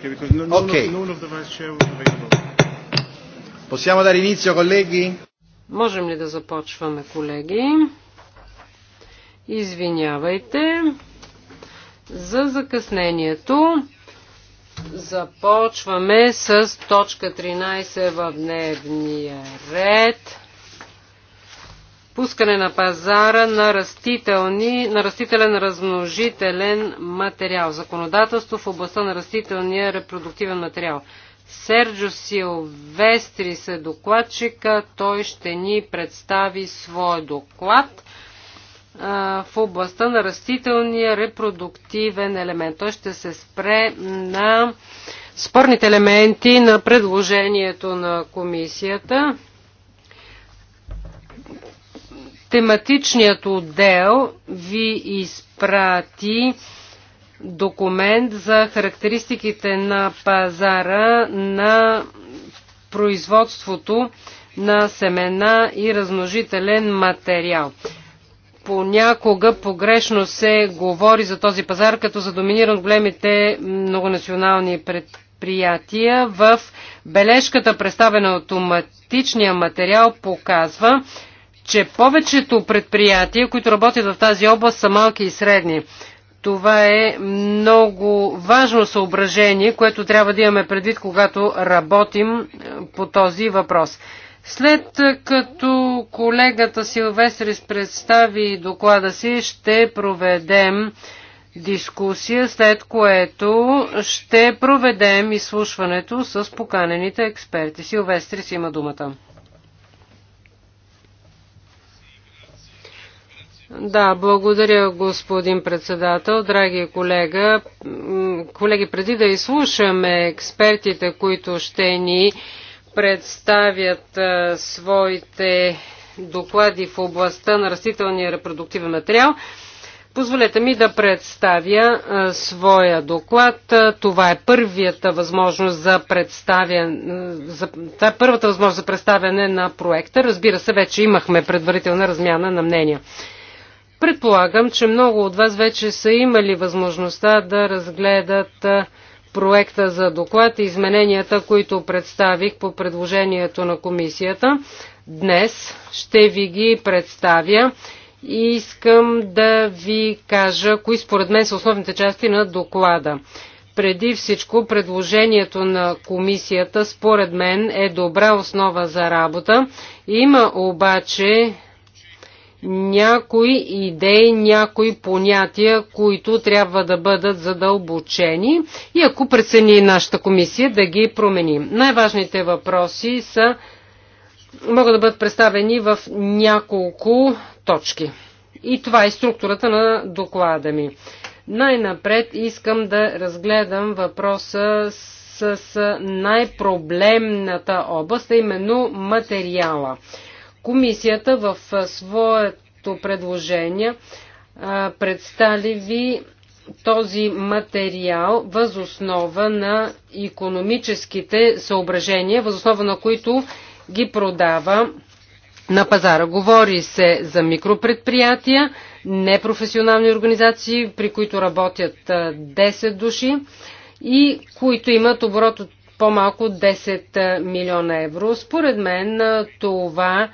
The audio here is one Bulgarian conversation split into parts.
Okay, because none, okay. none of the vice chair was available. Possiamo dare inizio, colleghi? Можем ли да започваме, колеги? Извинявайте за закъснението. Започваме с точка 13 в дневния ред пускане на пазара на, растителни, на растителен размножителен материал. Законодателство в областта на растителния репродуктивен материал. Серджо Силвестри се докладчика. Той ще ни представи своя доклад а, в областта на растителния репродуктивен елемент. Той ще се спре на спорните елементи на предложението на комисията Тематичният отдел ви изпрати документ за характеристиките на пазара на производството на семена и размножителен материал. Понякога погрешно се говори за този пазар като за доминиран от големите многонационални предприятия. В бележката, представена от автоматичния материал, показва, че повечето предприятия, които работят в тази област, са малки и средни. Това е много важно съображение, което трябва да имаме предвид, когато работим е, по този въпрос. След е, като колегата Силвестрис представи доклада си, ще проведем дискусия, след което ще проведем изслушването с поканените експерти. Силвестрис има думата. Да, благодаря господин председател. Драги колега, колеги, преди да изслушаме експертите, които ще ни представят а, своите доклади в областта на растителния репродуктивен материал, позволете ми да представя а, своя доклад. Това е първията възможност за представяне, за, това е първата възможност за представяне на проекта. Разбира се, вече имахме предварителна размяна на мнения. Предполагам, че много от вас вече са имали възможността да разгледат проекта за доклад и измененията, които представих по предложението на комисията. Днес ще ви ги представя и искам да ви кажа кои според мен са основните части на доклада. Преди всичко предложението на комисията според мен е добра основа за работа. Има обаче някои идеи, някои понятия, които трябва да бъдат задълбочени и ако прецени нашата комисия да ги променим. Най-важните въпроси са могат да бъдат представени в няколко точки. И това е структурата на доклада ми. Най-напред искам да разгледам въпроса с най-проблемната област, а именно материала. Комисията в своето предложение представи ви този материал възоснова на економическите съображения, възоснова на които ги продава на пазара. Говори се за микропредприятия, непрофесионални организации, при които работят 10 души и които имат оборот от по-малко 10 милиона евро. Според мен това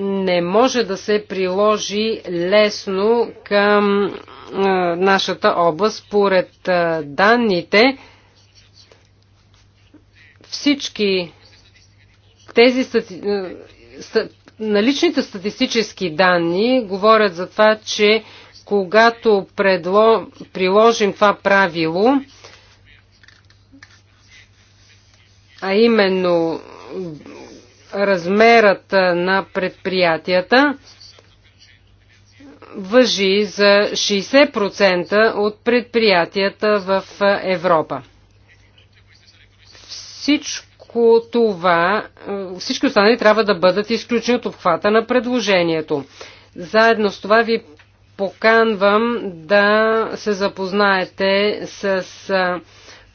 не може да се приложи лесно към нашата област. Според данните всички тези наличните статистически данни говорят за това, че когато приложим това правило, а именно размерът на предприятията въжи за 60% от предприятията в Европа. Всичко това, всички останали трябва да бъдат изключени от обхвата на предложението. Заедно с това ви поканвам да се запознаете с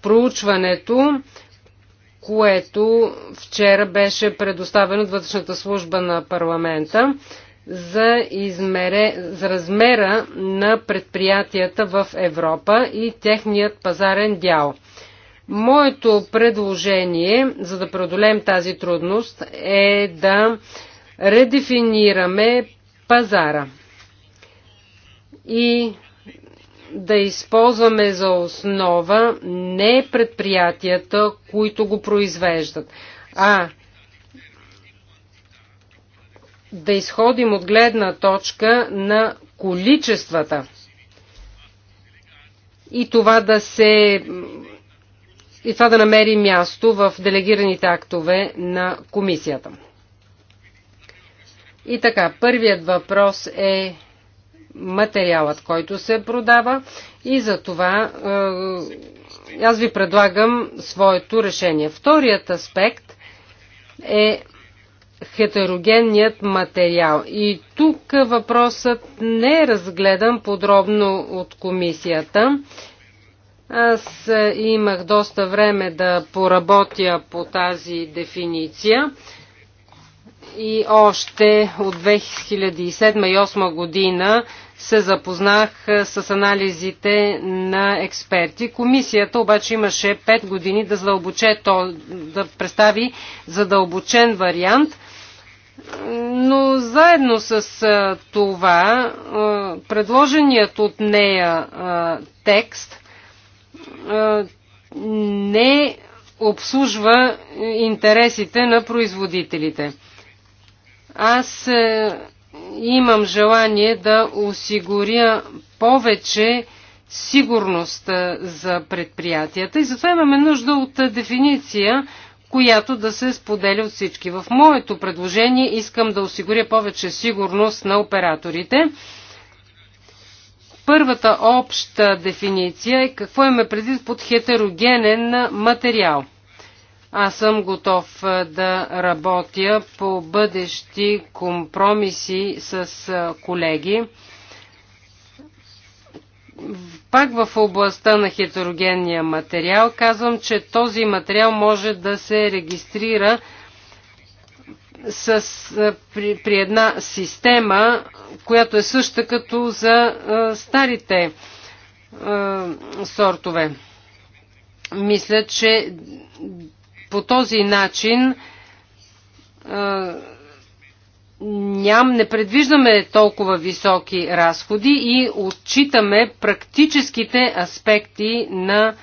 проучването, което вчера беше предоставено от вътрешната служба на парламента за, измере, за размера на предприятията в Европа и техният пазарен дял. Моето предложение, за да преодолеем тази трудност, е да редефинираме пазара и да използваме за основа не предприятията, които го произвеждат, а да изходим от гледна точка на количествата и това да се и това да намери място в делегираните актове на комисията. И така, първият въпрос е материалът, който се продава и за това е, аз ви предлагам своето решение. Вторият аспект е хетерогенният материал. И тук въпросът не е разгледан подробно от комисията. Аз имах доста време да поработя по тази дефиниция и още от 2007 и 2008 година се запознах с анализите на експерти. Комисията обаче имаше 5 години да, задълбоче, то, да представи задълбочен вариант, но заедно с това предложеният от нея текст не обслужва интересите на производителите. Аз е, имам желание да осигуря повече сигурност е, за предприятията и затова имаме нужда от е, дефиниция, която да се споделя от всички. В моето предложение искам да осигуря повече сигурност на операторите. Първата обща дефиниция е какво има предвид под хетерогенен материал. Аз съм готов да работя по бъдещи компромиси с колеги. Пак в областта на хетерогенния материал казвам, че този материал може да се регистрира с, при, при една система, която е съща като за а, старите а, сортове. Мисля, че по този начин ням, не предвиждаме толкова високи разходи и отчитаме практическите аспекти на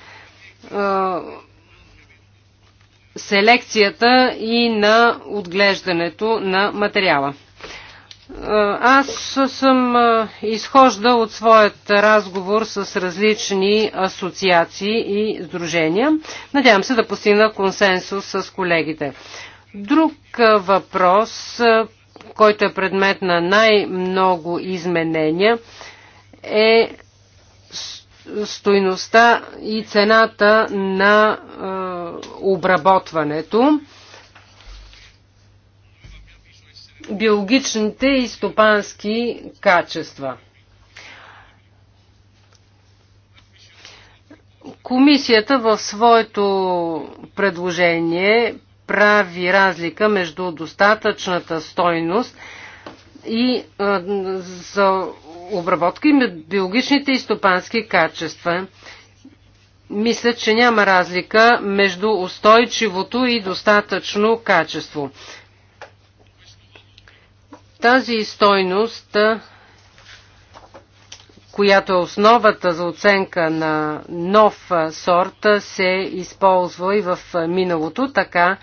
селекцията и на отглеждането на материала. Аз съм изхожда от своят разговор с различни асоциации и сдружения. Надявам се да постигна консенсус с колегите. Друг въпрос, който е предмет на най-много изменения, е стойността и цената на обработването биологичните и стопански качества. Комисията в своето предложение прави разлика между достатъчната стойност и а, за обработка и биологичните и стопански качества. Мисля, че няма разлика между устойчивото и достатъчно качество. Тази стойност, която е основата за оценка на нов сорт, се използва и в миналото, така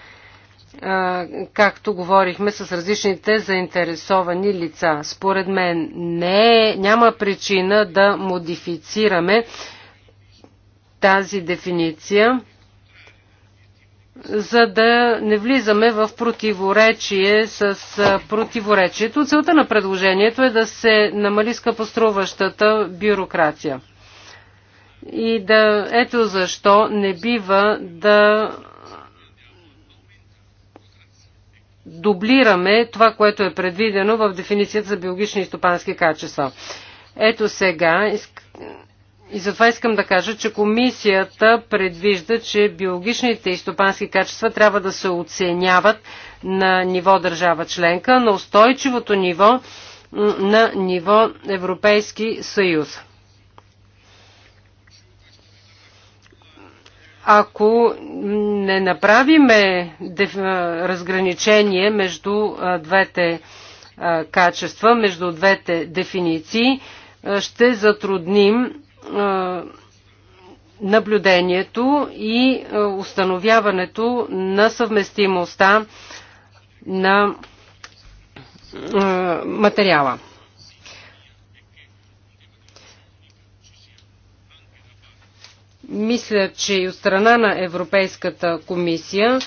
както говорихме с различните заинтересовани лица. Според мен не, е, няма причина да модифицираме тази дефиниция за да не влизаме в противоречие с противоречието. Целта на предложението е да се намали скъпоструващата бюрокрация. И да, ето защо не бива да дублираме това, което е предвидено в дефиницията за биологични и стопански качества. Ето сега и затова искам да кажа, че комисията предвижда, че биологичните и стопански качества трябва да се оценяват на ниво държава членка, на устойчивото ниво на ниво Европейски съюз. Ако не направиме разграничение между двете качества, между двете дефиниции, ще затрудним наблюдението и установяването на съвместимостта на материала. Мисля, че и от страна на Европейската комисия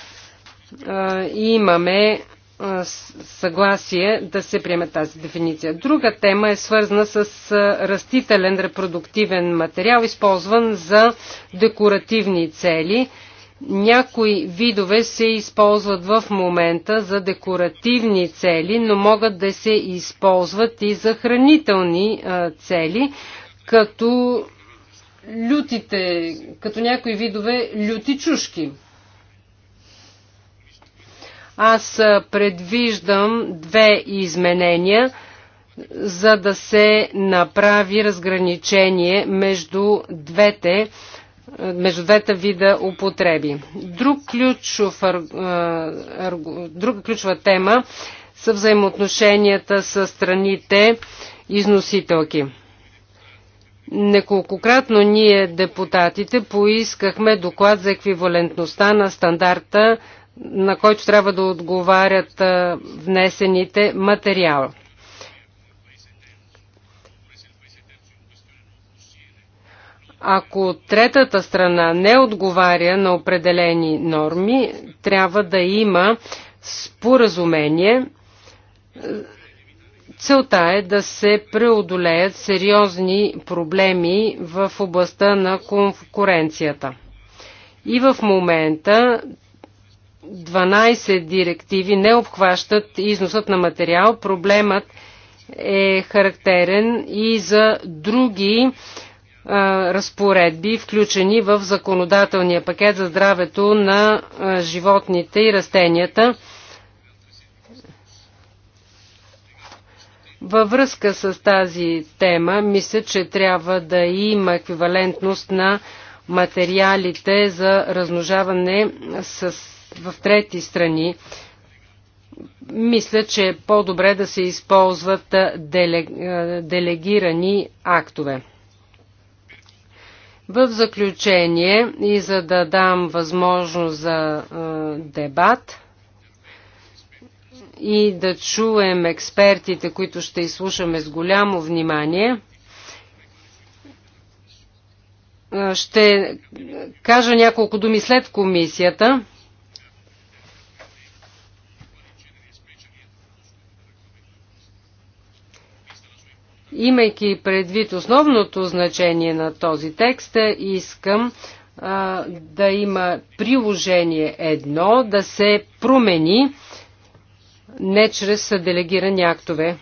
имаме съгласие да се приеме тази дефиниция. Друга тема е свързана с растителен репродуктивен материал, използван за декоративни цели. Някои видове се използват в момента за декоративни цели, но могат да се използват и за хранителни цели, като лютите, като някои видове люти чушки. Аз предвиждам две изменения, за да се направи разграничение между двете между двете вида употреби. Друг ключов, друга ключова тема са взаимоотношенията с страните износителки. Неколкократно ние, депутатите, поискахме доклад за еквивалентността на стандарта на който трябва да отговарят внесените материала. Ако третата страна не отговаря на определени норми, трябва да има споразумение. Целта е да се преодолеят сериозни проблеми в областта на конкуренцията. И в момента 12 директиви не обхващат износът на материал. Проблемът е характерен и за други а, разпоредби, включени в законодателния пакет за здравето на а, животните и растенията. Във връзка с тази тема, мисля, че трябва да има еквивалентност на материалите за размножаване с в трети страни, мисля, че е по-добре да се използват делегирани актове. В заключение и за да дам възможност за дебат и да чуем експертите, които ще изслушаме с голямо внимание, ще кажа няколко думи след комисията. Имайки предвид основното значение на този текст, искам а, да има приложение едно, да се промени не чрез делегирани актове.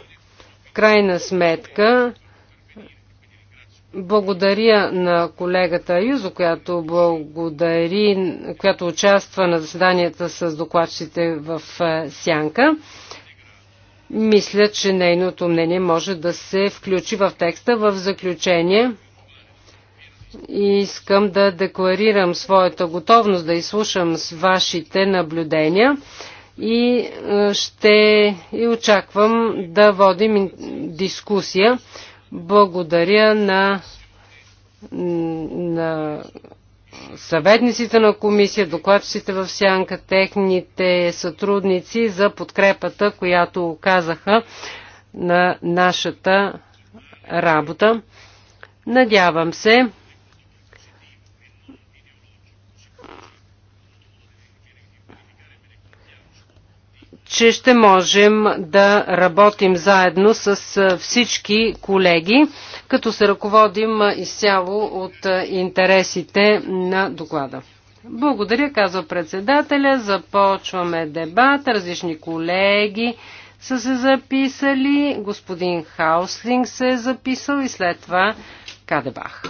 В крайна сметка, благодаря на колегата Юзо, която благодари, която участва на заседанията с докладчите в Сянка. Мисля, че нейното мнение може да се включи в текста. В заключение и искам да декларирам своята готовност да изслушам с вашите наблюдения и е, ще и очаквам да водим дискусия. Благодаря на, на съветниците на комисия, докладчиците в сянка, техните сътрудници за подкрепата, която оказаха на нашата работа. Надявам се, че ще можем да работим заедно с всички колеги, като се ръководим изцяло от интересите на доклада. Благодаря, казва председателя. Започваме дебат. Различни колеги са се записали. Господин Хауслинг се е записал и след това Кадебах.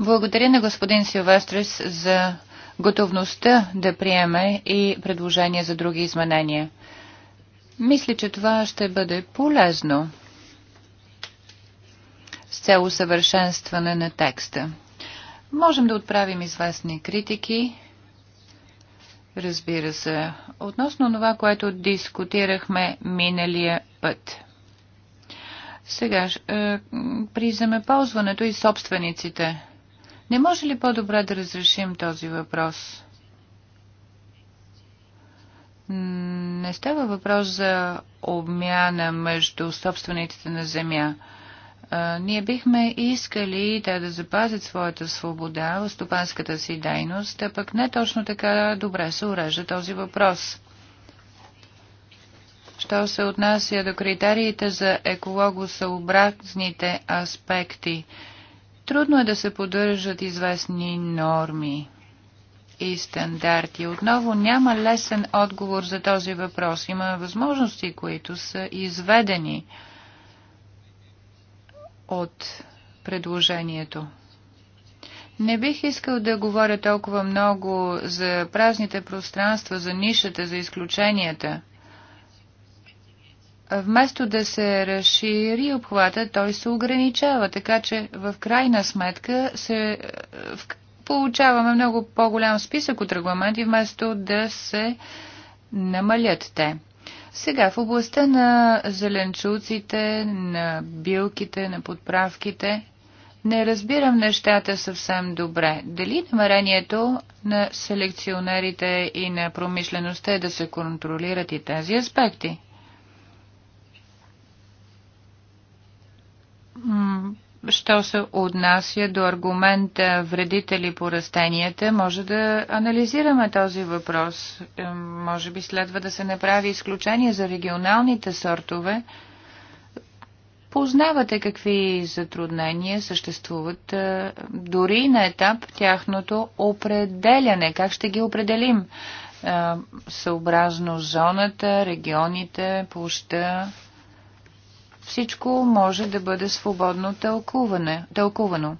Благодаря на господин Силвестрис за готовността да приеме и предложения за други изменения. Мисля, че това ще бъде полезно с цел усъвършенстване на текста. Можем да отправим известни критики, разбира се, относно това, което дискутирахме миналия път. Сега, е, при земеползването и собствениците – не може ли по-добре да разрешим този въпрос? Не става въпрос за обмяна между собствениците на земя. ние бихме искали те да, да запазят своята свобода в стопанската си дейност, а пък не точно така добре се урежда този въпрос. Що се отнася до критериите за екологосъобразните аспекти – Трудно е да се поддържат известни норми и стандарти. Отново няма лесен отговор за този въпрос. Има възможности, които са изведени от предложението. Не бих искал да говоря толкова много за празните пространства, за нишата, за изключенията – вместо да се разшири обхвата, той се ограничава. Така че в крайна сметка се е, получаваме много по-голям списък от регламенти, вместо да се намалят те. Сега в областта на зеленчуците, на билките, на подправките, не разбирам нещата съвсем добре. Дали намерението на селекционерите и на промишлеността е да се контролират и тези аспекти? що се отнася до аргумента вредители по растенията, може да анализираме този въпрос. Е, може би следва да се направи изключение за регионалните сортове. Познавате какви затруднения съществуват е, дори на етап тяхното определяне. Как ще ги определим? Е, съобразно зоната, регионите, площа всичко може да бъде свободно тълкувано.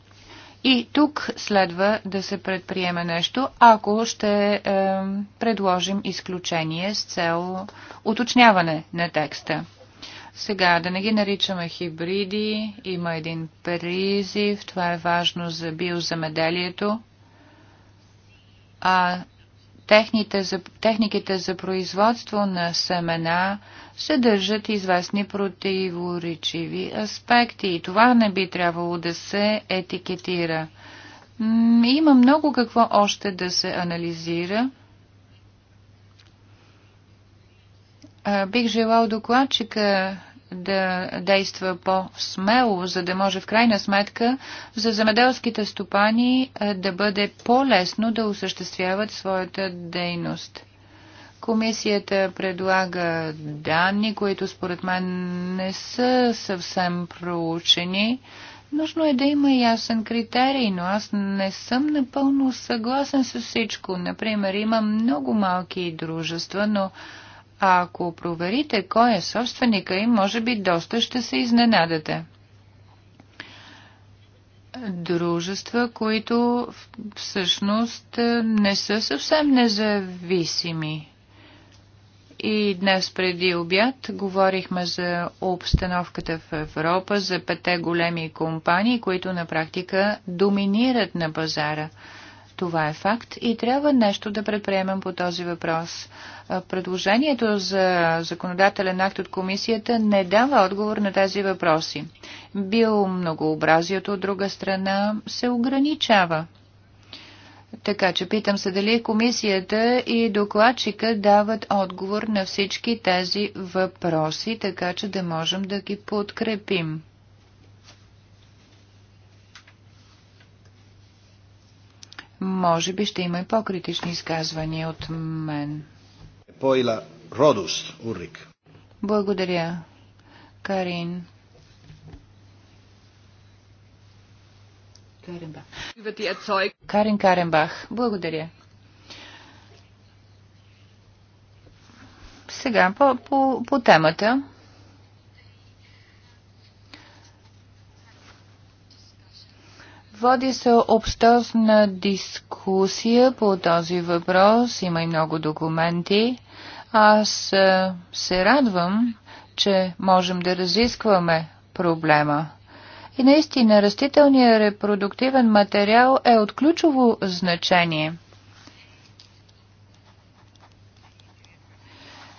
И тук следва да се предприеме нещо, ако ще е, предложим изключение с цел уточняване на текста. Сега да не ги наричаме хибриди, има един призив, това е важно за биоземеделието, а техните, техниките за производство на семена съдържат известни противоречиви аспекти и това не би трябвало да се етикетира. Има много какво още да се анализира. Бих желал докладчика да действа по-смело, за да може в крайна сметка за земеделските стопани да бъде по-лесно да осъществяват своята дейност. Комисията предлага данни, които според мен не са съвсем проучени. Нужно е да има ясен критерий, но аз не съм напълно съгласен с всичко. Например, има много малки дружества, но ако проверите кой е собственика им, може би доста ще се изненадате дружества, които всъщност не са съвсем независими. И днес преди обяд говорихме за обстановката в Европа, за пете големи компании, които на практика доминират на пазара. Това е факт и трябва нещо да предприемем по този въпрос. Предложението за законодателен акт от комисията не дава отговор на тези въпроси. Биомногообразието от друга страна се ограничава. Така че питам се дали комисията и докладчика дават отговор на всички тези въпроси, така че да можем да ги подкрепим. Може би ще има и по-критични изказвания от мен. Родус, Урик. Благодаря, Карин. Каренбах. Карен Каренбах, благодаря. Сега по, по, по темата. Води се обстосна дискусия по този въпрос. Има и много документи. Аз е, се радвам, че можем да разискваме проблема. И наистина растителният репродуктивен материал е от ключово значение.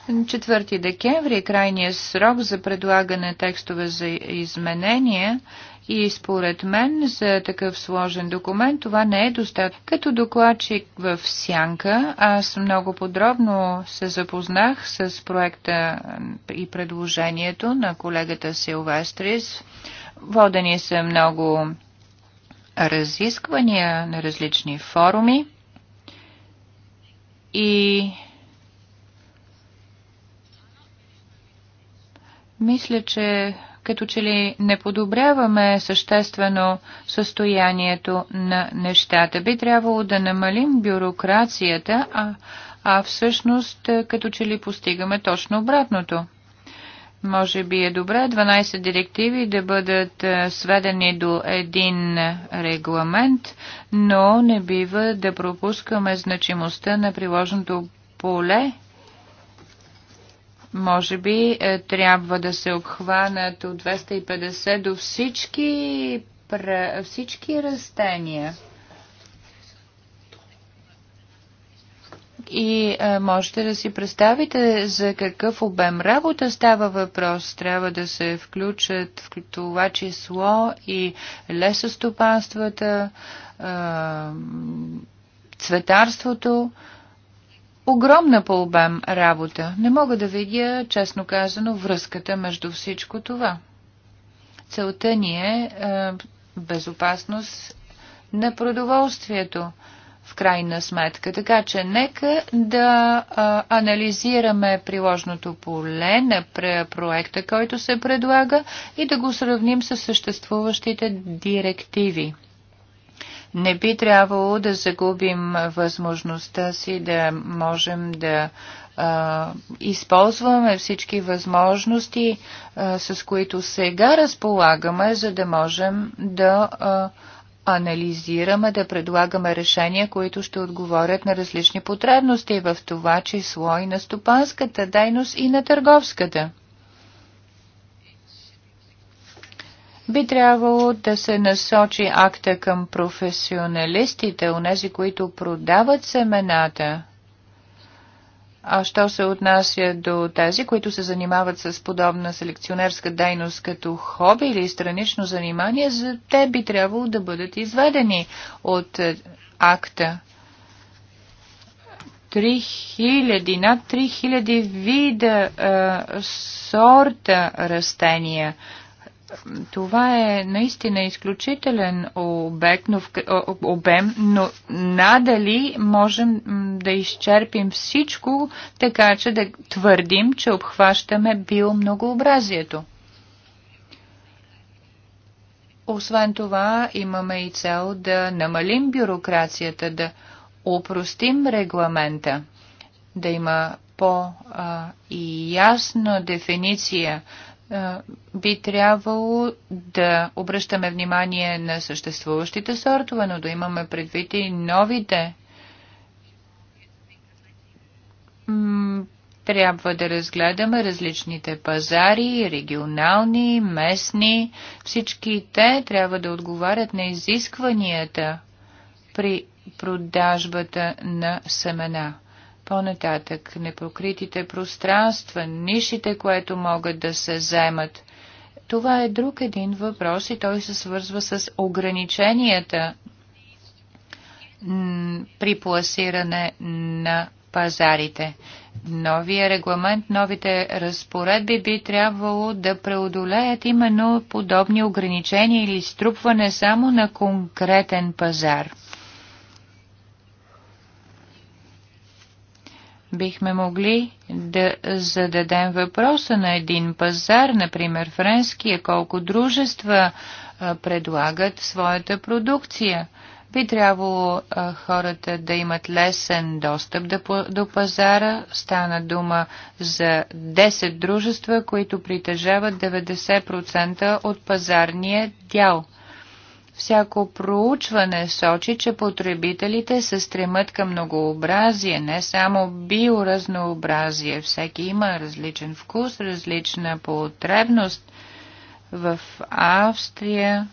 На 4 декември е крайният срок за предлагане текстове за изменения и според мен за такъв сложен документ това не е достатъчно. Като докладчик в Сянка, аз много подробно се запознах с проекта и предложението на колегата Силвестрис. Водени са много разисквания на различни форуми и мисля, че като че ли не подобряваме съществено състоянието на нещата. Би трябвало да намалим бюрокрацията, а, а всъщност е, като че ли постигаме точно обратното. Може би е добре 12 директиви да бъдат е, сведени до един регламент, но не бива да пропускаме значимостта на приложното поле може би е, трябва да се обхванат от 250 до всички, всички растения. И а, е, можете да си представите за какъв обем работа става въпрос. Трябва да се включат в това число и лесостопанствата, а, е, цветарството. Огромна по обем работа. Не мога да видя, честно казано, връзката между всичко това. Целта ни е а, е, безопасност на продоволствието в крайна сметка. Така че нека да а, анализираме приложното поле на проекта, който се предлага и да го сравним с съществуващите директиви. Не би трябвало да загубим възможността си да можем да а, използваме всички възможности, а, с които сега разполагаме, за да можем да а, анализираме, да предлагаме решения, които ще отговорят на различни потребности, в това число и на стопанската дейност и на търговската. би трябвало да се насочи акта към професионалистите, нези, които продават семената, а що се отнася до тези, които се занимават с подобна селекционерска дейност като хоби или странично занимание, за те би трябвало да бъдат изведени от е, акта. 3000, над 3000 вида а, е, сорта растения това е наистина изключителен обект, но в, обем, но надали можем да изчерпим всичко, така че да твърдим, че обхващаме биомногообразието. Освен това, имаме и цел да намалим бюрокрацията, да упростим регламента, да има по-ясна дефиниция би трябвало да обръщаме внимание на съществуващите сортове, но да имаме предвид и новите. Трябва да разгледаме различните пазари, регионални, местни. Всички те трябва да отговарят на изискванията при продажбата на семена. По-нататък, непокритите пространства, нишите, което могат да се вземат. Това е друг един въпрос и той се свързва с ограниченията при пласиране на пазарите. Новия регламент, новите разпоредби би трябвало да преодолеят именно подобни ограничения или струпване само на конкретен пазар. бихме могли да зададем въпроса на един пазар, например френския, колко дружества предлагат своята продукция. Би трябвало хората да имат лесен достъп до пазара. Стана дума за 10 дружества, които притежават 90% от пазарния дял – Всяко проучване сочи, че потребителите се стремат към многообразие, не само биоразнообразие. Всеки има различен вкус, различна потребност. В Австрия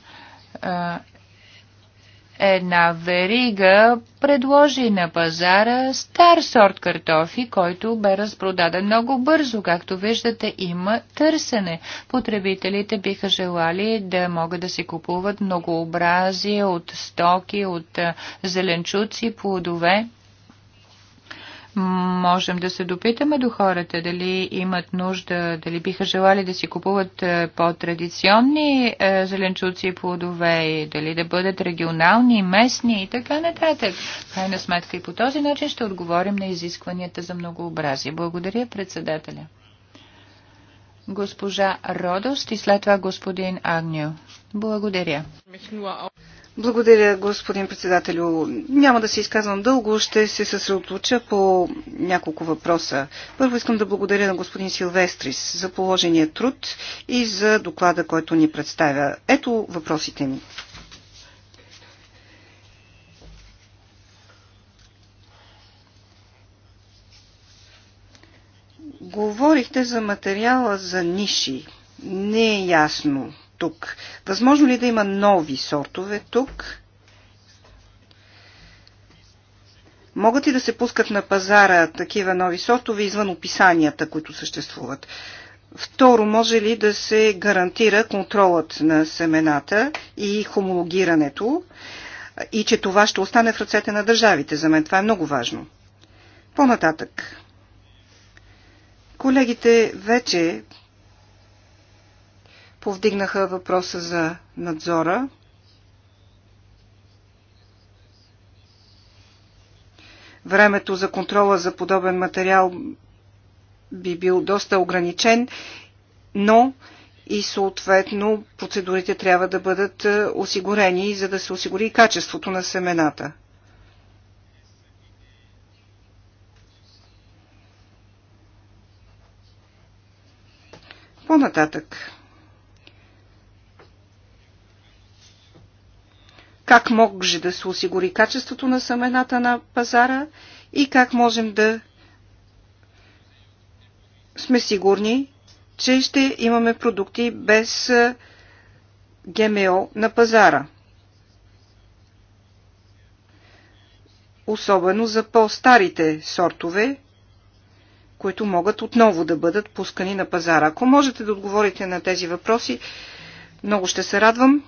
една верига предложи на пазара стар сорт картофи, който бе разпродаден много бързо. Както виждате, има търсене. Потребителите биха желали да могат да си купуват многообразие от стоки, от зеленчуци, плодове можем да се допитаме до хората дали имат нужда, дали биха желали да си купуват е, по-традиционни е, зеленчуци и плодове, дали да бъдат регионални, местни и така нататък. Крайна сметка и по този начин ще отговорим на изискванията за многообразие. Благодаря председателя. Госпожа Родост и след това господин Агнио. Благодаря. Благодаря, господин председателю. Няма да се изказвам дълго, ще се съсредоточа по няколко въпроса. Първо искам да благодаря на господин Силвестрис за положения труд и за доклада, който ни представя. Ето въпросите ми. Говорихте за материала за ниши. Не е ясно тук. Възможно ли да има нови сортове тук? Могат ли да се пускат на пазара такива нови сортове извън описанията, които съществуват? Второ, може ли да се гарантира контролът на семената и хомологирането и че това ще остане в ръцете на държавите? За мен това е много важно. По-нататък. Колегите вече повдигнаха въпроса за надзора. Времето за контрола за подобен материал би бил доста ограничен, но и съответно процедурите трябва да бъдат е, осигурени, за да се осигури качеството на семената. По-нататък. как може да се осигури качеството на семената на пазара и как можем да сме сигурни, че ще имаме продукти без ГМО на пазара. Особено за по-старите сортове, които могат отново да бъдат пускани на пазара. Ако можете да отговорите на тези въпроси, много ще се радвам.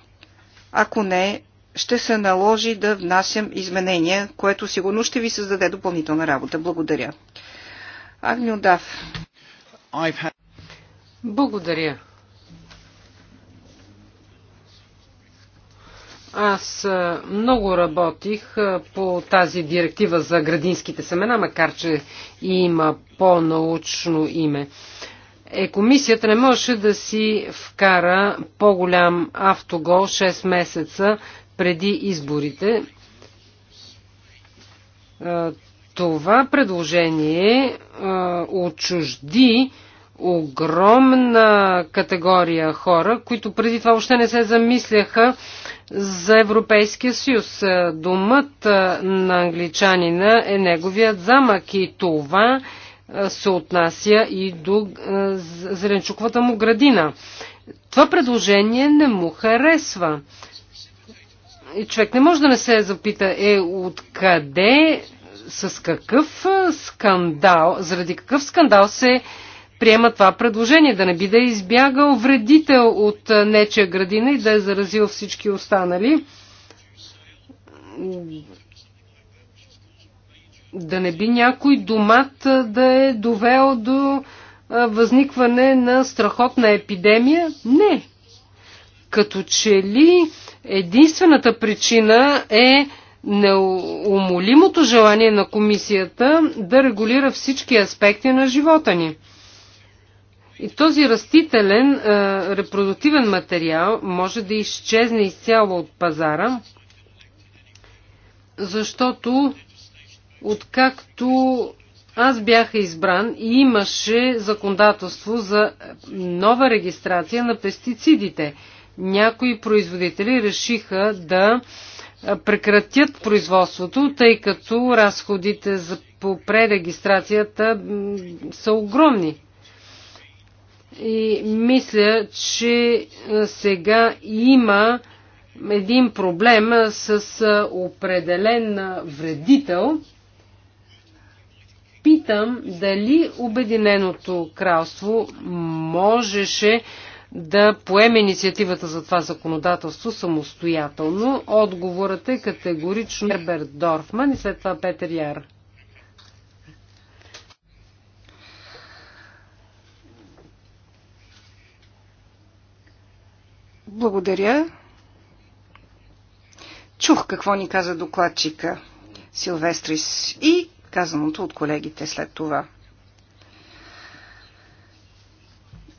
Ако не, ще се наложи да внасям изменения, което сигурно ще ви създаде допълнителна работа. Благодаря. Агнио Дав. Had... Благодаря. Аз много работих по тази директива за градинските семена, макар че има по-научно име. Е, комисията не можеше да си вкара по-голям автогол 6 месеца преди изборите. Това предложение отчужди огромна категория хора, които преди това още не се замисляха за Европейския съюз. Думът на англичанина е неговият замък и това се отнася и до зеленчуковата му градина. Това предложение не му харесва човек не може да не се запита е откъде, с какъв скандал, заради какъв скандал се приема това предложение, да не би да е избягал вредител от нечия градина и да е заразил всички останали. Да не би някой домат да е довел до възникване на страхотна епидемия? Не. Като че ли Единствената причина е неумолимото желание на комисията да регулира всички аспекти на живота ни. И този растителен а, репродуктивен материал може да изчезне изцяло от пазара, защото откакто аз бях избран и имаше законодателство за нова регистрация на пестицидите – някои производители решиха да прекратят производството, тъй като разходите за, по пререгистрацията са огромни. И мисля, че сега има един проблем с определен вредител. Питам дали Обединеното кралство можеше да поеме инициативата за това законодателство самостоятелно. Отговорът е категорично Ерберт Дорфман и след това Петър Яр. Благодаря. Чух какво ни каза докладчика Силвестрис и казаното от колегите след това.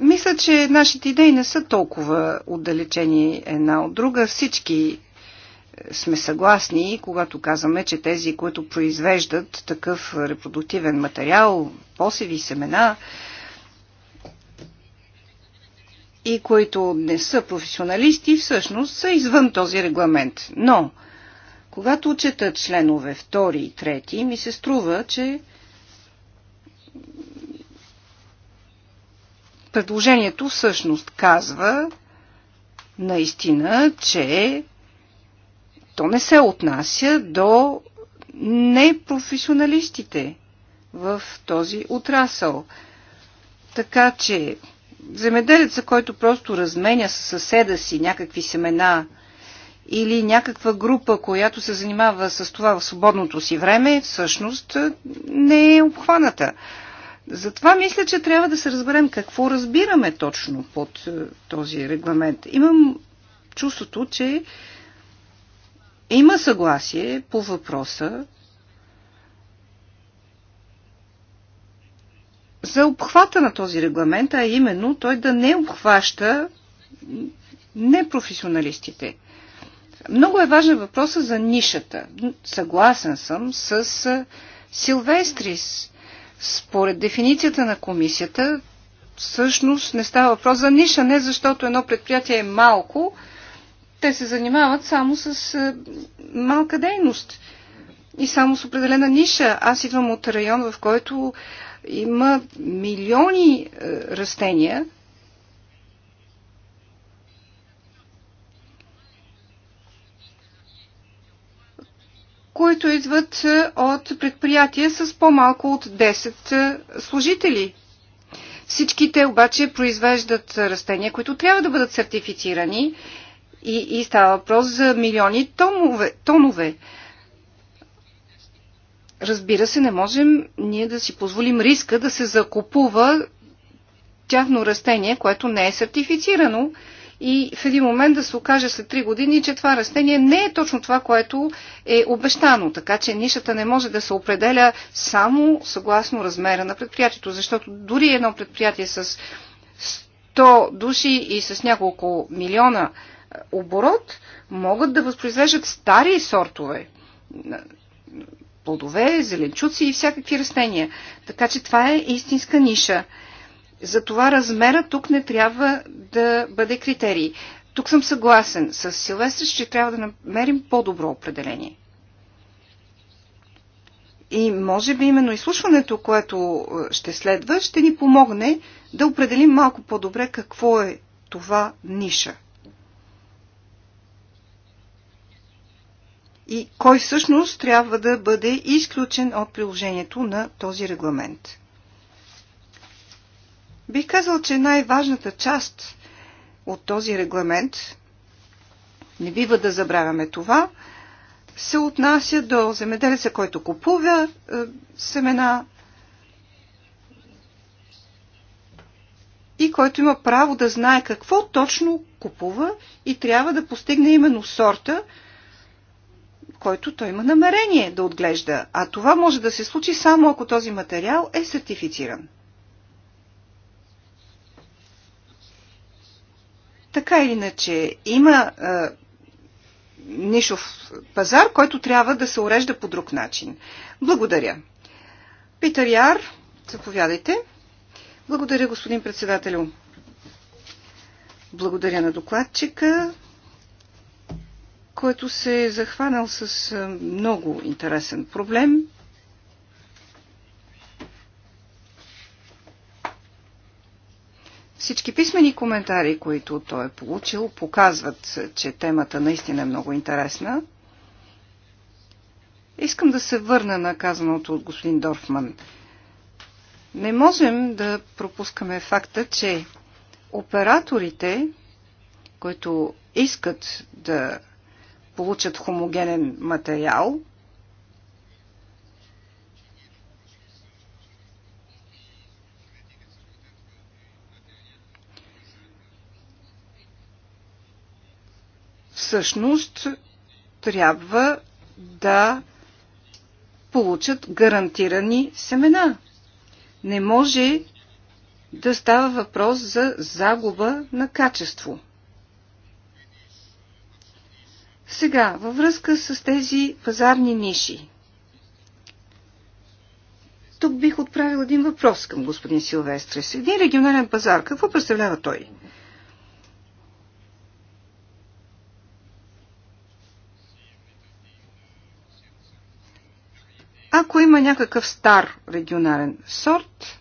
Мисля, че нашите идеи не са толкова отдалечени една от друга. Всички е, сме съгласни, когато казваме, че тези, които произвеждат такъв репродуктивен материал, посеви, семена, и които не са професионалисти, всъщност са извън този регламент. Но, когато четат членове 2 и 3, ми се струва, че Предложението всъщност казва наистина, че то не се отнася до непрофесионалистите в този отрасъл. Така че земеделеца, който просто разменя със съседа си някакви семена или някаква група, която се занимава с това в свободното си време, всъщност не е обхваната. Затова мисля, че трябва да се разберем какво разбираме точно под е, този регламент. Имам чувството, че има съгласие по въпроса за обхвата на този регламент, а именно той да не обхваща непрофесионалистите. Много е важен въпросът за нишата. Съгласен съм с Силвестрис според дефиницията на комисията, всъщност не става въпрос за ниша, не защото едно предприятие е малко, те се занимават само с е, малка дейност и само с определена ниша. Аз идвам от район, в който има милиони е, растения, които идват е, от предприятия с по-малко от 10 е, служители. Всички те обаче произвеждат е, растения, които трябва да бъдат сертифицирани и, и става въпрос за милиони томове, тонове. Разбира се, не можем ние да си позволим риска да се закупува тяхно растение, което не е сертифицирано и в един момент да се окаже след 3 години, че това растение не е точно това, което е обещано. Така че нишата не може да се определя само съгласно размера на предприятието, защото дори едно предприятие с 100 души и с няколко милиона е, оборот могат да възпроизвеждат стари сортове плодове, зеленчуци и всякакви растения. Така че това е истинска ниша. Затова размера тук не трябва да бъде критерий. Тук съм съгласен с Силвестър, че трябва да намерим по-добро определение. И може би именно изслушването, което е, ще следва, ще ни помогне да определим малко по-добре какво е това ниша. И кой всъщност трябва да бъде изключен от приложението на този регламент. Бих казал, че най-важната част от този регламент, не бива да забравяме това, се отнася до земеделеца, който купува е, семена и който има право да знае какво точно купува и трябва да постигне именно сорта, който той има намерение да отглежда. А това може да се случи само ако този материал е сертифициран. Така или иначе, има а, нишов пазар, който трябва да се урежда по друг начин. Благодаря. Питър Яр, заповядайте. Благодаря, господин председателю. Благодаря на докладчика, който се е захванал с много интересен проблем – Всички писмени коментари, които той е получил, показват, че темата наистина е много интересна. Искам да се върна на казаното от господин Дорфман. Не можем да пропускаме факта, че операторите, които искат да получат хомогенен материал, всъщност трябва да получат гарантирани семена. Не може да става въпрос за загуба на качество. Сега, във връзка с тези пазарни ниши. Тук бих отправил един въпрос към господин Силвестрес. Един регионален пазар, какво представлява той? ако има някакъв стар регионален сорт,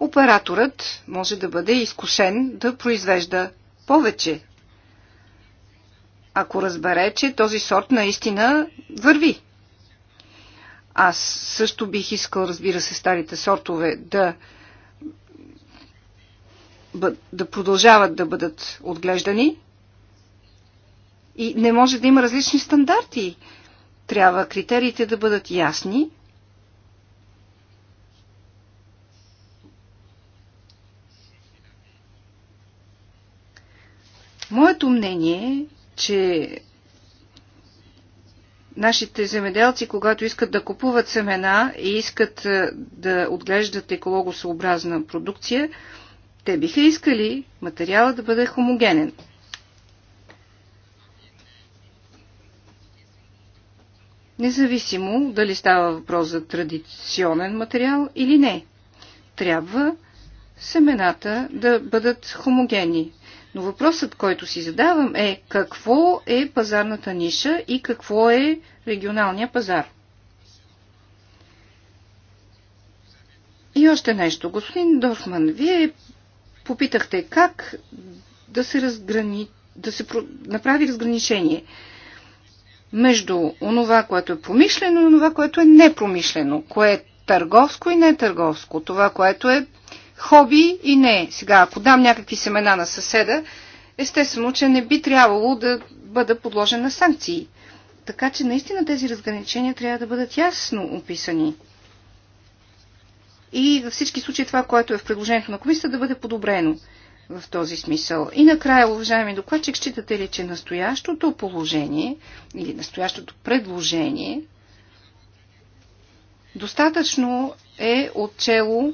операторът може да бъде изкушен да произвежда повече, ако разбере, че този сорт наистина върви. Аз също бих искал, разбира се, старите сортове да, да продължават да бъдат отглеждани, и не може да има различни стандарти. Трябва критериите да бъдат ясни. Моето мнение е, че нашите земеделци, когато искат да купуват семена и искат е, да отглеждат екологосъобразна продукция, те биха искали материала да бъде хомогенен – независимо дали става въпрос за традиционен материал или не. Трябва семената да бъдат хомогенни. Но въпросът, който си задавам е какво е пазарната ниша и какво е регионалния пазар. И още нещо. Господин Дорфман, вие попитахте как да се, разграни... да се направи разграничение между онова, което е промишлено и онова, което е непромишлено, кое е търговско и не е търговско, това, което е хоби и не. Е. Сега, ако дам някакви семена на съседа, естествено, че не би трябвало да бъда подложен на санкции. Така че наистина тези разграничения трябва да бъдат ясно описани. И във всички случаи това, което е в предложението на комисията, да бъде подобрено в този смисъл. И накрая, уважаеми докладчик, считате ли, че настоящото положение или настоящото предложение достатъчно е отчело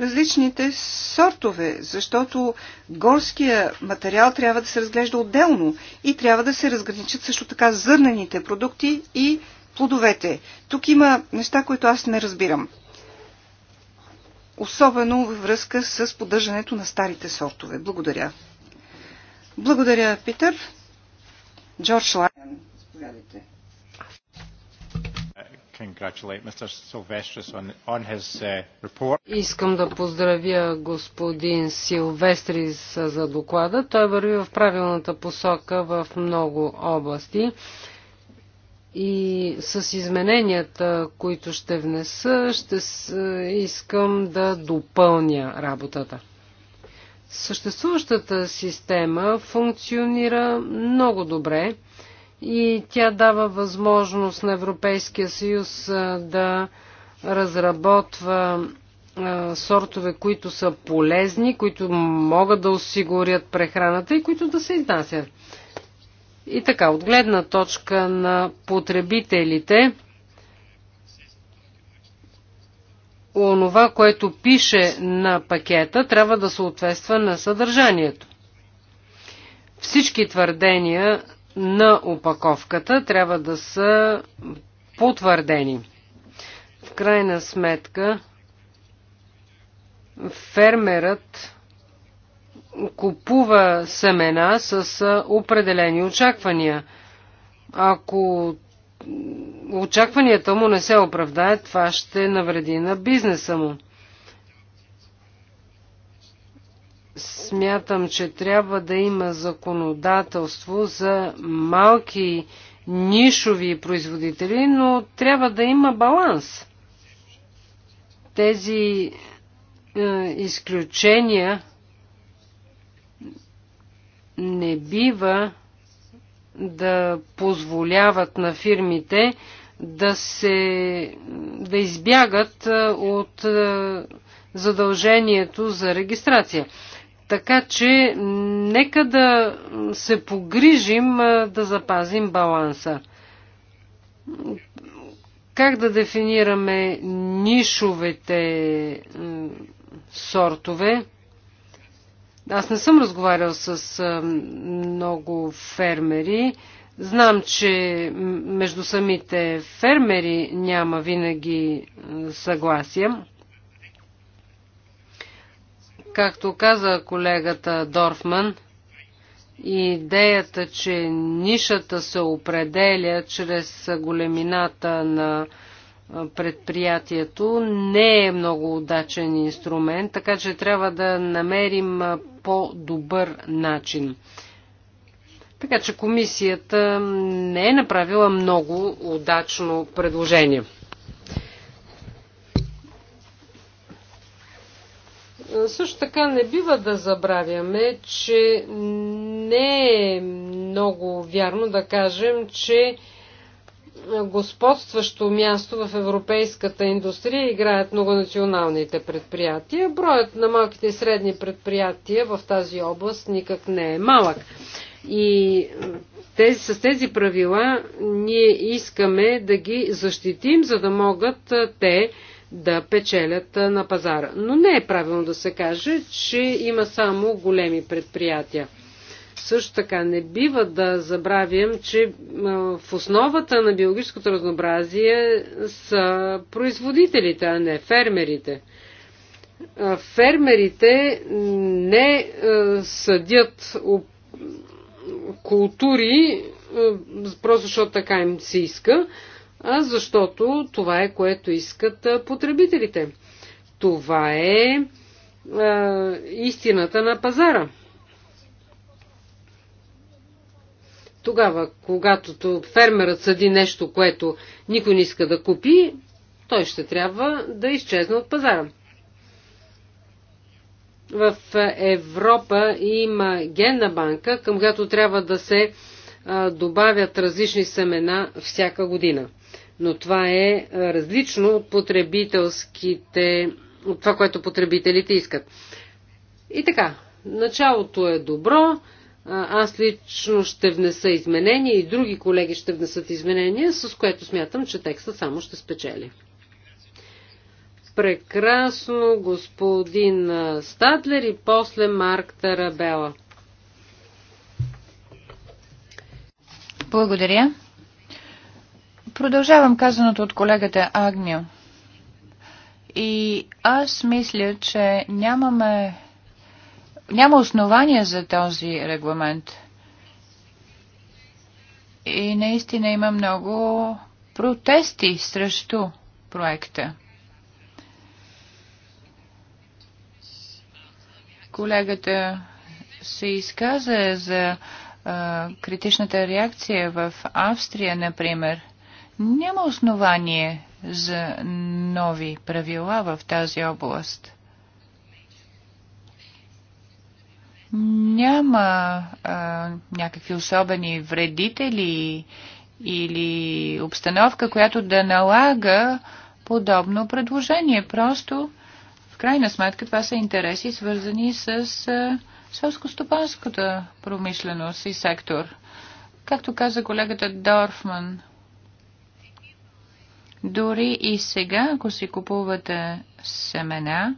различните сортове, защото горския материал трябва да се разглежда отделно и трябва да се разграничат също така зърнените продукти и плодовете. Тук има неща, които аз не разбирам особено във връзка с поддържането на старите сортове. Благодаря. Благодаря, Питър. Джордж Лайон, заповядайте. Uh, Искам да поздравя господин Силвестрис за доклада. Той върви в правилната посока в много области. И с измененията, които ще внеса, ще искам да допълня работата. Съществуващата система функционира много добре и тя дава възможност на Европейския съюз да разработва сортове, които са полезни, които могат да осигурят прехраната и които да се изнасят. И така, от гледна точка на потребителите, онова, което пише на пакета, трябва да съответства на съдържанието. Всички твърдения на опаковката трябва да са потвърдени. В крайна сметка, фермерът купува семена с определени очаквания. Ако очакванията му не се оправдаят, това ще навреди на бизнеса му. Смятам, че трябва да има законодателство за малки нишови производители, но трябва да има баланс. Тези е, изключения не бива да позволяват на фирмите да се да избягат от задължението за регистрация. Така че нека да се погрижим да запазим баланса. Как да дефинираме нишовете сортове? Аз не съм разговарял с много фермери. Знам, че между самите фермери няма винаги съгласие. Както каза колегата Дорфман, идеята, че нишата се определя чрез големината на предприятието не е много удачен инструмент, така че трябва да намерим по-добър начин. Така че комисията не е направила много удачно предложение. Също така не бива да забравяме, че не е много вярно да кажем, че господстващо място в европейската индустрия играят многонационалните предприятия. Броят на малките и средни предприятия в тази област никак не е малък. И тези, с тези правила ние искаме да ги защитим, за да могат те да печелят на пазара. Но не е правилно да се каже, че има само големи предприятия. Също така не бива да забравям, че в основата на биологическото разнообразие са производителите, а не фермерите. Фермерите не съдят култури, просто защото така им се иска, а защото това е което искат потребителите. Това е истината на пазара. Тогава, когато фермерът съди нещо, което никой не иска да купи, той ще трябва да изчезне от пазара. В Европа има генна банка, към която трябва да се добавят различни семена всяка година. Но това е различно от потребителските, от това, което потребителите искат. И така, началото е добро, аз лично ще внеса изменения и други колеги ще внесат изменения, с което смятам, че текстът само ще спечели. Прекрасно, господин Статлер и после Марк Тарабела. Благодаря. Продължавам казаното от колегата Агнио. И аз мисля, че нямаме няма основания за този регламент. И наистина има много протести срещу проекта. Колегата се изказа за а, критичната реакция в Австрия, например. Няма основание за нови правила в тази област. няма а, някакви особени вредители или обстановка, която да налага подобно предложение. Просто, в крайна сметка, това са интереси, свързани с селско-стопанската промишленост и сектор. Както каза колегата Дорфман, дори и сега, ако си купувате семена,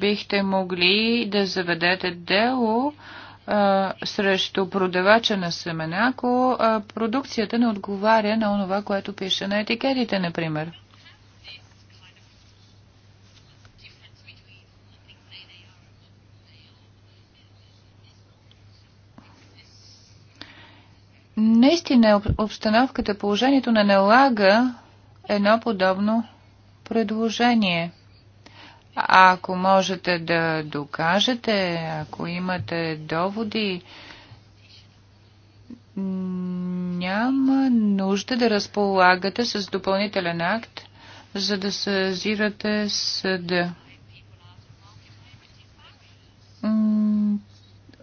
бихте могли да заведете дело а, срещу продавача на семена, ако а, продукцията не отговаря на онова, което пише на етикетите, например. Наистина обстановката, положението не налага едно подобно предложение – ако можете да докажете, ако имате доводи, няма нужда да разполагате с допълнителен акт, за да съзирате съда.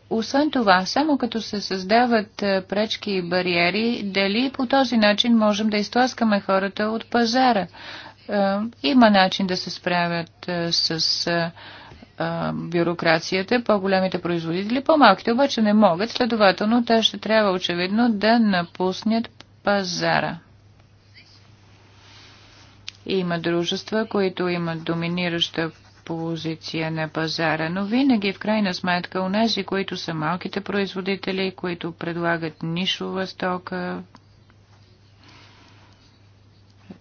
Освен това, само като се създават е, пречки и бариери, дали по този начин можем да изтласкаме хората от пазара? Е, има начин да се справят е, с е, бюрокрацията, по-големите производители, по-малките обаче не могат, следователно те ще трябва очевидно да напуснят пазара. Има дружества, които имат доминираща позиция на пазара, но винаги в крайна сметка у нези, които са малките производители, които предлагат нишова стока,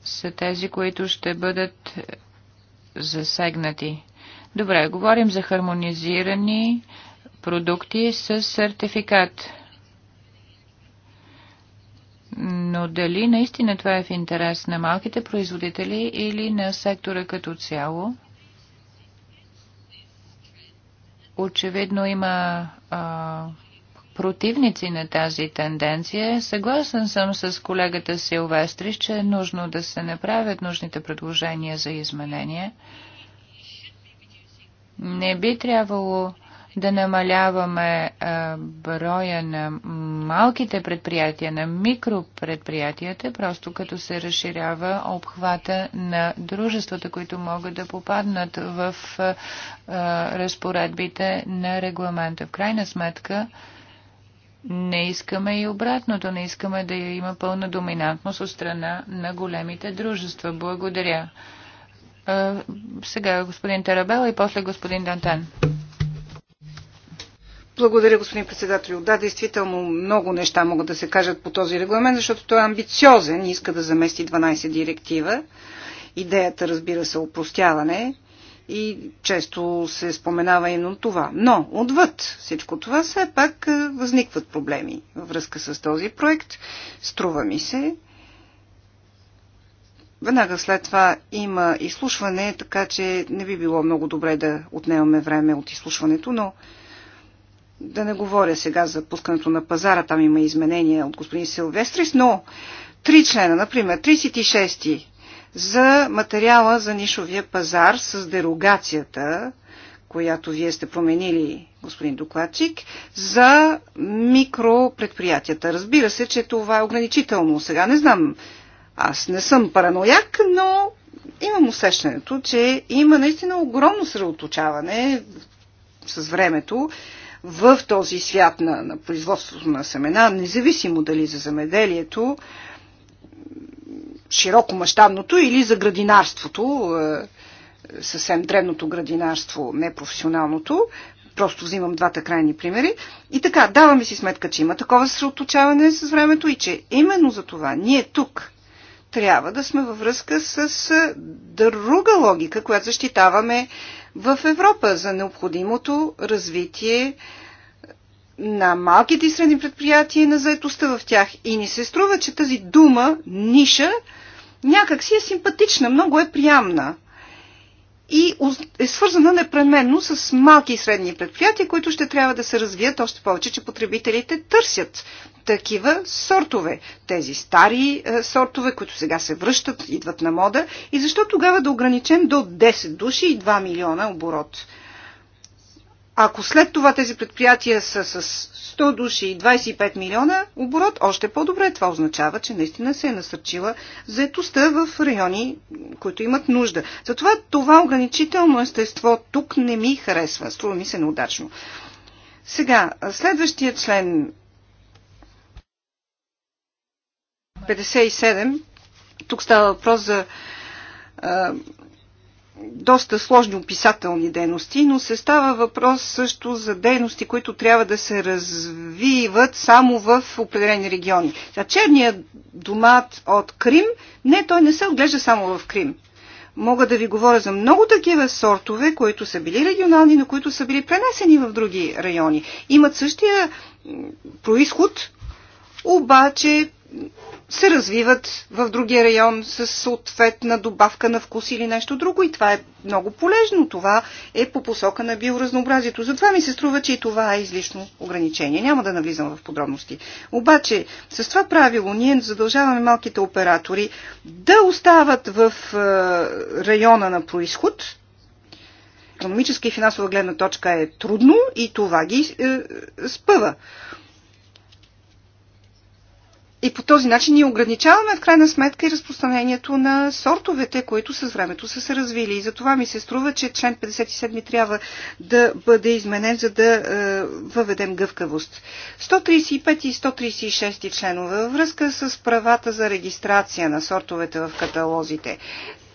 са тези, които ще бъдат засегнати. Добре, говорим за хармонизирани продукти с сертификат. Но дали наистина това е в интерес на малките производители или на сектора като цяло? Очевидно има а, противници на тази тенденция. Съгласен съм с колегата Силвестри, че е нужно да се направят нужните предложения за изменение. Не би трябвало да намаляваме броя на малките предприятия, на микропредприятията, просто като се разширява обхвата на дружествата, които могат да попаднат в разпоредбите на регламента. В крайна сметка, не искаме и обратното, не искаме да има пълна доминантност от страна на големите дружества. Благодаря. Сега господин Тарабела и после господин Дантан. Благодаря, господин председател. Да, действително много неща могат да се кажат по този регламент, защото той е амбициозен и иска да замести 12 директива. Идеята, разбира се, опростяване. Е и често се споменава именно това. Но отвъд всичко това все пак е, възникват проблеми във връзка с този проект. Струва ми се. Веднага след това има изслушване, така че не би било много добре да отнемаме време от изслушването, но да не говоря сега за пускането на пазара, там има изменения от господин Силвестрис, но три члена, например, 36-ти за материала за нишовия пазар с дерогацията, която вие сте променили, господин докладчик, за микропредприятията. Разбира се, че това е ограничително. Сега не знам, аз не съм паранояк, но имам усещането, че има наистина огромно средоточаване с времето в този свят на, на производството на семена, независимо дали за земеделието, широкомащабното или за градинарството, е, съвсем древното градинарство, непрофесионалното, Просто взимам двата крайни примери. И така, даваме си сметка, че има такова съсредоточаване с времето и че именно за това ние тук трябва да сме във връзка с е, друга логика, която защитаваме в Европа за необходимото развитие на малките и средни предприятия и на заетостта в тях. И ни се струва, че тази дума, ниша, някак си е симпатична, много е приямна. И е свързана непременно с малки и средни предприятия, които ще трябва да се развият още повече, че потребителите търсят такива сортове. Тези стари е, сортове, които сега се връщат, идват на мода. И защо тогава да ограничим до 10 души и 2 милиона оборот? Ако след това тези предприятия са с 100 души и 25 милиона оборот, още по-добре. Това означава, че наистина се е насърчила заетостта в райони, които имат нужда. Затова това ограничително естество тук не ми харесва. Струва ми се неудачно. Сега, следващия член 57. Тук става въпрос за доста сложни описателни дейности, но се става въпрос също за дейности, които трябва да се развиват само в определени региони. За черният домат от Крим, не, той не се отглежда само в Крим. Мога да ви говоря за много такива сортове, които са били регионални, но които са били пренесени в други райони. Имат същия происход, обаче се развиват в другия район с съответна добавка на вкус или нещо друго. И това е много полезно. Това е по посока на биоразнообразието. Затова ми се струва, че и това е излишно ограничение. Няма да навлизам в подробности. Обаче, с това правило ние задължаваме малките оператори да остават в е, района на происход. Економическа и финансова гледна точка е трудно и това ги е, спъва. И по този начин ние ограничаваме в крайна сметка и разпространението на сортовете, които с времето са се развили. И затова ми се струва, че член 57 трябва да бъде изменен, за да е, въведем гъвкавост. 135 и 136 членове във връзка с правата за регистрация на сортовете в каталозите.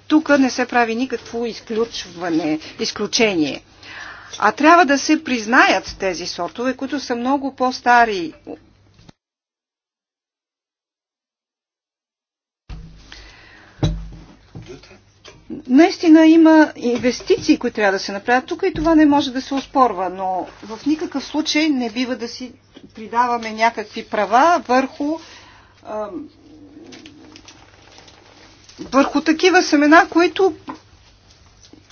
Тук не се прави никакво изключване, изключение. А трябва да се признаят тези сортове, които са много по-стари Наистина има инвестиции, които трябва да се направят тук и това не може да се оспорва, но в никакъв случай не бива да си придаваме някакви права върху, а, върху такива семена, които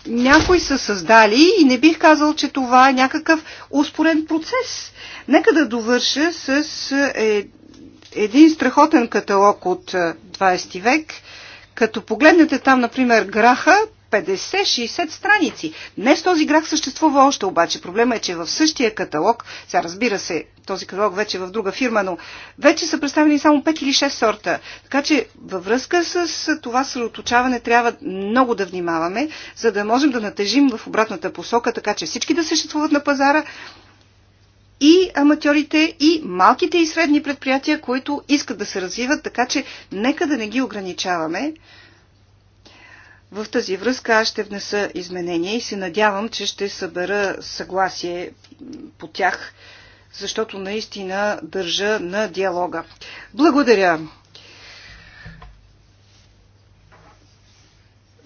някои са създали и не бих казал, че това е някакъв успорен процес. Нека да довърша с е, един страхотен каталог от 20 век – като погледнете там, например, граха, 50-60 страници. Днес този грах съществува още, обаче проблема е, че в същия каталог, сега разбира се, този каталог вече е в друга фирма, но вече са представени само 5 или 6 сорта. Така че във връзка с това съсредоточаване трябва много да внимаваме, за да можем да натежим в обратната посока, така че всички да съществуват на пазара, и аматьорите, и малките и средни предприятия, които искат да се развиват, така че нека да не ги ограничаваме. В тази връзка аз ще внеса изменения и се надявам, че ще събера съгласие по тях, защото наистина държа на диалога. Благодаря!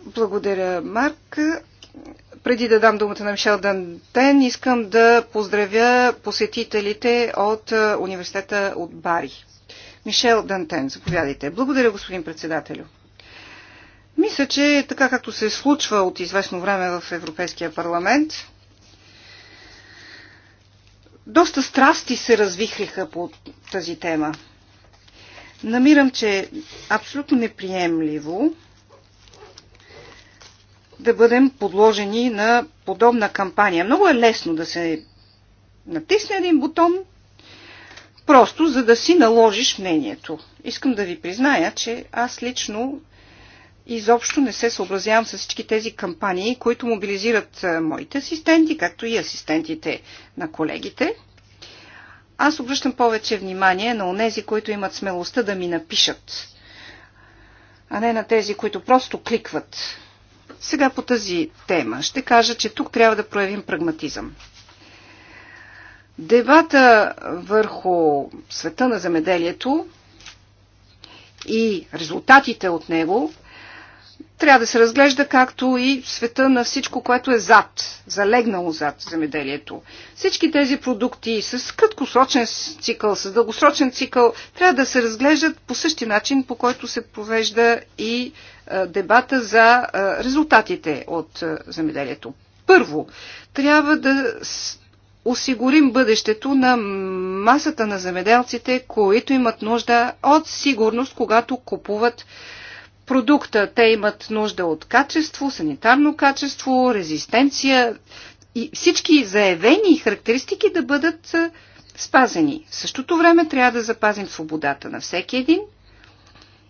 Благодаря, Марк преди да дам думата на Мишел Дантен, искам да поздравя посетителите от университета от Бари. Мишел Дантен, заповядайте. Благодаря, господин председателю. Мисля, че така както се случва от известно време в Европейския парламент, доста страсти се развихриха по тази тема. Намирам, че е абсолютно неприемливо да бъдем подложени на подобна кампания. Много е лесно да се натисне един бутон, просто за да си наложиш мнението. Искам да ви призная, че аз лично изобщо не се съобразявам с всички тези кампании, които мобилизират моите асистенти, както и асистентите на колегите. Аз обръщам повече внимание на онези, които имат смелостта да ми напишат, а не на тези, които просто кликват сега по тази тема ще кажа, че тук трябва да проявим прагматизъм. Дебата върху света на земеделието и резултатите от него трябва да се разглежда както и света на всичко, което е зад, залегнало зад земеделието. Всички тези продукти с краткосрочен цикъл, с дългосрочен цикъл, трябва да се разглеждат по същия начин, по който се провежда и е, дебата за е, резултатите от е, земеделието. Първо, трябва да осигурим бъдещето на масата на земеделците, които имат нужда от сигурност, когато купуват продукта. Те имат нужда от качество, санитарно качество, резистенция и всички заявени характеристики да бъдат спазени. В същото време трябва да запазим свободата на всеки един –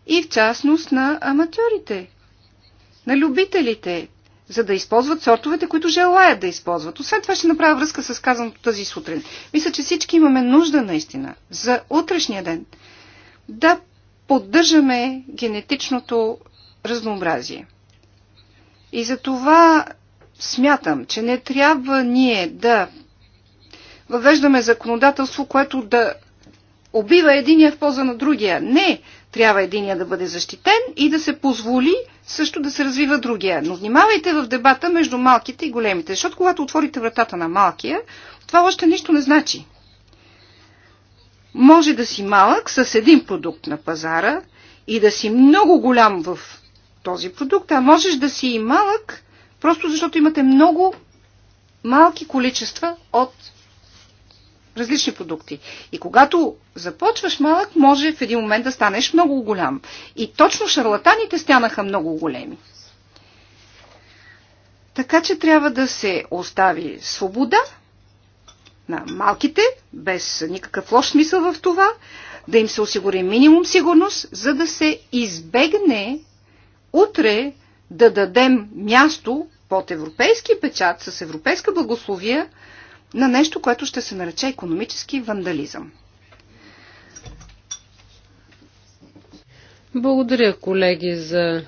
и в частност на аматьорите, на любителите, за да използват сортовете, които желаят да използват. Освен това ще направя връзка с казаното тази сутрин. Мисля, че всички имаме нужда наистина за утрешния ден да поддържаме генетичното разнообразие. И за това смятам, че не трябва ние да въвеждаме законодателство, което да убива единия в полза на другия. Не, трябва единия да бъде защитен и да се позволи също да се развива другия. Но внимавайте в дебата между малките и големите, защото когато отворите вратата на малкия, това още нищо не значи. Може да си малък с един продукт на пазара и да си много голям в този продукт, а можеш да си и малък, просто защото имате много малки количества от различни продукти. И когато започваш малък, може в един момент да станеш много голям. И точно шарлатаните станаха много големи. Така че трябва да се остави свобода на малките, без никакъв лош смисъл в това, да им се осигури минимум сигурност, за да се избегне утре да дадем място под европейски печат с европейска благословия на нещо, което ще се нарече економически вандализъм. Благодаря, колеги, за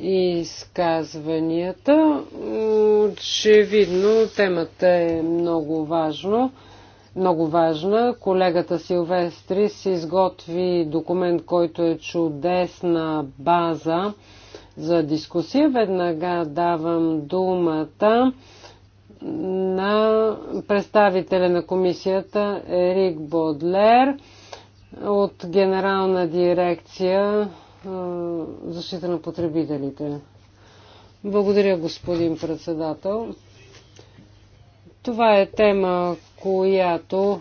изказванията. Очевидно, темата е много важна. Много важна. Колегата Силвестрис изготви документ, който е чудесна база за дискусия. Веднага давам думата на представителя на комисията Ерик Бодлер от Генерална дирекция защита на потребителите. Благодаря, господин председател. Това е тема, която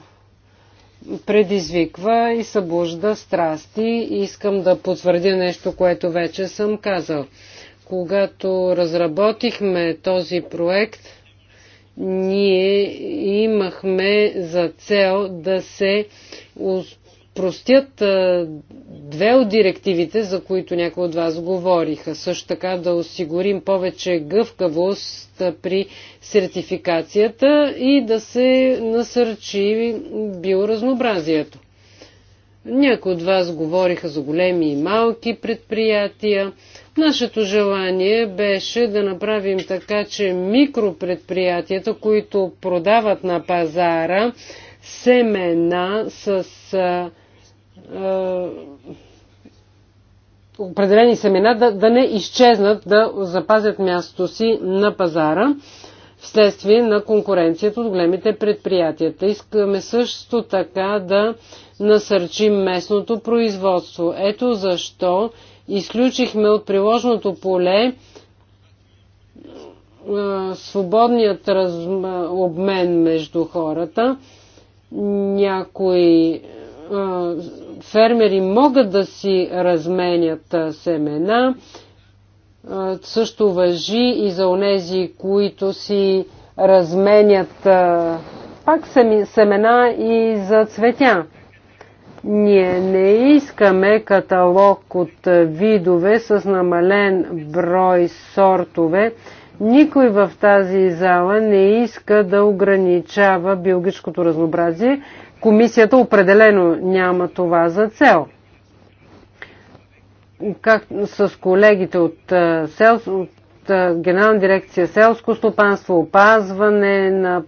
предизвиква и събужда страсти. Искам да потвърдя нещо, което вече съм казал. Когато разработихме този проект – ние имахме за цел да се простят две от директивите, за които някои от вас говориха. Също така да осигурим повече гъвкавост при сертификацията и да се насърчи биоразнообразието. Някои от вас говориха за големи и малки предприятия. Нашето желание беше да направим така, че микропредприятията, които продават на пазара семена с а, а, определени семена, да, да не изчезнат, да запазят мястото си на пазара вследствие на конкуренцията от големите предприятията. Искаме също така да насърчим местното производство. Ето защо изключихме от приложното поле свободният обмен между хората. Някои фермери могат да си разменят семена. Също въжи и за онези, които си разменят пак семена и за цветя. Ние не искаме каталог от видове с намален брой сортове. Никой в тази зала не иска да ограничава биологическото разнообразие. Комисията определено няма това за цел. Как с колегите от, от Генерална дирекция селско стопанство, опазване на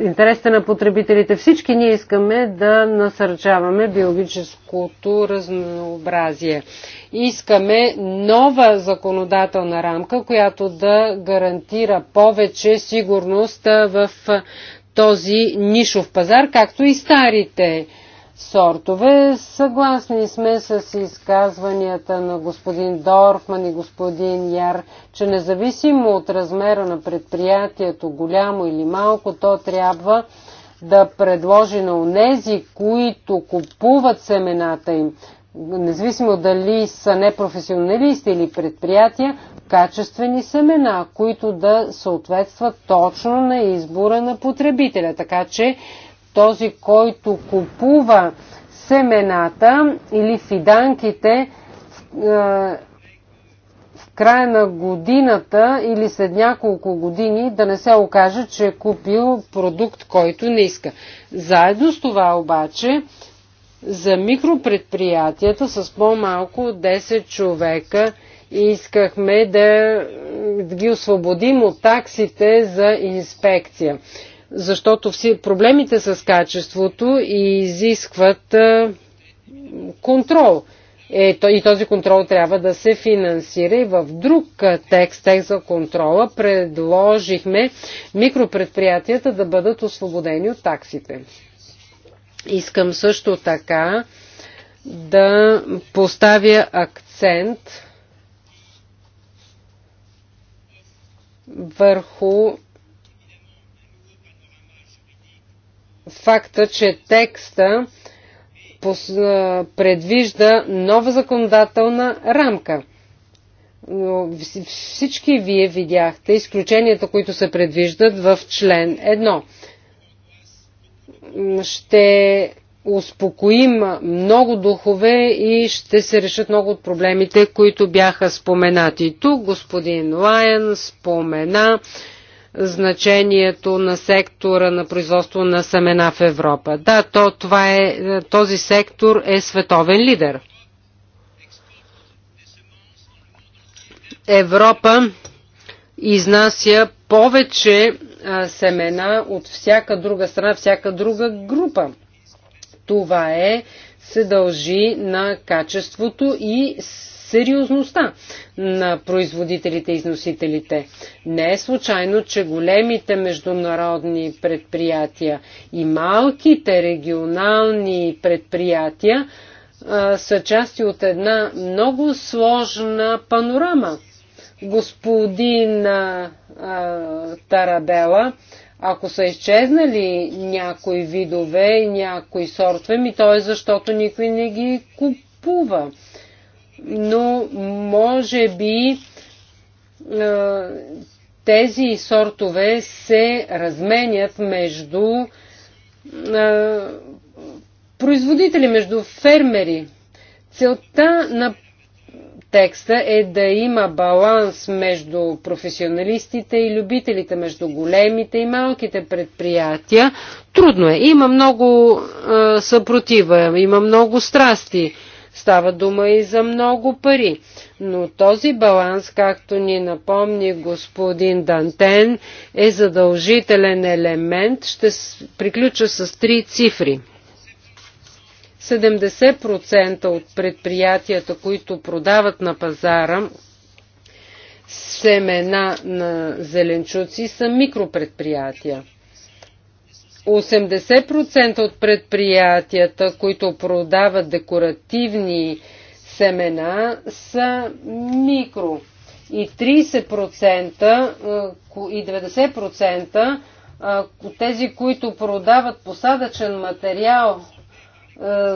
интересите на потребителите. Всички ние искаме да насърчаваме биологическото разнообразие. Искаме нова законодателна рамка, която да гарантира повече сигурност в този нишов пазар, както и старите сортове. Съгласни сме с изказванията на господин Дорфман и господин Яр, че независимо от размера на предприятието, голямо или малко, то трябва да предложи на унези, които купуват семената им, независимо дали са непрофесионалисти или предприятия, качествени семена, които да съответстват точно на избора на потребителя. Така че този, който купува семената или фиданките е, в, края на годината или след няколко години да не се окаже, че е купил продукт, който не иска. Заедно с това обаче за микропредприятията с по-малко 10 човека искахме да ги освободим от таксите за инспекция защото проблемите с качеството изискват контрол. Е, и този контрол трябва да се финансира. И в друг текст, текст за контрола, предложихме микропредприятията да бъдат освободени от таксите. Искам също така да поставя акцент върху факта, че текста предвижда нова законодателна рамка. Но всички вие видяхте изключенията, които се предвиждат в член 1. Ще успокоим много духове и ще се решат много от проблемите, които бяха споменати тук. Господин Лайен спомена значението на сектора на производство на семена в Европа. Да, то, това е, този сектор е световен лидер. Европа изнася повече а, семена от всяка друга страна, всяка друга група. Това е се дължи на качеството и сериозността на производителите и износителите. Не е случайно, че големите международни предприятия и малките регионални предприятия а, са части от една много сложна панорама. Господин а, Тарабела, ако са изчезнали някои видове, някои сортове, ми то е защото никой не ги купува но може би е, тези сортове се разменят между е, производители, между фермери. Целта на текста е да има баланс между професионалистите и любителите, между големите и малките предприятия. Трудно е. Има много е, съпротива, има много страсти. Става дума и за много пари. Но този баланс, както ни напомни господин Дантен, е задължителен елемент. Ще приключа с три цифри. 70% от предприятията, които продават на пазара семена на зеленчуци, са микропредприятия. 80% от предприятията, които продават декоративни семена, са микро. И 30% и 90% от тези, които продават посадъчен материал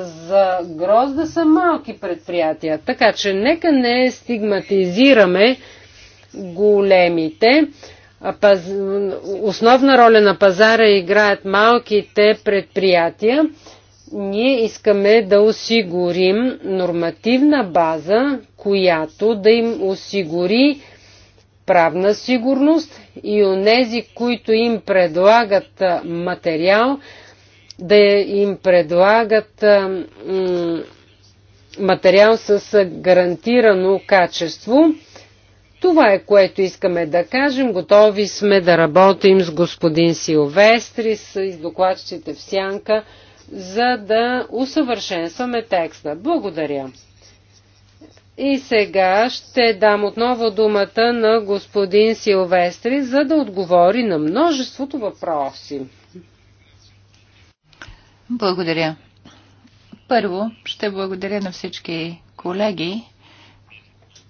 за грозда са малки предприятия. Така че нека не стигматизираме големите основна роля на пазара играят малките предприятия. Ние искаме да осигурим нормативна база, която да им осигури правна сигурност и онези, които им предлагат материал, да им предлагат материал с гарантирано качество това е което искаме да кажем. Готови сме да работим с господин Силвестри, с докладчите в Сянка, за да усъвършенстваме текста. Благодаря. И сега ще дам отново думата на господин Силвестри, за да отговори на множеството въпроси. Благодаря. Първо, ще благодаря на всички колеги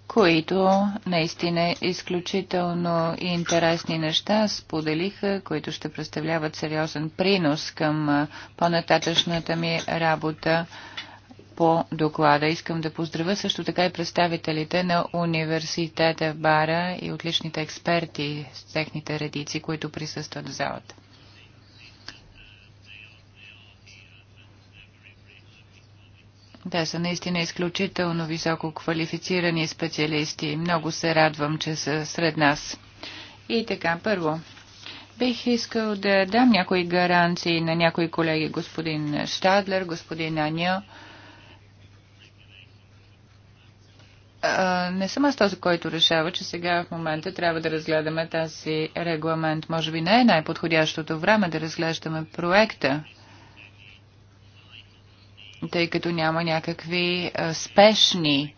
които наистина изключително интересни неща споделиха, които ще представляват сериозен принос към по-нататъчната ми работа по доклада. Искам да поздравя също така и представителите на университета в Бара и отличните експерти с техните редици, които присъстват в залата. Те са наистина изключително високо квалифицирани специалисти. Много се радвам, че са сред нас. И така, първо, бих искал да дам някои гаранции на някои колеги, господин Штадлер, господин Аня. Не съм аз този, който решава, че сега в момента трябва да разгледаме тази регламент. Може би не е най-подходящото време да разглеждаме проекта тъй като няма някакви спешни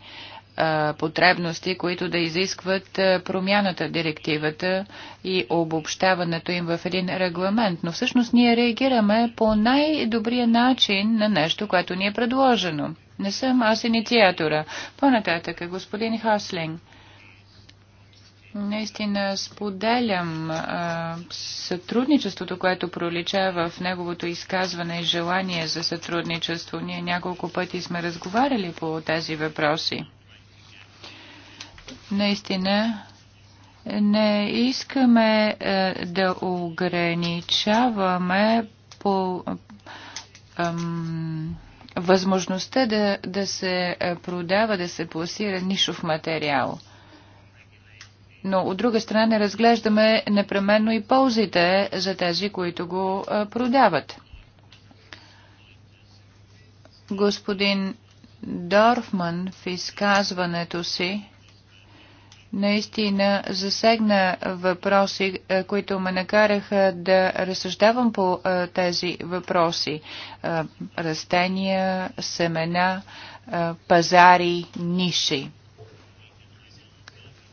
потребности, които да изискват промяната в директивата и обобщаването им в един регламент. Но всъщност ние реагираме по най-добрия начин на нещо, което ни е предложено. Не съм аз инициатора. По-нататък, господин Хаслинг. Наистина споделям а, сътрудничеството, което пролича в неговото изказване и желание за сътрудничество. Ние няколко пъти сме разговаряли по тези въпроси. Наистина не искаме а, да ограничаваме по. Ам, възможността да, да се продава, да се пласира нишов материал – но от друга страна не разглеждаме непременно и ползите за тези, които го продават. Господин Дорфман в изказването си наистина засегна въпроси, които ме накараха да разсъждавам по тези въпроси. Растения, семена, пазари, ниши.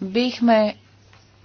Бихме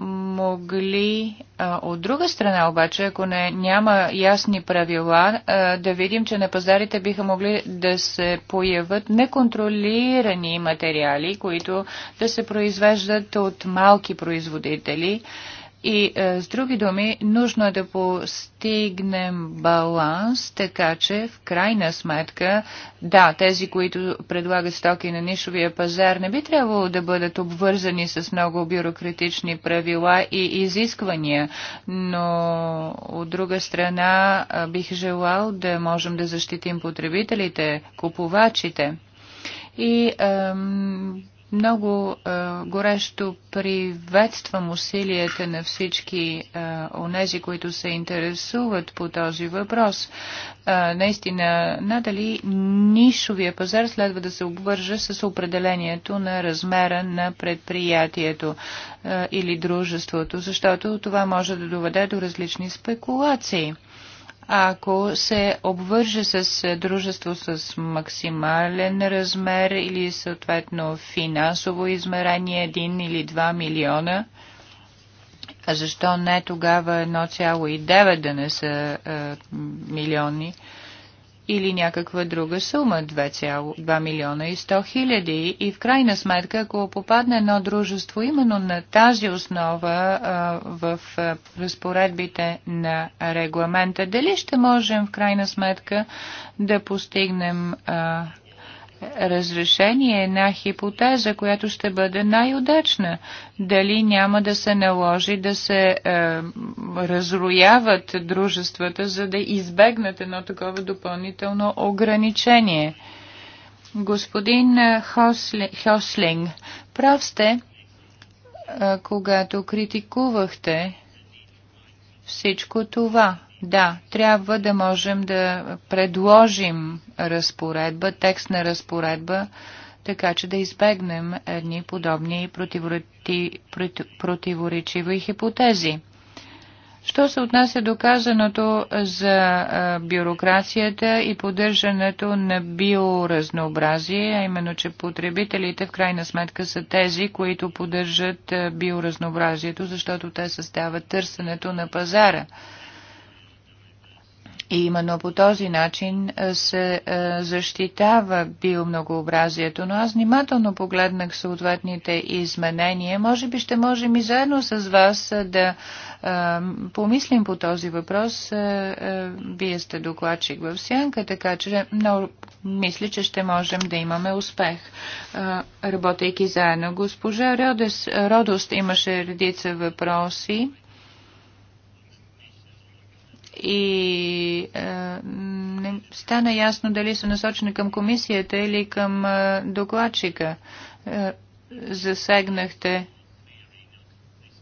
могли а, от друга страна обаче, ако не, няма ясни правила, а, да видим, че на пазарите биха могли да се появят неконтролирани материали, които да се произвеждат от малки производители. А, и е, с други думи, нужно е да постигнем баланс, така че в крайна сметка, да, тези, които предлагат стоки на нишовия пазар, не би трябвало да бъдат обвързани с много бюрократични правила и изисквания, но от друга страна е, бих желал да можем да защитим потребителите, купувачите. И много е, горещо приветствам усилията на всички е, онези, които се интересуват по този въпрос. Е, наистина, надали нишовия пазар следва да се обвържа с определението на размера на предприятието е, или дружеството, защото това може да доведе до различни спекулации ако се обвърже с дружество с максимален размер или съответно финансово измерение 1 или 2 милиона, а защо не тогава 1,9 да не са е, милиони, или някаква друга сума 2,2 милиона и 100 хиляди. И в крайна сметка, ако попадне едно дружество именно на тази основа а, в а, разпоредбите на регламента, дали ще можем в крайна сметка да постигнем а, разрешение, е една хипотеза, която ще бъде най-удачна. Дали няма да се наложи да се е, разрояват дружествата, за да избегнат едно такова допълнително ограничение. Господин е, Хосли, Хослинг, прав сте, е, когато критикувахте всичко това. Да, трябва да можем да предложим разпоредба, текст на разпоредба, така че да избегнем едни подобни противоречиви хипотези. Що се отнася до казаното за бюрокрацията и поддържането на биоразнообразие, а именно, че потребителите в крайна сметка са тези, които поддържат биоразнообразието, защото те съставят търсенето на пазара. И именно по този начин е, се е, защитава биомногообразието. Но аз внимателно погледнах съответните изменения. Може би ще можем и заедно с вас е, да помислим по този въпрос. Вие сте докладчик в Сянка, така че много мисля, че ще можем да имаме успех, работейки заедно. Госпожа Родост имаше редица въпроси и е, не стана ясно дали са насочени към комисията или към е, докладчика. Е, засегнахте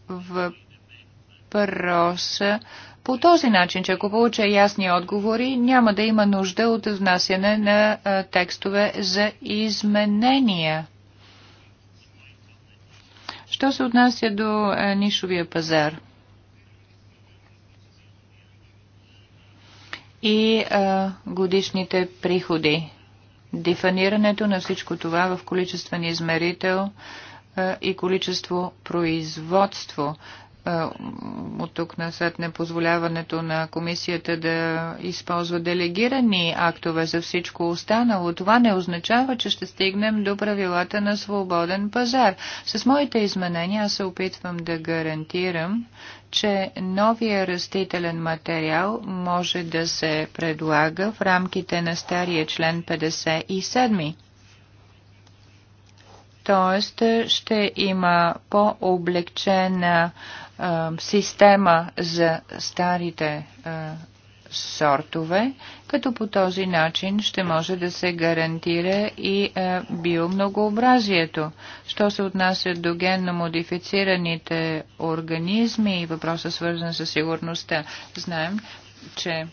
въпроса по този начин, че ако получа ясни отговори, няма да има нужда от внасяне на е, текстове за изменения. Що се отнася до е, нишовия пазар? и а, годишните приходи. Дефинирането на всичко това в количествен измерител а, и количество производство от тук на след непозволяването на комисията да използва делегирани актове за всичко останало, това не означава, че ще стигнем до правилата на свободен пазар. С моите изменения аз се опитвам да гарантирам, че новия растителен материал може да се предлага в рамките на стария член 57 т.е. ще има по-облегчена система за старите сортове, като по този начин ще може да се гарантира и биомногообразието. Що се отнася до генно модифицираните организми и въпроса свързан с сигурността, знаем, че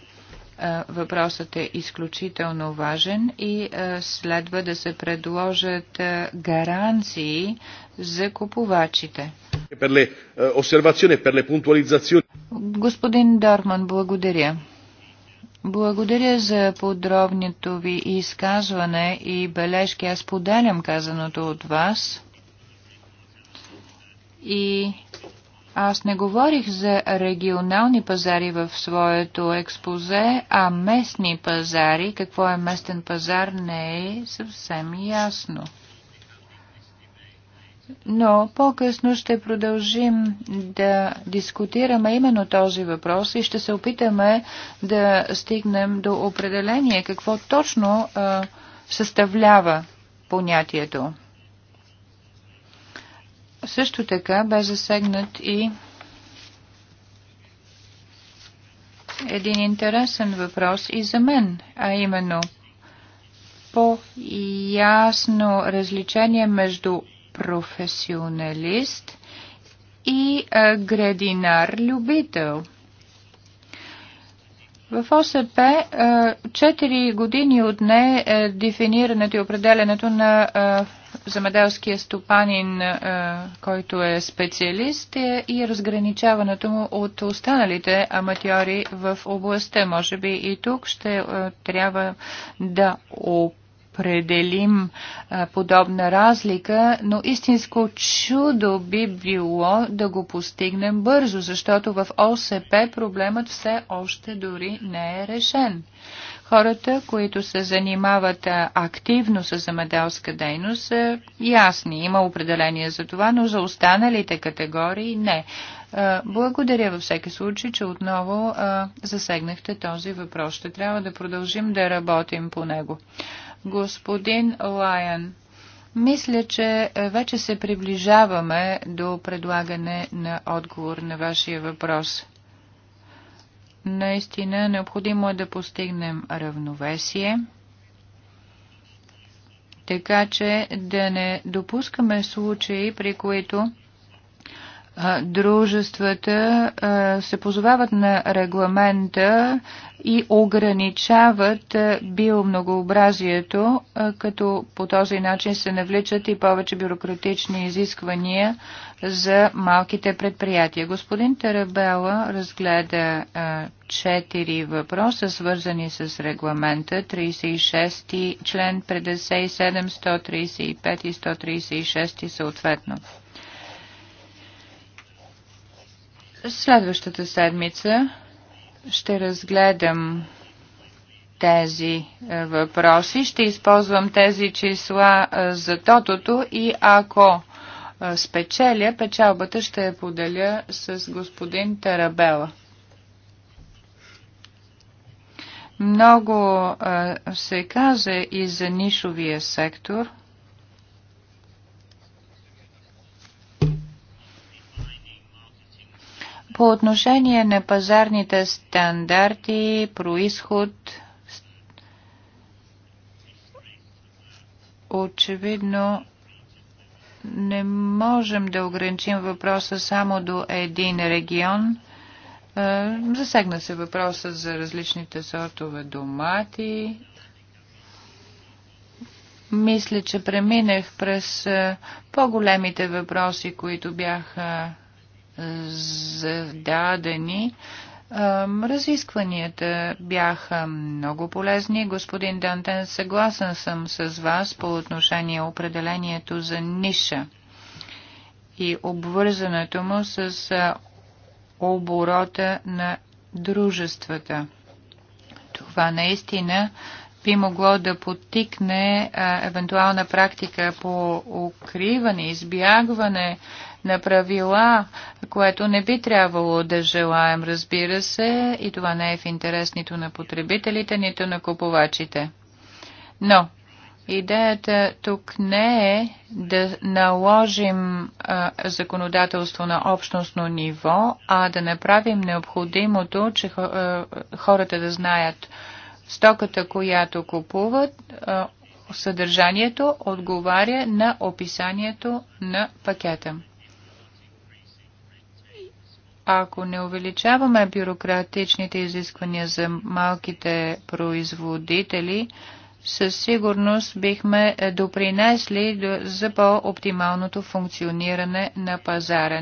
въпросът е изключително важен и следва да се предложат гаранции за купувачите. Eh, e Господин Дорман, благодаря. Благодаря за подробното ви изказване и бележки. Аз поделям казаното от вас. И аз не говорих за регионални пазари в своето експозе, а местни пазари. Какво е местен пазар не е съвсем ясно но по-късно ще продължим да дискутираме именно този въпрос и ще се опитаме да стигнем до определение какво точно а, съставлява понятието. Също така бе засегнат и един интересен въпрос и за мен, а именно по-ясно различение между професионалист и градинар-любител. В ОСП 4 години от не е дефинирането и определенето на замеделския стопанин, който е специалист е и разграничаването му от останалите аматьори в областта. Може би и тук ще трябва да опитаме определим е, подобна разлика, но истинско чудо би било да го постигнем бързо, защото в ОСП проблемът все още дори не е решен. Хората, които се занимават е, активно с замеделска дейност, са ясни. Има определение за това, но за останалите категории не. Е, благодаря във всеки случай, че отново засегнахте този въпрос. Ще трябва да продължим да работим по него господин Лайан. Мисля, че вече се приближаваме до предлагане на отговор на вашия въпрос. Наистина необходимо е да постигнем равновесие, така че да не допускаме случаи, при които дружествата се позовават на регламента и ограничават биомногообразието, като по този начин се навличат и повече бюрократични изисквания за малките предприятия. Господин Тарабела разгледа четири въпроса, свързани с регламента 36 член 57, 135 и 136 съответно. Следващата седмица ще разгледам тези е, въпроси. Ще използвам тези числа е, за тотото и ако е, спечеля, печалбата ще я поделя с господин Тарабела. Много се каза и за нишовия сектор – По отношение на пазарните стандарти, происход, очевидно не можем да ограничим въпроса само до един регион. Е, засегна се въпроса за различните сортове домати. Мисля, че преминах през е, по-големите въпроси, които бяха зададени. Разискванията бяха много полезни. Господин Дантен, съгласен съм с вас по отношение определението за ниша и обвързането му с оборота на дружествата. Това наистина би могло да потикне евентуална практика по укриване, избягване на правила, което не би трябвало да желаем, разбира се, и това не е в интерес нито на потребителите, нито на купувачите. Но Идеята тук не е да наложим а, законодателство на общностно ниво, а да направим необходимото, че хората да знаят стоката, която купуват, а, съдържанието отговаря на описанието на пакета ако не увеличаваме бюрократичните изисквания за малките производители, със сигурност бихме е, допринесли за по-оптималното функциониране на пазара.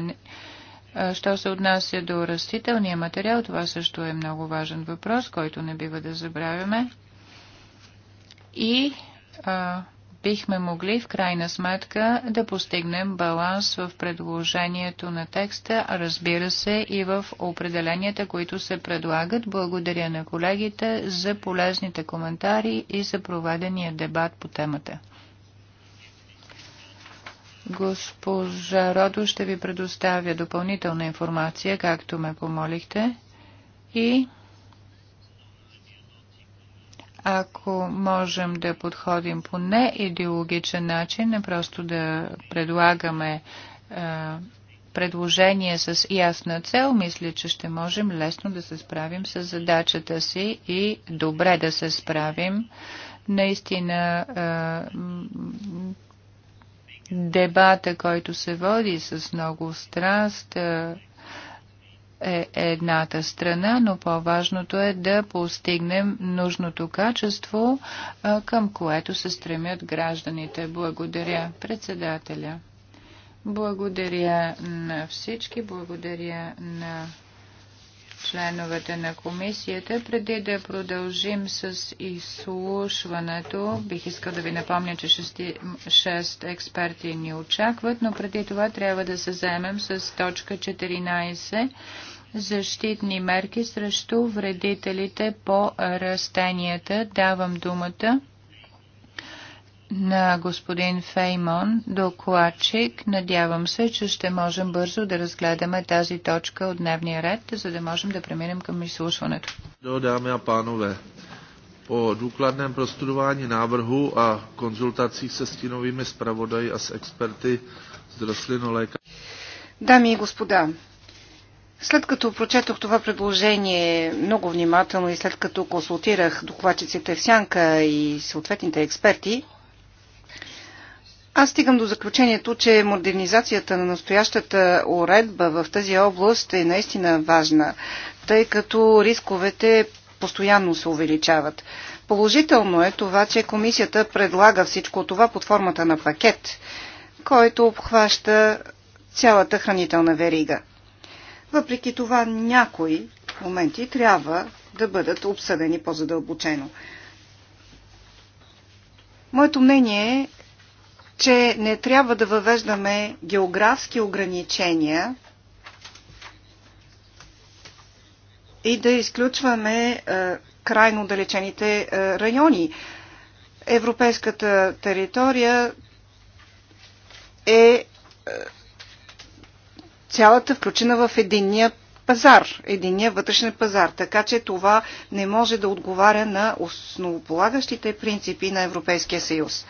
Е, що се отнася до растителния материал, това също е много важен въпрос, който не бива да забравяме. И а, бихме могли в крайна сметка да постигнем баланс в предложението на текста, разбира се и в определенията, които се предлагат. Благодаря на колегите за полезните коментари и за проведения дебат по темата. Госпожа Родо ще ви предоставя допълнителна информация, както ме помолихте. И ако можем да подходим по не идеологичен начин, не просто да предлагаме е, предложение с ясна цел, мисля, че ще можем лесно да се справим с задачата си и добре да се справим. Наистина е, дебата, който се води с много страст, е, е едната страна, но по-важното е да постигнем нужното качество, към което се стремят гражданите. Благодаря, председателя. Благодаря на всички, благодаря на членовете на комисията. Преди да продължим с изслушването, бих искал да ви напомня, че 6, 6 експерти ни очакват, но преди това трябва да се заемем с точка 14 защитни мерки срещу вредителите по растенията. Давам думата на господин Феймон, докладчик. Надявам се, че ще можем бързо да разгледаме тази точка от дневния ред, за да можем да преминем към изслушването. До, дами и панове, po důkladném prostudování návrhu a konzultacích se stínovými zpravodaji a s experty z rostlinoléka. Дами и господа, след като прочетох това предложение много внимателно и след като консултирах докладчиците в сянка и съответните експерти, аз стигам до заключението, че модернизацията на настоящата уредба в тази област е наистина важна, тъй като рисковете постоянно се увеличават. Положително е това, че комисията предлага всичко това под формата на пакет, който обхваща цялата хранителна верига. Въпреки това някои моменти трябва да бъдат обсъдени по-задълбочено. Моето мнение е, че не трябва да въвеждаме географски ограничения и да изключваме е, крайно отдалечените е, райони. Европейската територия е, е цялата включена в единния пазар, единия вътрешен пазар. Така че това не може да отговаря на основополагащите принципи на Европейския съюз.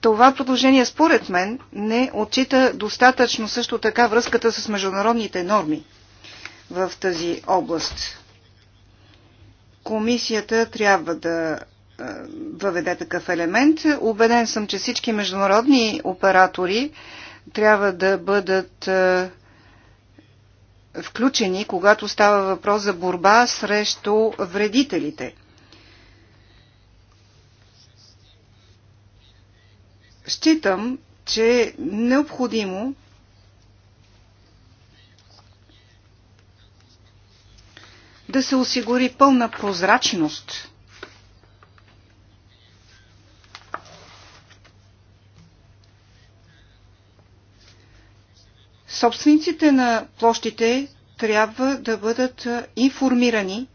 Това предложение, според мен, не отчита достатъчно също така връзката с международните норми в тази област. Комисията трябва да въведе такъв елемент. Убеден съм, че всички международни оператори трябва да бъдат е, включени, когато става въпрос за борба срещу вредителите. Считам, че е необходимо да се осигури пълна прозрачност Собствениците на площите трябва да бъдат информирани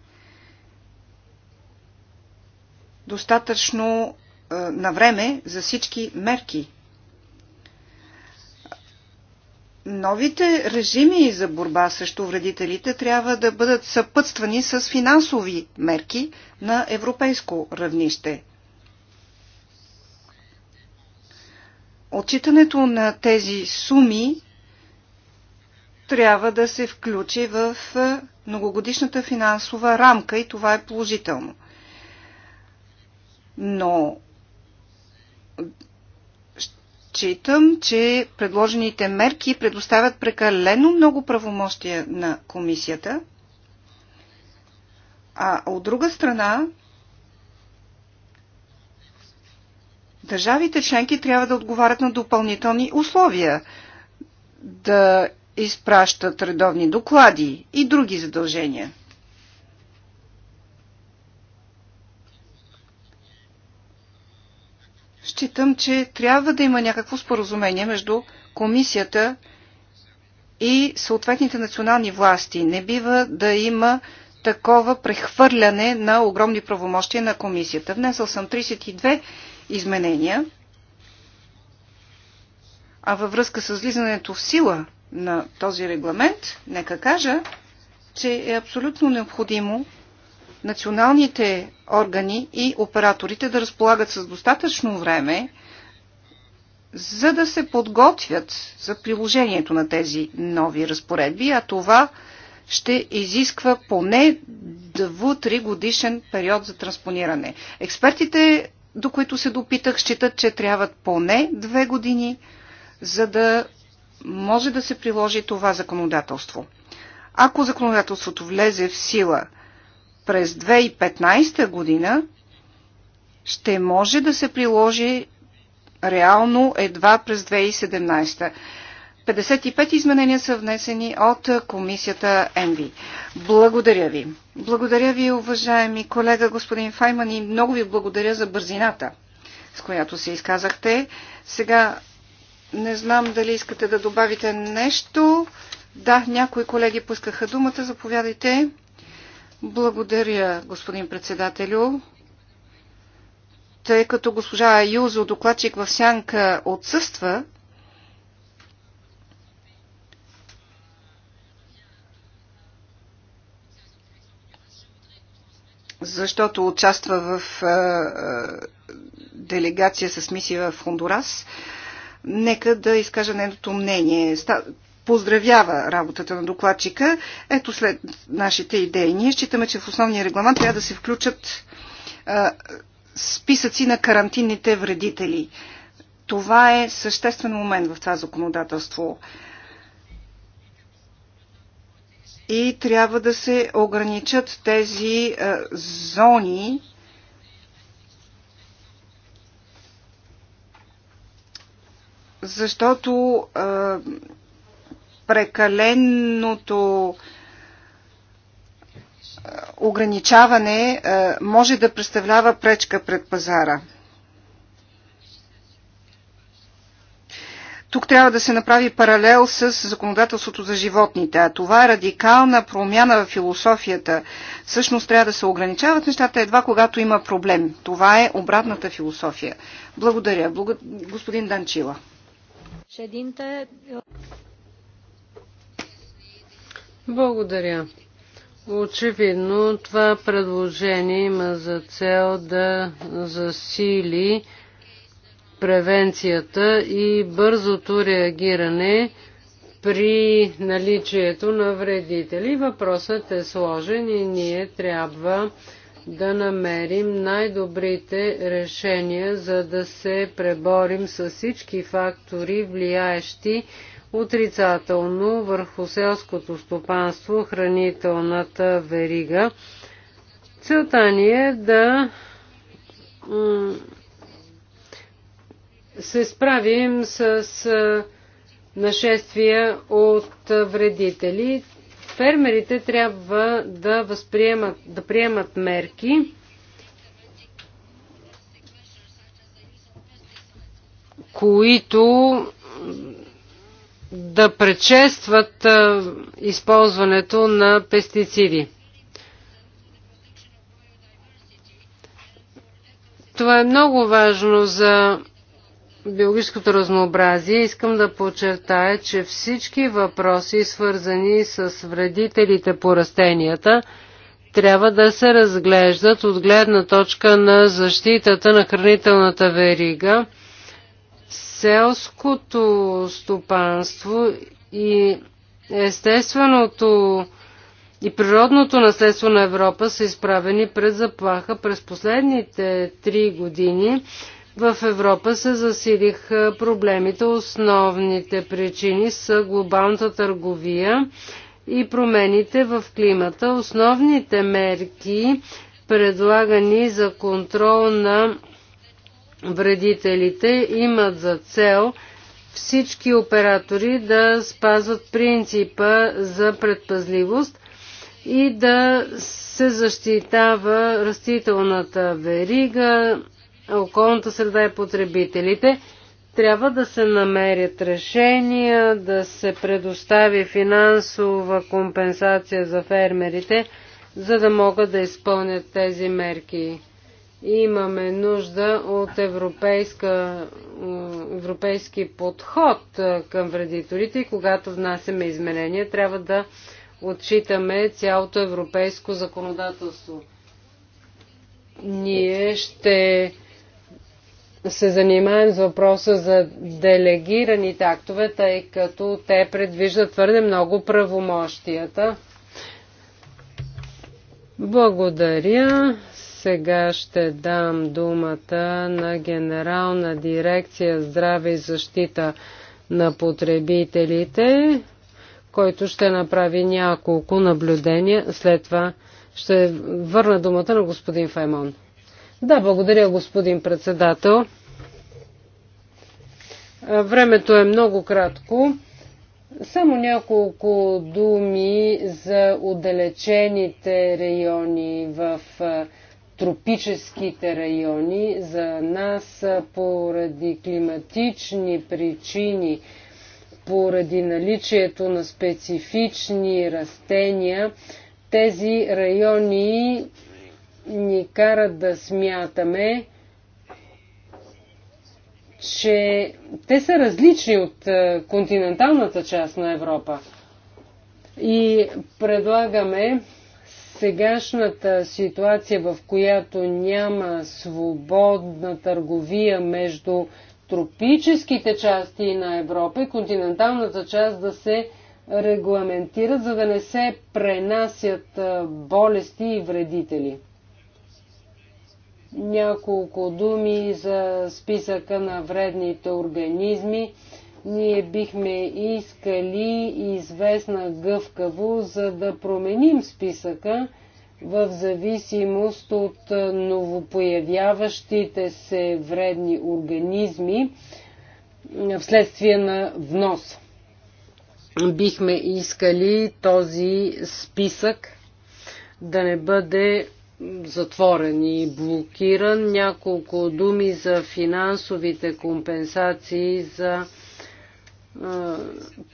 достатъчно на време за всички мерки. Новите режими за борба срещу вредителите трябва да бъдат съпътствани с финансови мерки на европейско равнище. Отчитането на тези суми трябва да се включи в многогодишната финансова рамка и това е положително. Но считам, че предложените мерки предоставят прекалено много правомощия на комисията, а от друга страна държавите членки трябва да отговарят на допълнителни условия, да изпращат редовни доклади и други задължения. Считам, че трябва да има някакво споразумение между комисията и съответните национални власти. Не бива да има такова прехвърляне на огромни правомощия на комисията. Внесъл съм 32 изменения, а във връзка с влизането в сила – на този регламент, нека кажа, че е абсолютно необходимо националните органи и операторите да разполагат с достатъчно време, за да се подготвят за приложението на тези нови разпоредби, а това ще изисква поне 2-3 годишен период за транспониране. Експертите, до които се допитах, считат, че трябват поне 2 години, за да може да се приложи това законодателство. Ако законодателството влезе в сила през 2015 година, ще може да се приложи реално едва през 2017. 55 изменения са внесени от комисията ЕНВИ. Благодаря ви. Благодаря ви, уважаеми колега господин Файман и много ви благодаря за бързината, с която се изказахте. Сега не знам дали искате да добавите нещо. Да, някои колеги пускаха думата. Заповядайте. Благодаря, господин председателю. Тъй като госпожа Юзо, докладчик в сянка, отсъства, защото участва в делегация с мисия в Хондурас нека да изкажа нейното мнение. Поздравява работата на докладчика. Ето след нашите идеи. Ние считаме, че в основния регламент трябва да се включат списъци на карантинните вредители. Това е съществен момент в това законодателство. И трябва да се ограничат тези зони, защото а, прекаленото ограничаване а, може да представлява пречка пред пазара. Тук трябва да се направи паралел с законодателството за животните, а това е радикална промяна в философията. Всъщност трябва да се ограничават нещата едва когато има проблем. Това е обратната философия. Благодаря. Благ... Господин Данчила președinte. Е, Благодаря. Очевидно това предложение има за цел да засили превенцията и бързото реагиране при наличието на вредители. Въпросът е сложен и ние трябва да намерим най-добрите решения, за да се преборим с всички фактори, влияещи отрицателно върху селското стопанство, хранителната верига. Целта ни е да се справим с нашествия от вредители. Фермерите трябва да, възприемат, да приемат мерки, които да предшестват използването на пестициди. Това е много важно за биологическото разнообразие, искам да подчертая, че всички въпроси, свързани с вредителите по растенията, трябва да се разглеждат от гледна точка на защитата на хранителната верига, селското стопанство и естественото и природното наследство на Европа са изправени пред заплаха през последните три години в Европа се засилиха проблемите. Основните причини са глобалната търговия и промените в климата. Основните мерки, предлагани за контрол на вредителите, имат за цел всички оператори да спазват принципа за предпазливост и да се защитава растителната верига, околната среда и потребителите, трябва да се намерят решения, да се предостави финансова компенсация за фермерите, за да могат да изпълнят тези мерки. Имаме нужда от европейска, европейски подход към вредиторите и когато внасяме изменения, трябва да отчитаме цялото европейско законодателство. Ние ще се занимаем с въпроса за делегираните актове, тъй като те предвиждат твърде много правомощията. Благодаря. Сега ще дам думата на Генерална дирекция Здраве и защита на потребителите, който ще направи няколко наблюдения. След това ще върна думата на господин Файмон. Да, благодаря, господин председател. Времето е много кратко. Само няколко думи за отдалечените райони в тропическите райони. За нас поради климатични причини, поради наличието на специфични растения, тези райони ни карат да смятаме, че те са различни от е, континенталната част на Европа. И предлагаме сегашната ситуация, в която няма свободна търговия между тропическите части на Европа и континенталната част да се регламентират, за да не се пренасят е, болести и вредители. Няколко думи за списъка на вредните организми. Ние бихме искали известна гъвкаво, за да променим списъка в зависимост от новопоявяващите се вредни организми вследствие на внос. Бихме искали този списък да не бъде затворен и блокиран. Няколко думи за финансовите компенсации за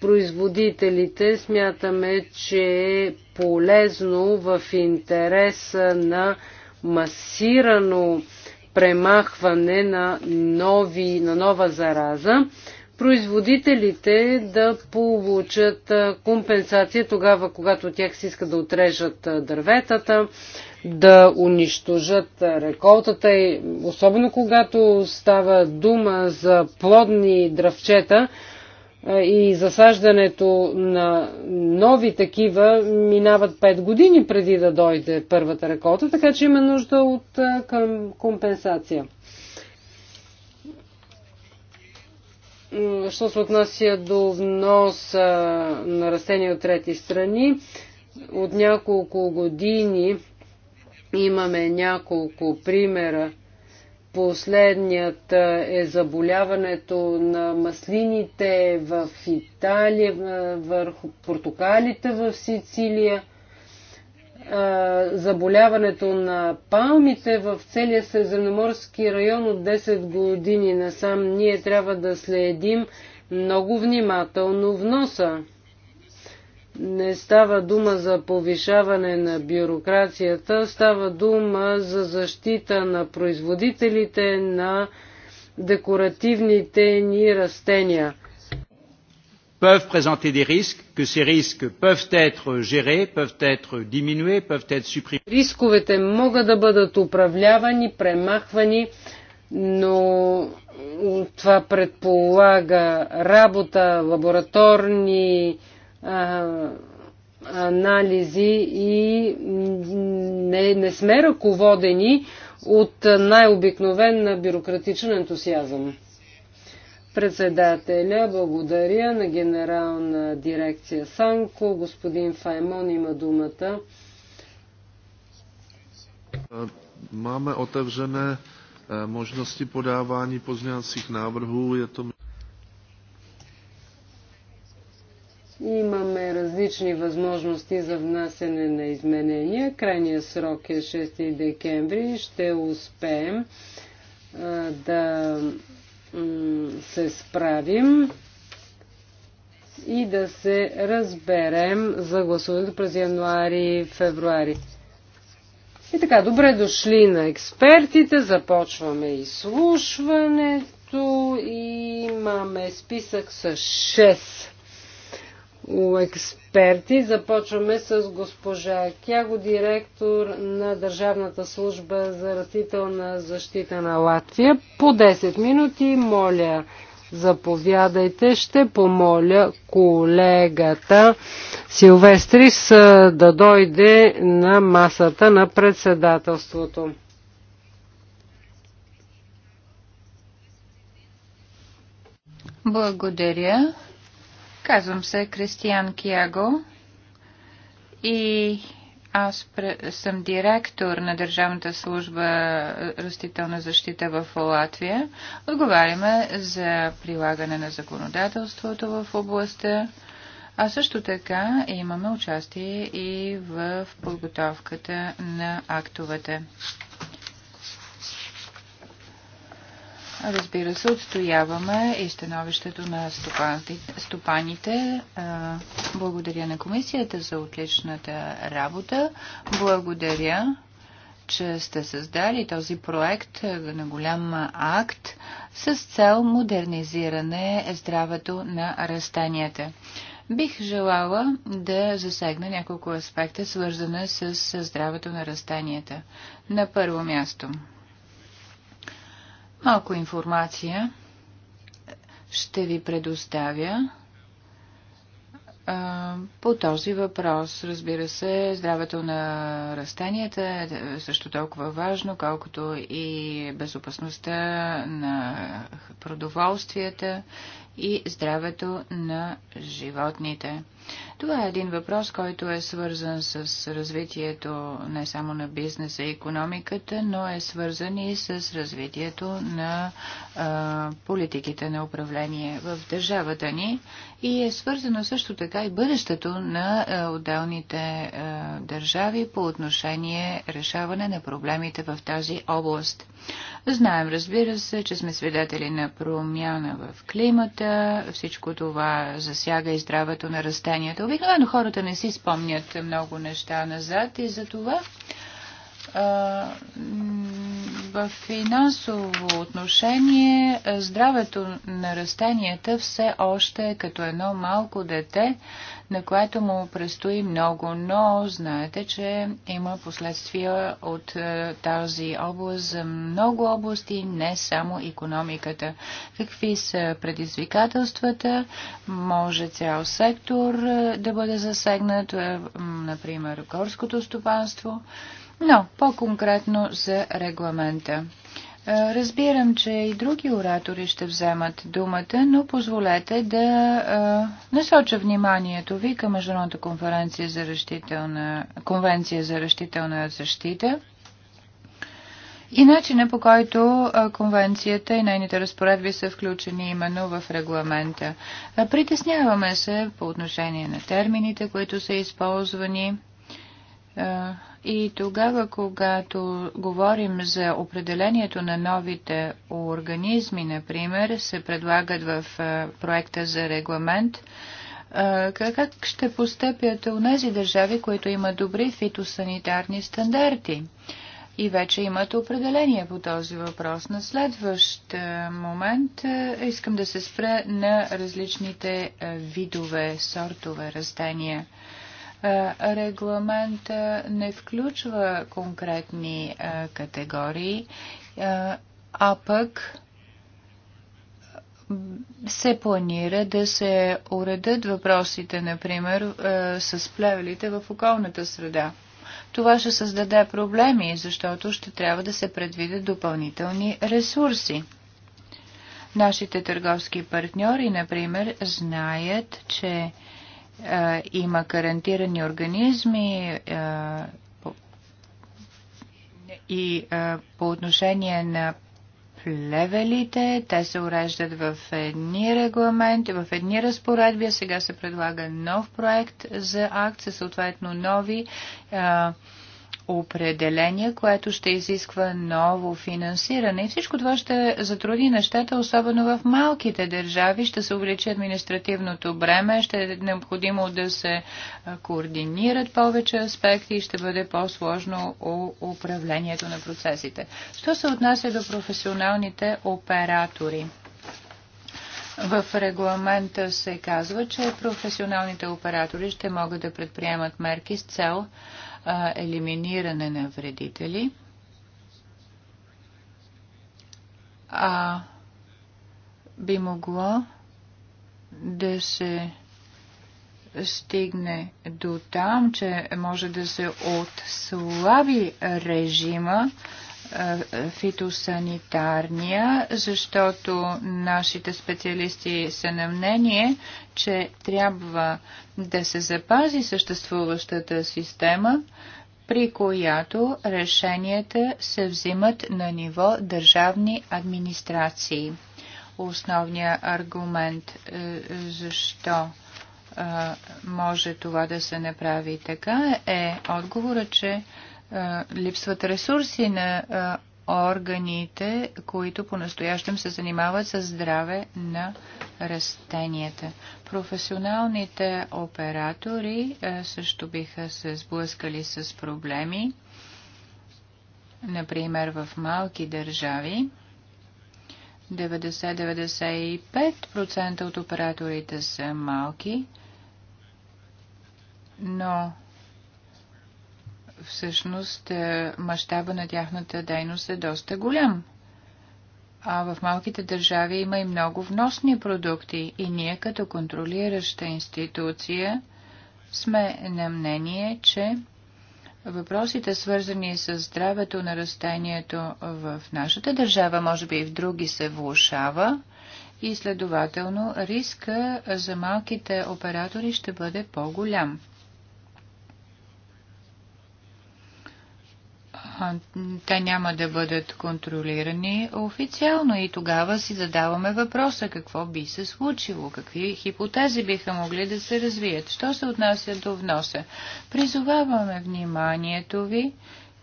производителите. Смятаме, че е полезно в интереса на масирано премахване на, нови, на нова зараза, производителите да получат компенсация тогава, когато тях се иска да отрежат дърветата, да унищожат реколтата, и особено когато става дума за плодни дравчета и засаждането на нови такива минават 5 години преди да дойде първата реколта, така че има нужда от към компенсация. Що се отнася до внос на растения от трети страни, от няколко години Имаме няколко примера. Последният е заболяването на маслините в Италия, върху портокалите в Сицилия, заболяването на палмите в целия Средиземноморски район от 10 години насам. Ние трябва да следим много внимателно вноса не става дума за повишаване на бюрокрацията, става дума за защита на производителите на декоративните ни растения. peuvent présenter des risques, que ces risques peuvent être gérés, peuvent être diminués, peuvent être supprimés. Рисковете могат да бъдат управлявани, премахвани, но това предполага работа, лабораторни анализи и не, не сме ръководени от най-обикновен бюрократичен ентусиазъм. Председателя благодаря на генерална дирекция Санко. Господин Файмон има думата. Е, Máme otevřené е, možnosti podávání pozměňovacích návrhů. Je to... Имаме различни възможности за внасене на изменения. Крайният срок е 6 декември. Ще успеем а, да се справим и да се разберем за гласуването през януари и февруари. И така, добре дошли на експертите, започваме изслушването. и Имаме списък с 6 експерти. Започваме с госпожа Кяго, директор на Държавната служба за растителна защита на Латвия. По 10 минути, моля, заповядайте. Ще помоля колегата Силвестрис да дойде на масата на председателството. Благодаря. Казвам се Кристиан Киаго и аз съм директор на Държавната служба е, растителна защита в Латвия. Отговаряме за прилагане на законодателството в областта, а също така имаме участие и в подготовката на актовете. Разбира се, отстояваме и становището на стопаните. Благодаря на комисията за отличната работа. Благодаря, че сте създали този проект на голям акт с цел модернизиране здравето на растенията. Бих желала да засегна няколко аспекта, свързани с здравето на растенията. На първо място – Малко информация ще ви предоставя по този въпрос. Разбира се, здравето на растенията е също толкова важно, колкото и безопасността на продоволствията и здравето на животните. Това е един въпрос, който е свързан с развитието не само на бизнеса и економиката, но е свързан и с развитието на а, политиките на управление в държавата ни и е свързано също така и бъдещето на а, отделните а, държави по отношение решаване на проблемите в тази област. Знаем, разбира се, че сме свидетели на промяна в климата, всичко това засяга и здравето на растения изявленията. Обикновено хората не си спомнят много неща назад и затова в финансово отношение здравето на растенията все още е като едно малко дете, на което му предстои много, но знаете, че има последствия от е, тази област за много области, не само економиката. Какви са предизвикателствата? Може цял сектор е, да бъде засегнат, е, например горското стопанство, но по-конкретно за регламента. Е, разбирам, че и други оратори ще вземат думата, но позволете да е, насоча вниманието ви към Международната конференция за на... конвенция за решителна защита и начина по който е, конвенцията и нейните разпоредби са включени именно в регламента. Притесняваме се по отношение на термините, които са използвани и тогава, когато говорим за определението на новите организми, например, се предлагат в проекта за регламент, как ще постъпят у нези държави, които имат добри фитосанитарни стандарти? И вече имат определение по този въпрос. На следващ момент искам да се спре на различните видове, сортове растения – е, регламент не включва конкретни е, категории, е, а пък се планира да се уредят въпросите, например, с плевелите в околната среда. Това ще създаде проблеми, защото ще трябва да се предвидят допълнителни ресурси. Нашите търговски партньори, например, знаят, че е, има карантирани организми е, и е, по отношение на плевелите, те се уреждат в едни регламенти, в едни разпоредби, а сега се предлага нов проект за акт, със съответно нови а, определение, което ще изисква ново финансиране. И всичко това ще затруди нещата, особено в малките държави. Ще се увеличи административното бреме, ще е необходимо да се координират повече аспекти и ще бъде по-сложно управлението на процесите. Що се отнася до професионалните оператори? В регламента се казва, че професионалните оператори ще могат да предприемат мерки с цел а, елиминиране на вредители. А би могло да се стигне до там, че може да се отслаби режима фитосанитарния, защото нашите специалисти са на мнение, че трябва да се запази съществуващата система, при която решенията се взимат на ниво държавни администрации. Основният аргумент е, защо е, може това да се направи така е отговора, че липсват ресурси на органите, които по-настоящем се занимават с здраве на растенията. Професионалните оператори също биха се сблъскали с проблеми, например в малки държави. 90-95% от операторите са малки, но всъщност е, мащаба на тяхната дейност е доста голям. А в малките държави има и много вносни продукти и ние като контролираща институция сме на мнение, че въпросите свързани с здравето на растението в нашата държава, може би и в други се влушава и следователно риска за малките оператори ще бъде по-голям. те няма да бъдат контролирани официално и тогава си задаваме въпроса какво би се случило, какви хипотези биха могли да се развият. Що се отнася до вноса? Призоваваме вниманието ви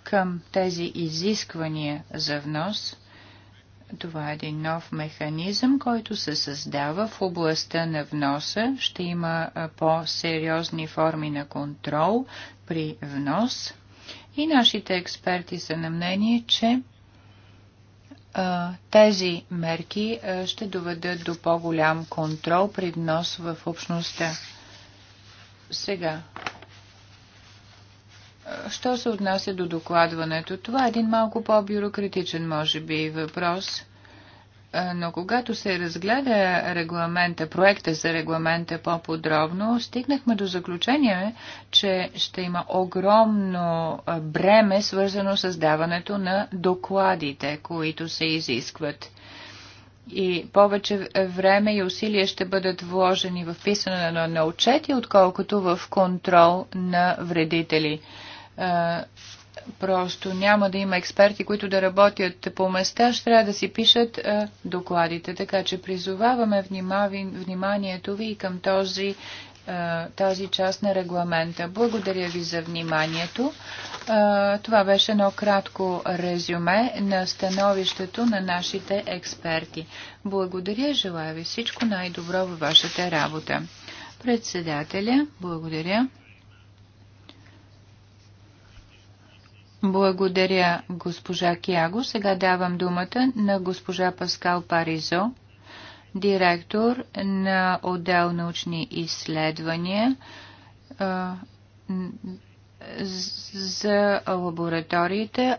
към тези изисквания за внос. Това е един нов механизъм, който се създава в областта на вноса. Ще има по-сериозни форми на контрол при внос – и нашите експерти са на мнение, че тези мерки ще доведат до по-голям контрол при внос в общността. Сега, що се отнася до докладването? Това е един малко по-бюрократичен, може би, въпрос. Е, но когато се разгледа регламента, проекта за регламента по-подробно, стигнахме до заключение, че ще има огромно е, бреме, свързано с даването на докладите, които се изискват. И повече време и усилия ще бъдат вложени в писане на, на отчети, отколкото в контрол на вредители е, просто няма да има експерти, които да работят по места, ще трябва да си пишат а, докладите. Така че призоваваме внимави, вниманието ви и към този, а, тази част на регламента. Благодаря ви за вниманието. А, това беше едно кратко резюме на становището на нашите експерти. Благодаря, желая ви всичко най-добро във вашата работа. Председателя, благодаря. Благодаря, госпожа Кяго. Сега давам думата на госпожа Паскал Паризо, директор на отдел научни изследвания за лабораториите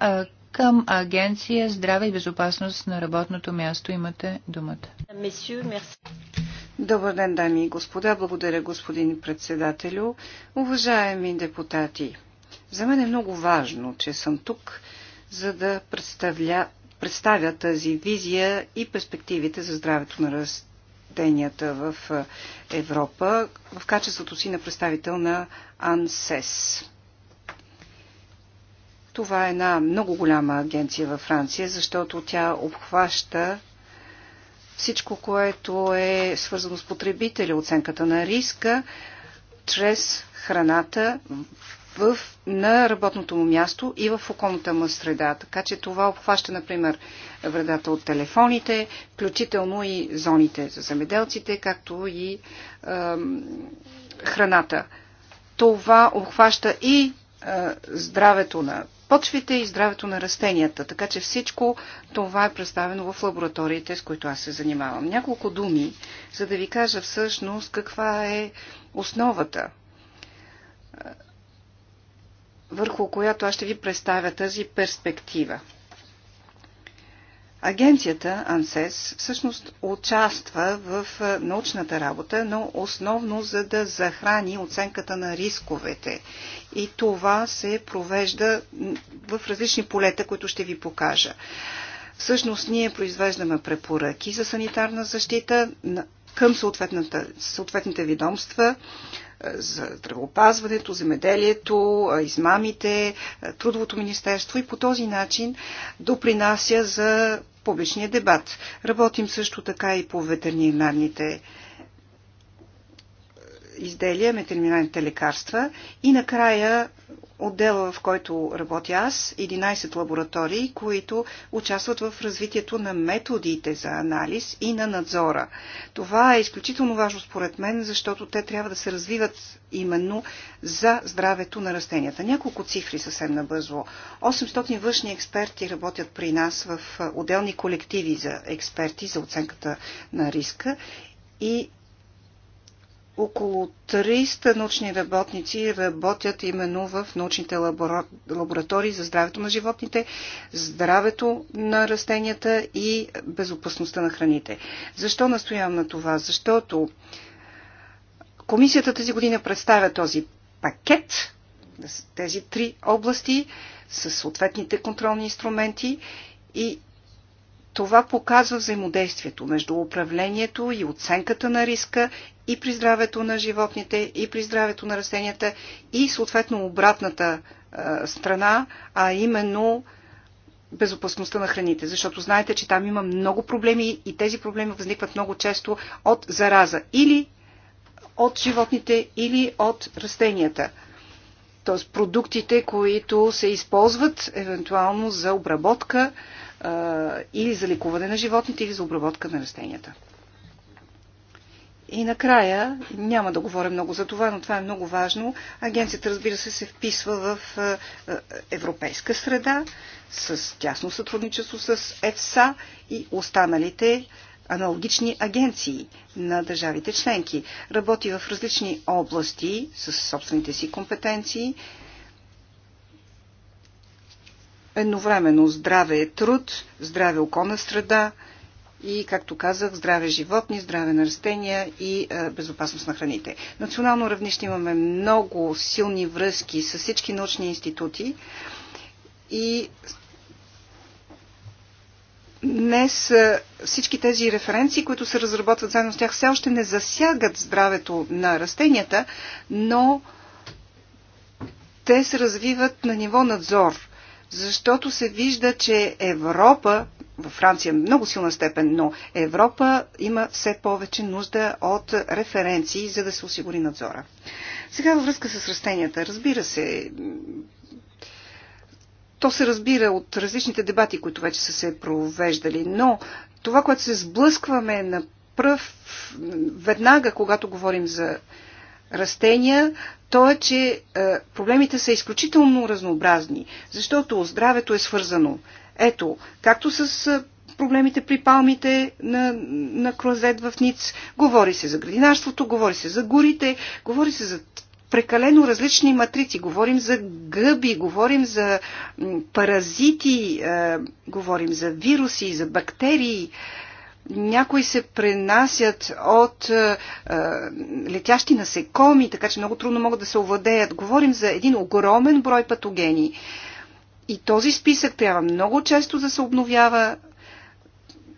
към Агенция Здраве и безопасност на работното място. Имате думата. Добър ден, дами и господа. Благодаря, господин председателю. Уважаеми депутати, за мен е много важно, че съм тук, за да представля, представя тази визия и перспективите за здравето на растенията в Европа в качеството си на представител на АНСЕС. Това е една много голяма агенция във Франция, защото тя обхваща всичко, което е свързано с потребителя, оценката на риска, чрез храната в, на работното му място и в околната му среда. Така че това обхваща, например, вредата от телефоните, включително и зоните за земеделците, както и е, храната. Това обхваща и е, здравето на почвите и здравето на растенията. Така че всичко това е представено в лабораториите, с които аз се занимавам. Няколко думи, за да ви кажа всъщност каква е основата върху която аз ще ви представя тази перспектива. Агенцията АНСЕС всъщност участва в научната работа, но основно за да захрани оценката на рисковете. И това се провежда в различни полета, които ще ви покажа. Всъщност ние произвеждаме препоръки за санитарна защита към съответните ведомства, е, за здравеопазването, земеделието, е, измамите, е, трудовото министерство и по този начин допринася за публичния дебат. Работим също така и по ветеринарните изделия, ветеринарните лекарства и накрая отдела, в който работя аз, 11 лаборатории, които участват в развитието на методите за анализ и на надзора. Това е изключително важно според мен, защото те трябва да се развиват именно за здравето на растенията. Няколко цифри съвсем набързо. 800 външни експерти работят при нас в отделни колективи за експерти за оценката на риска и около 300 научни работници работят именно в научните лаборатории за здравето на животните, здравето на растенията и безопасността на храните. Защо настоявам на това? Защото комисията тази година представя този пакет, тези три области, с съответните контролни инструменти и това показва взаимодействието между управлението и оценката на риска и при здравето на животните, и при здравето на растенията, и съответно обратната е, страна, а именно безопасността на храните, защото знаете, че там има много проблеми и тези проблеми възникват много често от зараза или от животните, или от растенията. Тоест продуктите, които се използват евентуално за обработка, или за ликуване на животните, или за обработка на растенията. И накрая, няма да говоря много за това, но това е много важно. Агенцията, разбира се, се вписва в европейска среда, с тясно сътрудничество с ЕФСА и останалите аналогични агенции на държавите членки. Работи в различни области с собствените си компетенции едновременно здраве е труд, здраве околна среда и, както казах, здраве животни, здраве на растения и е, безопасност на храните. Национално равнище имаме много силни връзки с всички научни институти и днес е, всички тези референции, които се разработват заедно с тях, все още не засягат здравето на растенията, но те се развиват на ниво надзор защото се вижда, че Европа, във Франция много силна степен, но Европа има все повече нужда от референции, за да се осигури надзора. Сега във връзка с растенията, разбира се, то се разбира от различните дебати, които вече са се провеждали, но това, което се сблъскваме на пръв, веднага, когато говорим за растения, то е, че е, проблемите са изключително разнообразни, защото здравето е свързано. Ето, както с е, проблемите при палмите на, на Крозет в Ниц, говори се за градинарството, говори се за горите, говори се за прекалено различни матрици. Говорим за гъби, говорим за паразити, е, говорим за вируси, за бактерии. Е, някои се пренасят от е, е, летящи насекоми, така че много трудно могат да се овладеят. Говорим за един огромен брой патогени. И този списък трябва много често да се обновява,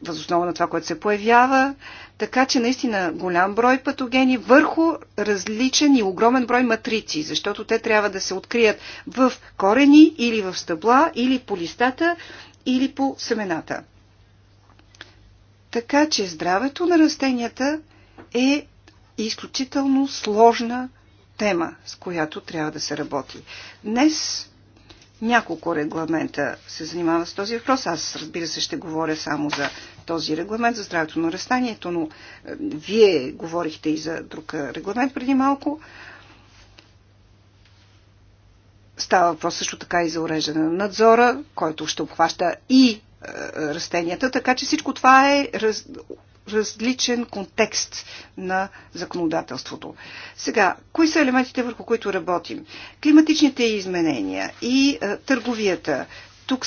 възоснова на това, което се появява, така че наистина голям брой патогени върху различен и огромен брой матрици, защото те трябва да се открият в корени или в стъбла, или по листата, или по семената. Така че здравето на растенията е изключително сложна тема, с която трябва да се работи. Днес няколко регламента се занимава с този въпрос. Аз, разбира се, ще говоря само за този регламент за здравето на растението, но е, вие говорихте и за друг е, регламент преди малко. Става въпрос също така и за уреждане на надзора, който ще обхваща и е, растенията, така че всичко това е раз, различен контекст на законодателството. Сега, кои са елементите върху които работим? Климатичните изменения и а, е, търговията. Тук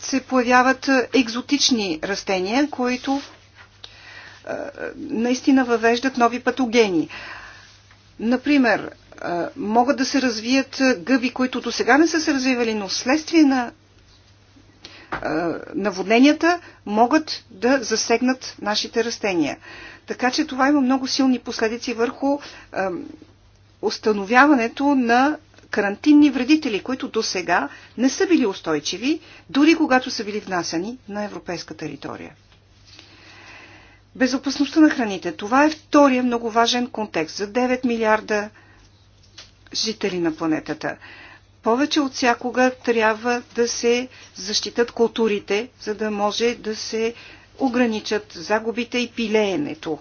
се появяват е, екзотични растения, които а, наистина въвеждат нови патогени. Например, могат да се развият гъби, които до сега не са се развивали, но вследствие на наводненията могат да засегнат нашите растения. Така че това има много силни последици върху установяването на карантинни вредители, които до сега не са били устойчиви, дори когато са били внасяни на европейска територия. Безопасността на храните. Това е втория много важен контекст за 9 милиарда жители на планетата повече от всякога трябва да се защитат културите, за да може да се ограничат загубите и пилеенето.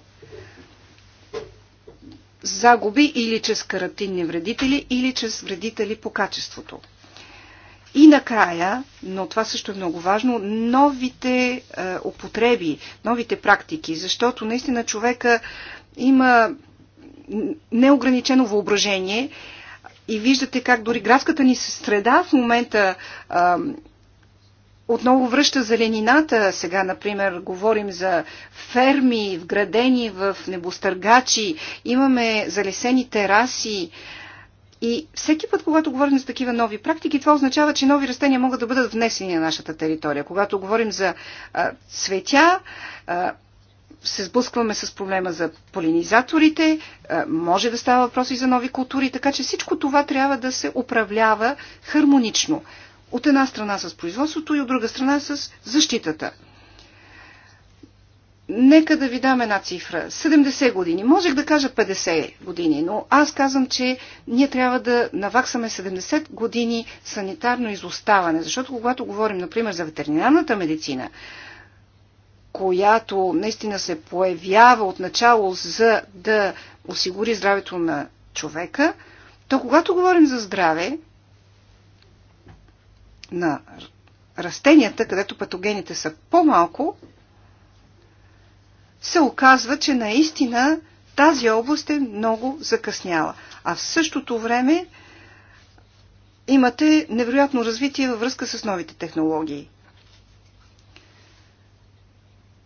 Загуби или чрез карантинни вредители, или чрез вредители по качеството. И накрая, но това също е много важно, новите е, употреби, новите практики, защото наистина човека има неограничено въображение и виждате как дори градската ни среда в момента а, отново връща зеленината. Сега, например, говорим за ферми, вградени в небостъргачи, имаме залесени тераси. И всеки път, когато говорим за такива нови практики, това означава, че нови растения могат да бъдат внесени на нашата територия. Когато говорим за а, цветя, а, се сблъскваме с проблема за полинизаторите, е, може да става въпрос и за нови култури, така че всичко това трябва да се управлява хармонично. От една страна с производството и от друга страна с защитата. Нека да ви дам една цифра. 70 години. Можех да кажа 50 години, но аз казвам, че ние трябва да наваксаме 70 години санитарно изоставане, защото когато говорим, например, за ветеринарната медицина, която наистина се появява от начало за да осигури здравето на човека, то когато говорим за здраве на растенията, където патогените са по-малко, се оказва, че наистина тази област е много закъсняла. А в същото време имате невероятно развитие във връзка с новите технологии.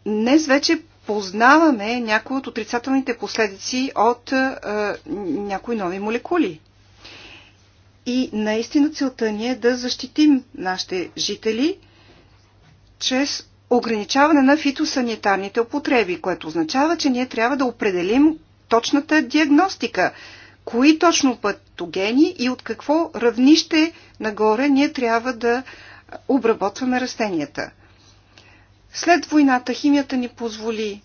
Днес вече познаваме някои от отрицателните последици от а, е, някои нови молекули. И наистина целта ни е да защитим нашите жители чрез ограничаване на фитосанитарните употреби, което означава, че ние трябва да определим точната диагностика, кои точно патогени и от какво равнище нагоре ние трябва да обработваме растенията. След войната химията ни позволи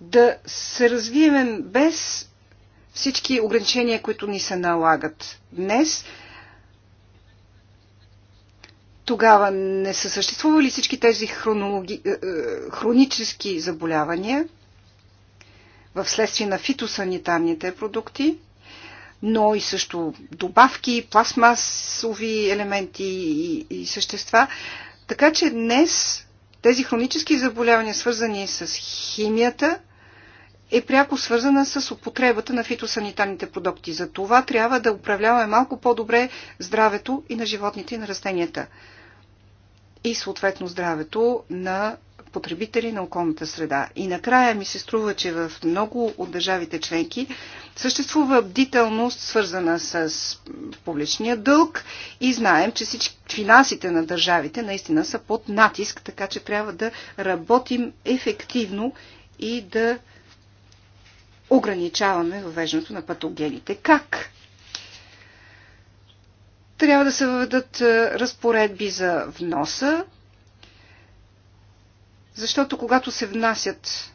да се развием без всички ограничения, които ни се налагат днес. Тогава не са съществували всички тези хронологи... Е, е, хронически заболявания в следствие на фитосанитарните продукти – но и също добавки, пластмасови елементи и, и същества. Така че днес тези хронически заболявания, свързани с химията, е пряко свързана с употребата на фитосанитарните продукти. За това трябва да управляваме малко по-добре здравето и на животните и на растенията. И съответно здравето на потребители на околната среда. И накрая ми се струва, че в много от държавите членки съществува бдителност, свързана с публичния дълг и знаем, че всички финансите на държавите наистина са под натиск, така че трябва да работим ефективно и да ограничаваме въвеждането на патогените. Как? Трябва да се въведат разпоредби за вноса, защото когато се внасят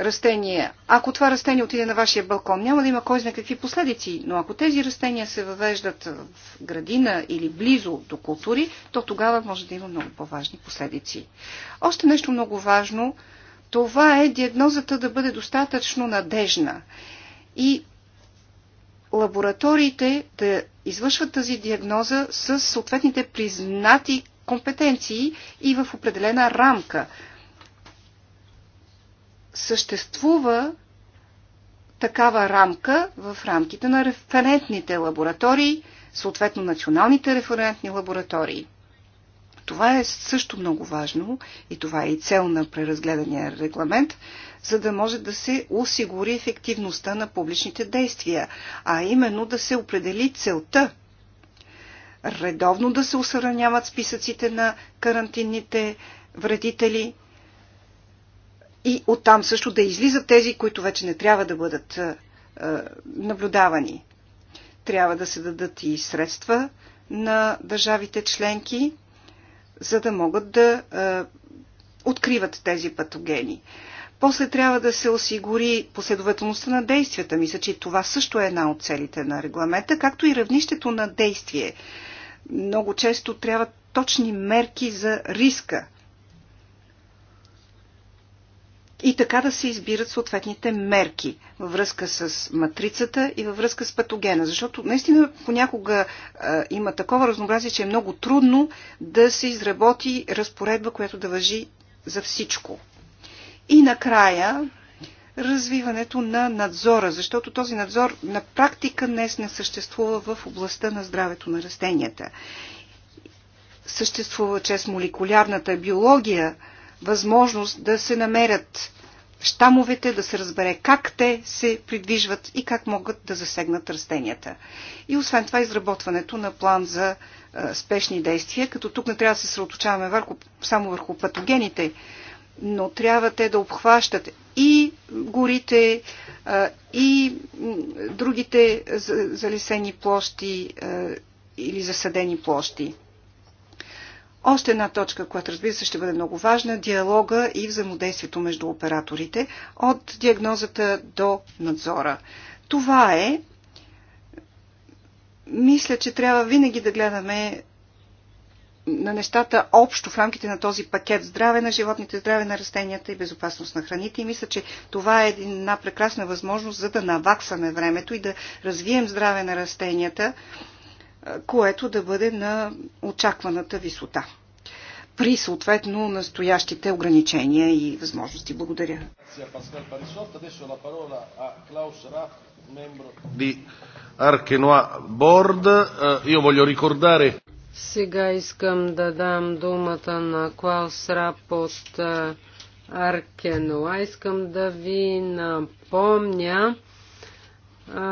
растения, ако това растение отиде на вашия балкон, няма да има кой знае какви последици, но ако тези растения се въвеждат в градина или близо до култури, то тогава може да има много по-важни последици. Още нещо много важно, това е диагнозата да бъде достатъчно надежна и лабораториите да извършват тази диагноза с съответните признати компетенции и в определена рамка съществува такава рамка в рамките на референтните лаборатории, съответно националните референтни лаборатории. Това е също много важно и това е и цел на преразгледания регламент, за да може да се осигури ефективността на публичните действия, а именно да се определи целта редовно да се осъраняват списъците на карантинните вредители, и оттам също да излизат тези, които вече не трябва да бъдат е, е, наблюдавани. Трябва да се дадат и средства на държавите членки, за да могат да е, откриват тези патогени. После трябва да се осигури последователността на действията. Мисля, че това също е една от целите на регламента, както и равнището на действие. Много често трябва точни мерки за риска. и така да се избират съответните мерки във връзка с матрицата и във връзка с патогена. Защото наистина понякога а, има такова разнообразие, че е много трудно да се изработи разпоредба, която да въжи за всичко. И накрая развиването на надзора, защото този надзор на практика днес не съществува в областта на здравето на растенията. Съществува чрез молекулярната биология, възможност да се намерят щамовете, да се разбере как те се придвижват и как могат да засегнат растенията. И освен това изработването на план за а, спешни действия, като тук не трябва да се съсредоточаваме върху, само върху патогените, но трябва те да обхващат и горите, а, и другите залесени площи а, или засадени площи. Още една точка, която разбира се ще бъде много важна – диалога и взаимодействието между операторите от диагнозата до надзора. Това е. Мисля, че трябва винаги да гледаме на нещата общо в рамките на този пакет здраве на животните, здраве на растенията и безопасност на храните. И мисля, че това е една прекрасна възможност за да наваксаме времето и да развием здраве на растенията което да бъде на очакваната висота при съответно настоящите ограничения и възможности. Благодаря. Eh, Сега искам да дам думата на Клаус Рап от е, Аркенуа. Искам да ви напомня,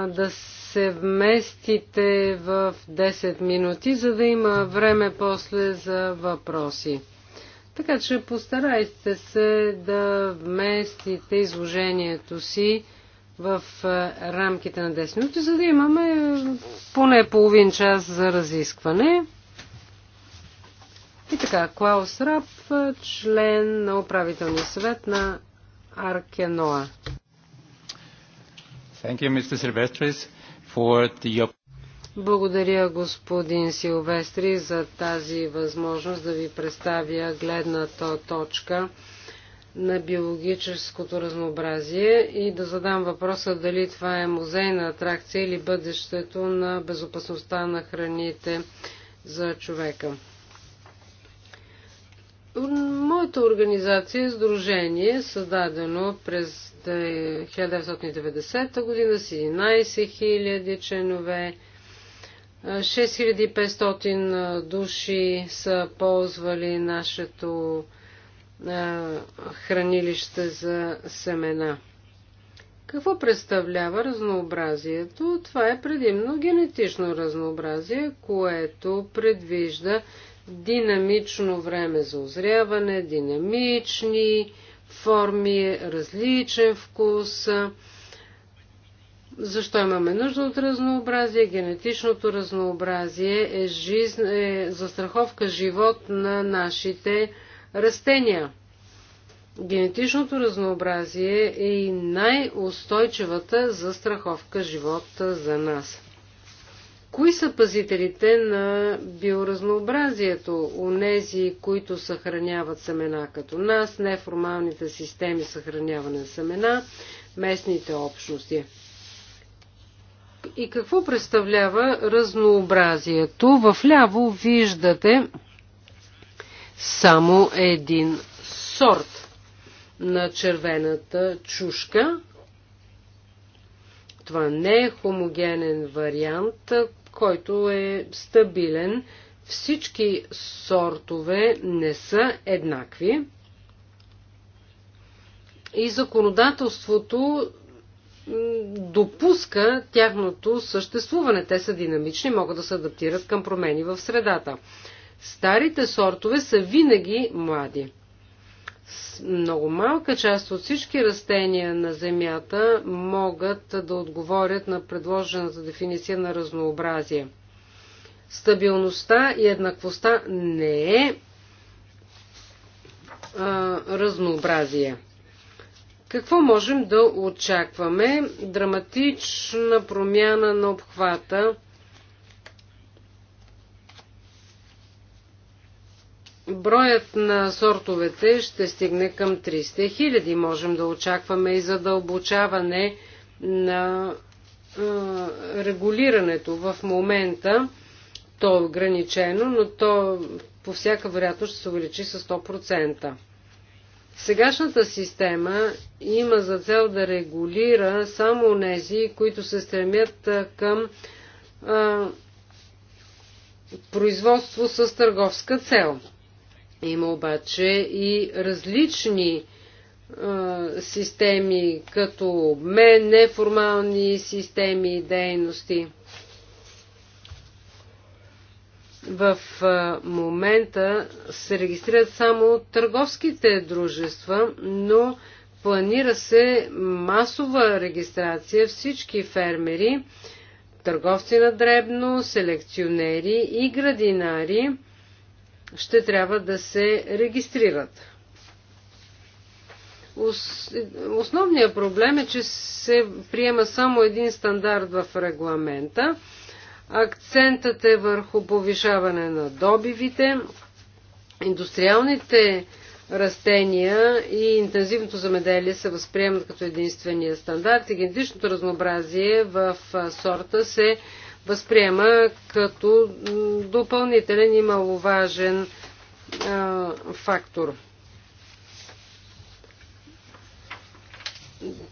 да се вместите в 10 минути, за да има време после за въпроси. Така че постарайте се да вместите изложението си в рамките на 10 минути, за да имаме поне половин час за разискване. И така, Клаус Раб, член на управителния съвет на Аркеноа. Благодаря, господин Силвестри, за тази възможност да ви представя гледната точка на биологическото разнообразие и да задам въпроса дали това е музейна атракция или бъдещето на безопасността на храните за човека. Моята организация е сдружение, създадено през 1990 година с 11 000 членове. 6500 души са ползвали нашето хранилище за семена. Какво представлява разнообразието? Това е предимно генетично разнообразие, което предвижда динамично време за озряване, динамични форми, различен вкус. Защо имаме нужда от разнообразие? Генетичното разнообразие е, жизн, е застраховка живот на нашите растения. Генетичното разнообразие е и най-устойчивата застраховка живота за нас. Кои са пазителите на биоразнообразието? онези, които съхраняват семена като нас, неформалните системи съхраняване на семена, местните общности. И какво представлява разнообразието? В ляво виждате само един сорт на червената чушка. Това не е хомогенен вариант, който е стабилен. Всички сортове не са еднакви и законодателството допуска тяхното съществуване. Те са динамични, могат да се адаптират към промени в средата. Старите сортове са винаги млади много малка част от всички растения на Земята могат да отговорят на предложената дефиниция на разнообразие. Стабилността и еднаквостта не е а, разнообразие. Какво можем да очакваме? Драматична промяна на обхвата – Броят на сортовете ще стигне към 300 хиляди. Можем да очакваме и задълбочаване на регулирането. В момента то е ограничено, но то по всяка вероятност ще се увеличи с 100%. Сегашната система има за цел да регулира само нези, които се стремят към а, производство с търговска цел. Има обаче и различни системи, като обмен, неформални системи и дейности. В момента се регистрират само търговските дружества, но планира се масова регистрация всички фермери, търговци на дребно, селекционери и градинари – ще трябва да се регистрират. Основният проблем е, че се приема само един стандарт в регламента. Акцентът е върху повишаване на добивите. Индустриалните растения и интензивното замеделие се възприемат като единствения стандарт и генетичното разнообразие в сорта се възприема като допълнителен и маловажен а, фактор.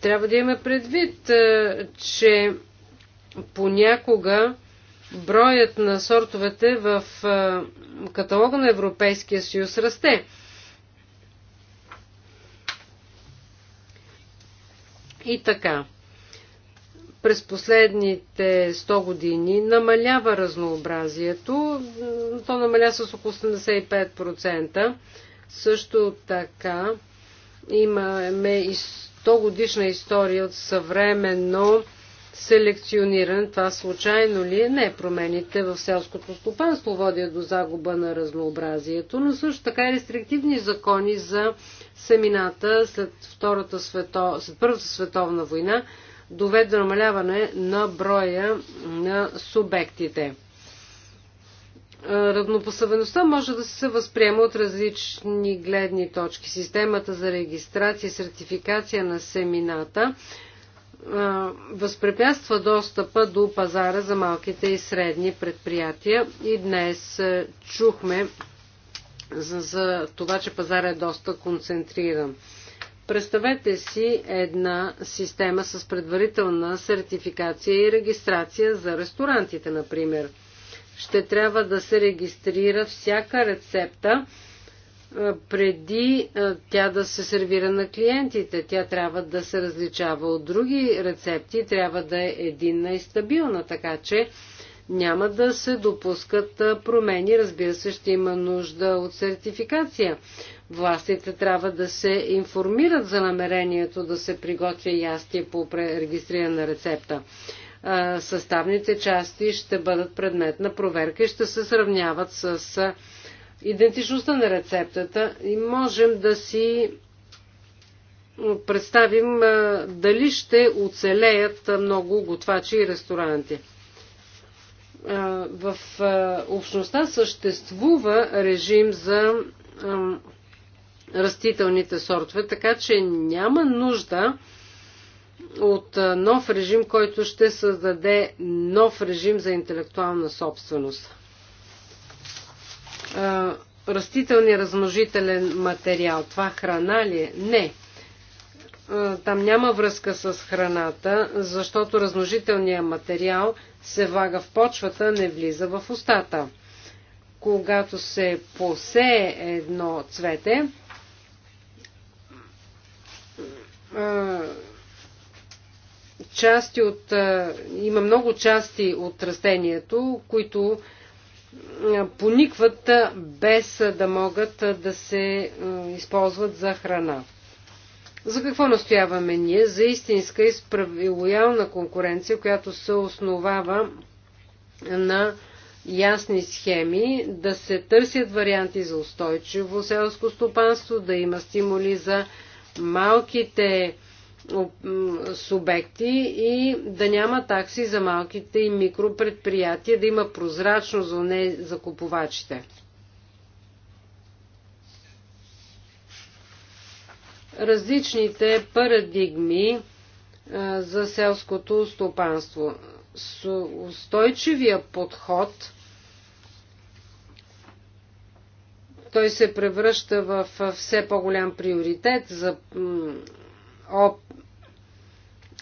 Трябва да имаме предвид, а, че понякога броят на сортовете в а, каталога на Европейския съюз расте. И така през последните 100 години намалява разнообразието. То намаля с около 85%. Също така имаме и 100 годишна история от съвременно селекциониране. Това случайно ли е? Не. Промените в селското стопанство водят до загуба на разнообразието, но също така и рестриктивни закони за семината след, втората свето... след Първата световна война – доведе до намаляване на броя на субектите. Равнопоставеността може да се възприема от различни гледни точки. Системата за регистрация и сертификация на семината възпрепятства достъпа до пазара за малките и средни предприятия. И днес чухме за, за това, че пазар е доста концентриран. Представете си една система с предварителна сертификация и регистрация за ресторантите, например. Ще трябва да се регистрира всяка рецепта преди тя да се сервира на клиентите. Тя трябва да се различава от други рецепти, трябва да е единна и стабилна, така че няма да се допускат промени. Разбира се, ще има нужда от сертификация. Властите трябва да се информират за намерението да се приготвя ястие по пререгистрирана рецепта. Съставните части ще бъдат предмет на проверка и ще се сравняват с идентичността на рецептата и можем да си представим дали ще оцелеят много готвачи и ресторанти. В общността съществува режим за растителните сортове, така че няма нужда от нов режим, който ще създаде нов режим за интелектуална собственост. Растителни размножителен материал, това храна ли е? Не. Там няма връзка с храната, защото размножителният материал се влага в почвата, не влиза в устата. Когато се посее едно цвете, части от, има много части от растението, които поникват без да могат да се използват за храна. За какво настояваме ние? За истинска и лоялна конкуренция, която се основава на ясни схеми, да се търсят варианти за устойчиво селско стопанство, да има стимули за малките субекти и да няма такси за малките и микропредприятия, да има прозрачност за не за купувачите. Различните парадигми за селското стопанство. устойчивия подход – Той се превръща в все по-голям приоритет за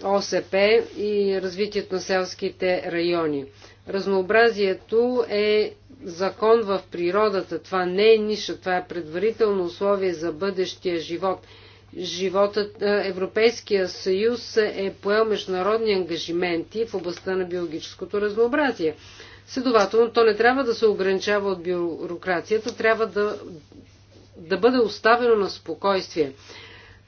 ОСП и развитието на селските райони. Разнообразието е закон в природата. Това не е ниша, това е предварително условие за бъдещия живот. Животът, Европейския съюз е поел международни ангажименти в областта на биологическото разнообразие. Следователно, то не трябва да се ограничава от бюрокрацията, трябва да, да бъде оставено на спокойствие.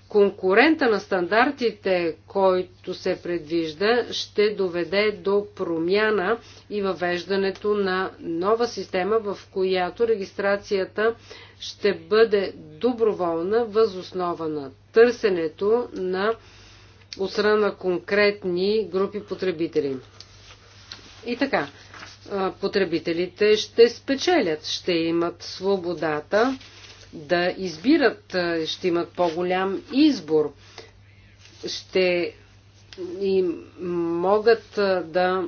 Конкурента на стандартите, който се предвижда, ще доведе до промяна и въвеждането на нова система, в която регистрацията ще бъде доброволна възоснова на търсенето на от страна на конкретни групи потребители. И така, потребителите ще спечелят, ще имат свободата да избират, ще имат по-голям избор, ще и могат да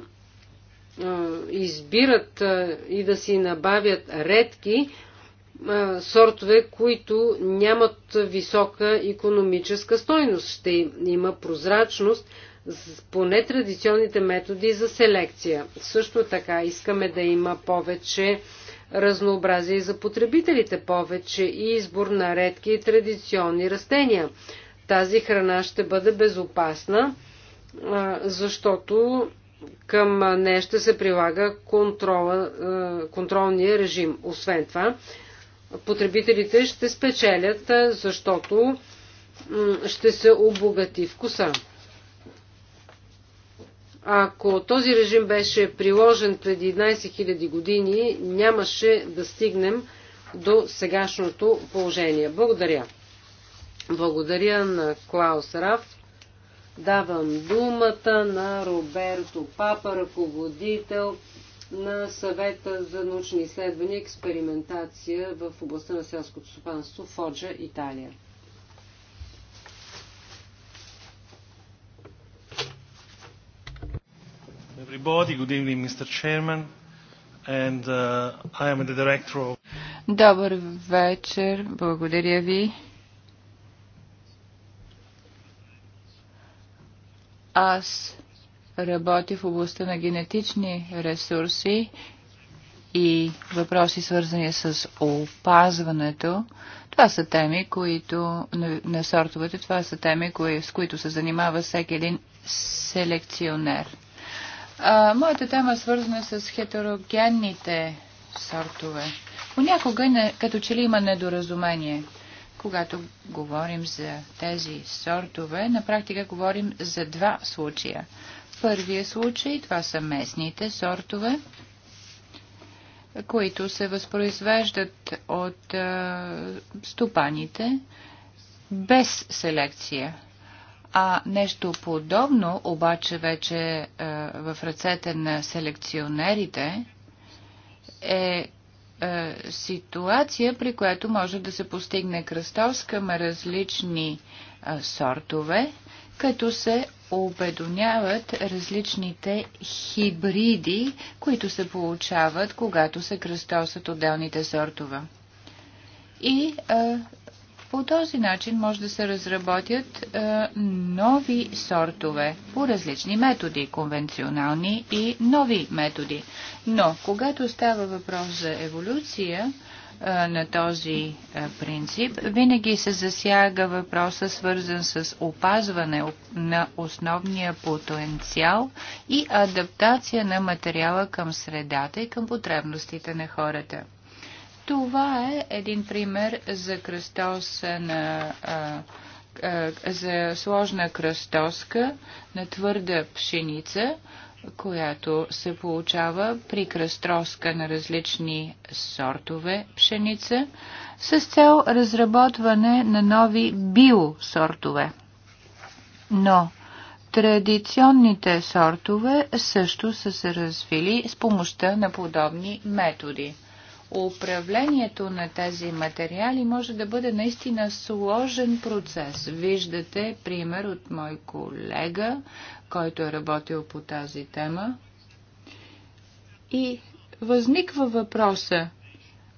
избират и да си набавят редки сортове, които нямат висока економическа стойност. Ще има прозрачност по нетрадиционните методи за селекция. Също така искаме да има повече разнообразие за потребителите, повече и избор на редки и традиционни растения. Тази храна ще бъде безопасна, защото към нея ще се прилага контрола, контролния режим. Освен това, потребителите ще спечелят, защото ще се обогати вкуса. Ако този режим беше приложен преди 11 000 години, нямаше да стигнем до сегашното положение. Благодаря. Благодаря на Клаус Раф. Давам думата на Роберто Папа, ръководител на съвета за научни изследвания и експериментация в областта на селското стопанство в Оджа, Италия. everybody. Good evening, Mr. Chairman. And uh, I am the director of... Добър вечер. Благодаря ви. Аз работя в областта на генетични ресурси и въпроси свързани с опазването. Това са теми, които на сортовете, това са теми, кои, с които се занимава всеки един селекционер. А, моята тема е свързана с хетерогенните сортове. Понякога, не, като че ли има недоразумение, когато говорим за тези сортове, на практика говорим за два случая. първият случай, това са местните сортове, които се възпроизвеждат от а, стопаните без селекция. А нещо подобно, обаче вече е, в ръцете на селекционерите, е, е ситуация, при която може да се постигне кръстовска на различни е, сортове, като се обедоняват различните хибриди, които се получават, когато се кръстосат отделните сортове. И е, по този начин може да се разработят е, нови сортове по различни методи, конвенционални и нови методи. Но, когато става въпрос за еволюция, е, на този е, принцип, винаги се засяга въпроса свързан с опазване на основния потенциал и адаптация на материала към средата и към потребностите на хората. Това е един пример за кръстоса на за сложна кръстоска на твърда пшеница, която се получава при кръстроска на различни сортове пшеница с цел разработване на нови биосортове. Но традиционните сортове също са се развили с помощта на подобни методи управлението на тези материали може да бъде наистина сложен процес. Виждате пример от мой колега, който е работил по тази тема. И възниква въпроса,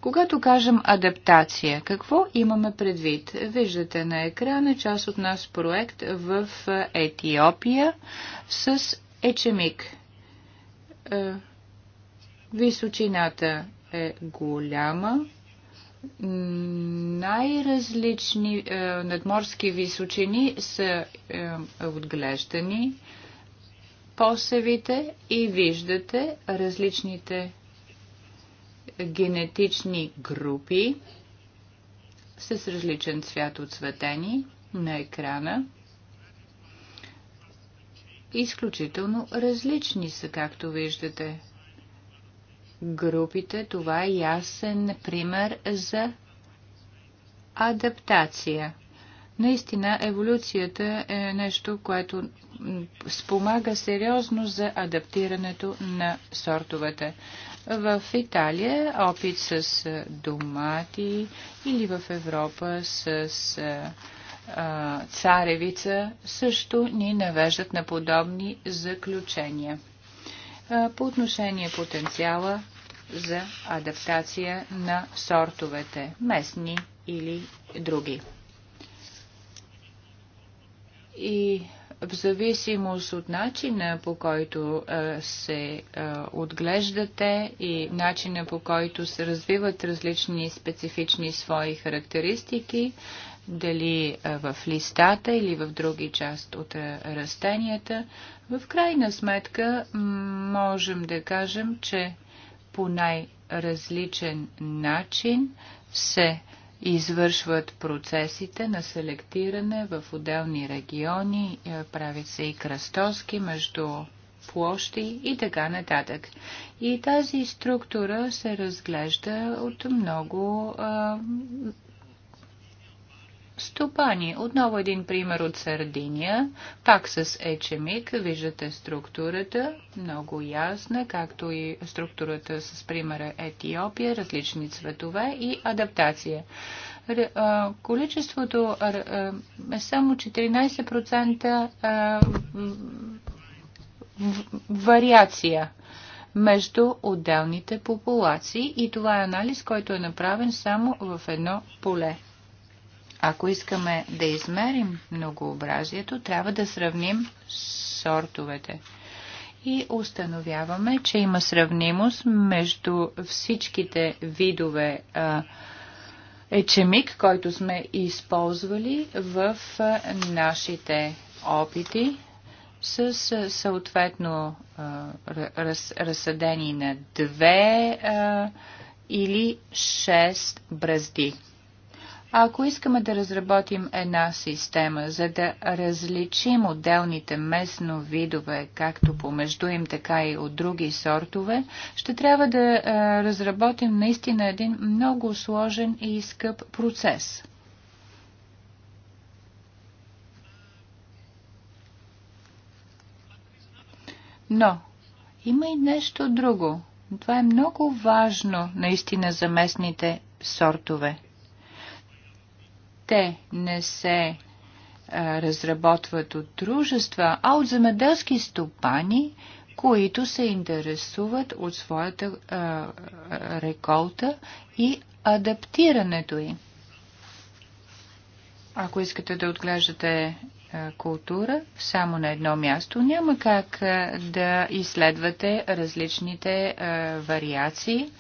когато кажем адаптация, какво имаме предвид? Виждате на екрана част от нас проект в Етиопия с Ечемик. Е, височината е голяма. Най-различни е, надморски височини са е, отглеждани посевите и виждате различните генетични групи с различен цвят от светени на екрана. Изключително различни са, както виждате групите. Това е ясен пример за адаптация. Наистина еволюцията е нещо, което спомага сериозно за адаптирането на сортовете. В Италия опит с домати или в Европа с а, царевица също ни навеждат на подобни заключения. По отношение потенциала за адаптация на сортовете, местни или други. И в зависимост от начина по който се отглеждате и начина по който се развиват различни специфични свои характеристики, дали в листата или в други част от растенията, в крайна сметка можем да кажем, че по най-различен начин се извършват процесите на селектиране в отделни региони, е, правят се и кръстоски между площи и така нататък. И тази структура се разглежда от много а, е, стопани. Отново един пример от Сардиния, пак с Ечемик. Виждате структурата, много ясна, както и структурата с примера Етиопия, различни цветове и адаптация. Количеството е само 14% вариация между отделните популации и това е анализ, който е направен само в едно поле. Ако искаме да измерим многообразието, трябва да сравним сортовете. И установяваме, че има сравнимост между всичките видове а, ечемик, който сме използвали в а, нашите опити с съответно раз, разсъдени на две а, или шест бразди. А ако искаме да разработим една система, за да различим отделните местно видове, както помежду им, така и от други сортове, ще трябва да разработим наистина един много сложен и скъп процес. Но има и нещо друго. Това е много важно наистина за местните сортове те не се а, разработват от дружества, а от земеделски стопани, които се интересуват от своята а, реколта и адаптирането й. Ако искате да отглеждате култура само на едно място, няма как да изследвате различните вариации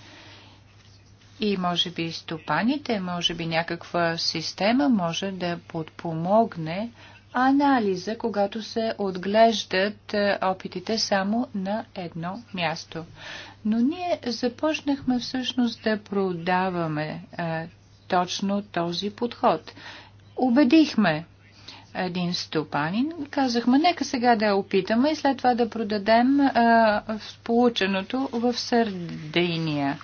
и може би стопаните, може би някаква система може да подпомогне анализа, когато се отглеждат е, опитите само на едно място. Но ние започнахме всъщност да продаваме е, точно този подход. Убедихме един стопанин. Казахме, нека сега да я опитаме и след това да продадем а, е, полученото в Сърдения.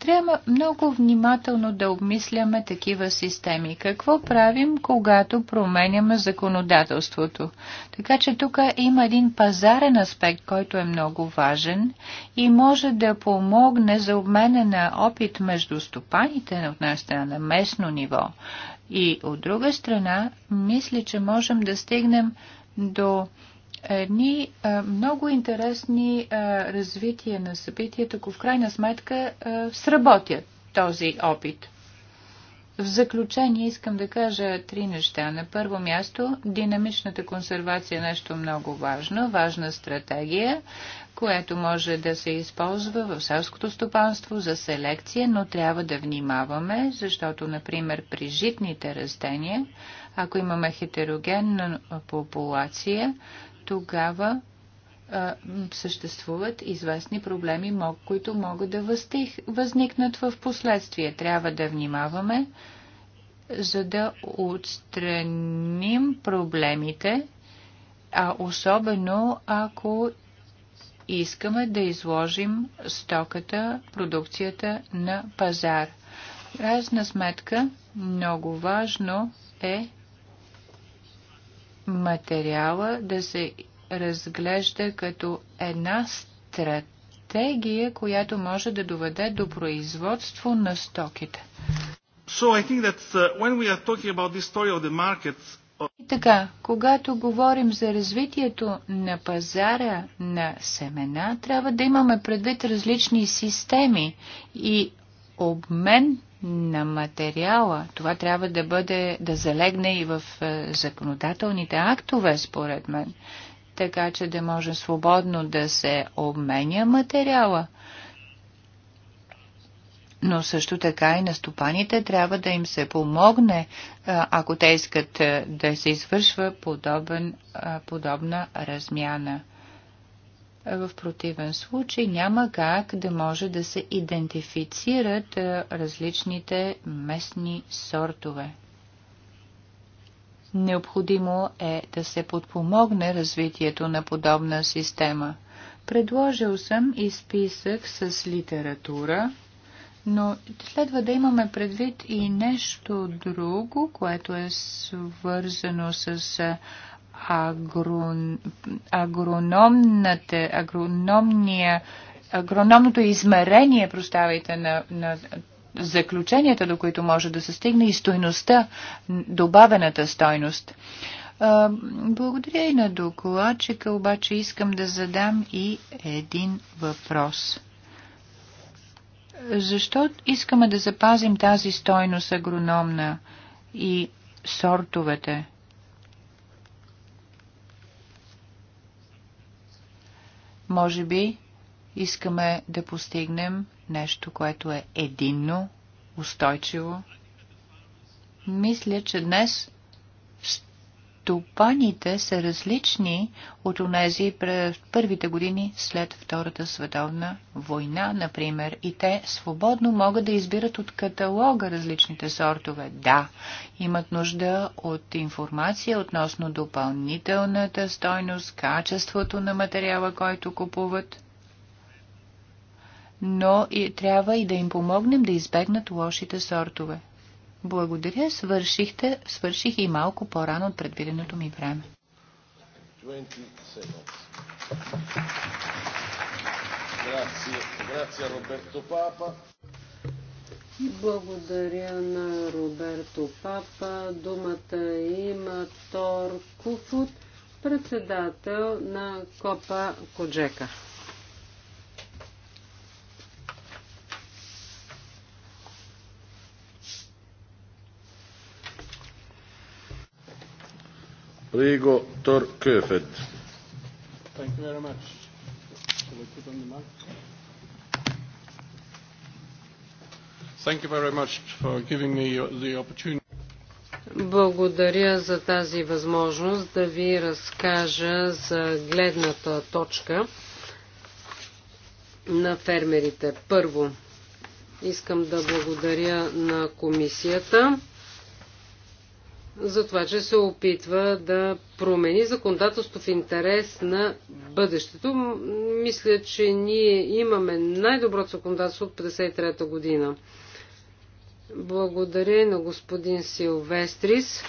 Трябва много внимателно да обмисляме такива системи. Какво правим, когато променяме законодателството? Така че тук има един пазарен аспект, който е много важен и може да помогне за обмена на опит между стопаните от една страна на местно ниво. И от друга страна, мисля, че можем да стигнем до едни а, много интересни а, развития на събитията, ако в крайна сметка а, сработят този опит. В заключение искам да кажа три неща. На първо място, динамичната консервация е нещо много важно, важна стратегия, която може да се използва в селското стопанство за селекция, но трябва да внимаваме, защото, например, при житните растения, ако имаме хетерогенна популация, тогава а, съществуват известни проблеми, които могат да възстих, възникнат в последствие. Трябва да внимаваме, за да отстраним проблемите, а особено ако искаме да изложим стоката, продукцията на пазар. Разна сметка, много важно е материала да се разглежда като една стратегия, която може да доведе до производство на стоките. So I think that uh, when we are talking about this story of the market, uh, и така, когато говорим за развитието на пазара на семена, трябва да имаме предвид различни системи и обмен на материала. Това трябва да бъде, да залегне и в е, законодателните актове, според мен, така че да може свободно да се обменя материала. Но също така и на стопаните трябва да им се помогне, е, ако те искат е, да се извършва подобен, подобна размяна. В противен случай няма как да може да се идентифицират е, различните местни сортове. Необходимо е да се подпомогне развитието на подобна система. Предложил съм и списък с литература, но следва да имаме предвид и нещо друго, което е свързано с е, агрономната, агрономния, агрономното измерение, проставайте, на, на заключенията, до които може да се стигне и стойността, добавената стойност. Благодаря и на докладчика, обаче искам да задам и един въпрос. Защо искаме да запазим тази стойност агрономна и сортовете? Може би искаме да постигнем нещо, което е единно, устойчиво. Мисля, че днес стопаните са различни от онези през първите години след Втората световна война, например, и те свободно могат да избират от каталога различните сортове. Да, имат нужда от информация относно допълнителната стойност, качеството на материала, който купуват, но и трябва и да им помогнем да избегнат лошите сортове. Благодаря, свършихте, свърших и малко по-рано от предвиденото ми време. Благодаря на Роберто Папа. Думата има Тор Куфут, председател на Копа Коджека. Rigo Thank you very much. Shall put on the mic? Thank you very much for giving me the opportunity. Благодаря за тази възможност да ви разкажа за гледната точка на фермерите. Първо, искам да благодаря на комисията за това, че се опитва да промени законодателство в интерес на бъдещето. Мисля, че ние имаме най-доброто законодателство от 1953 година. Благодаря на господин Силвестрис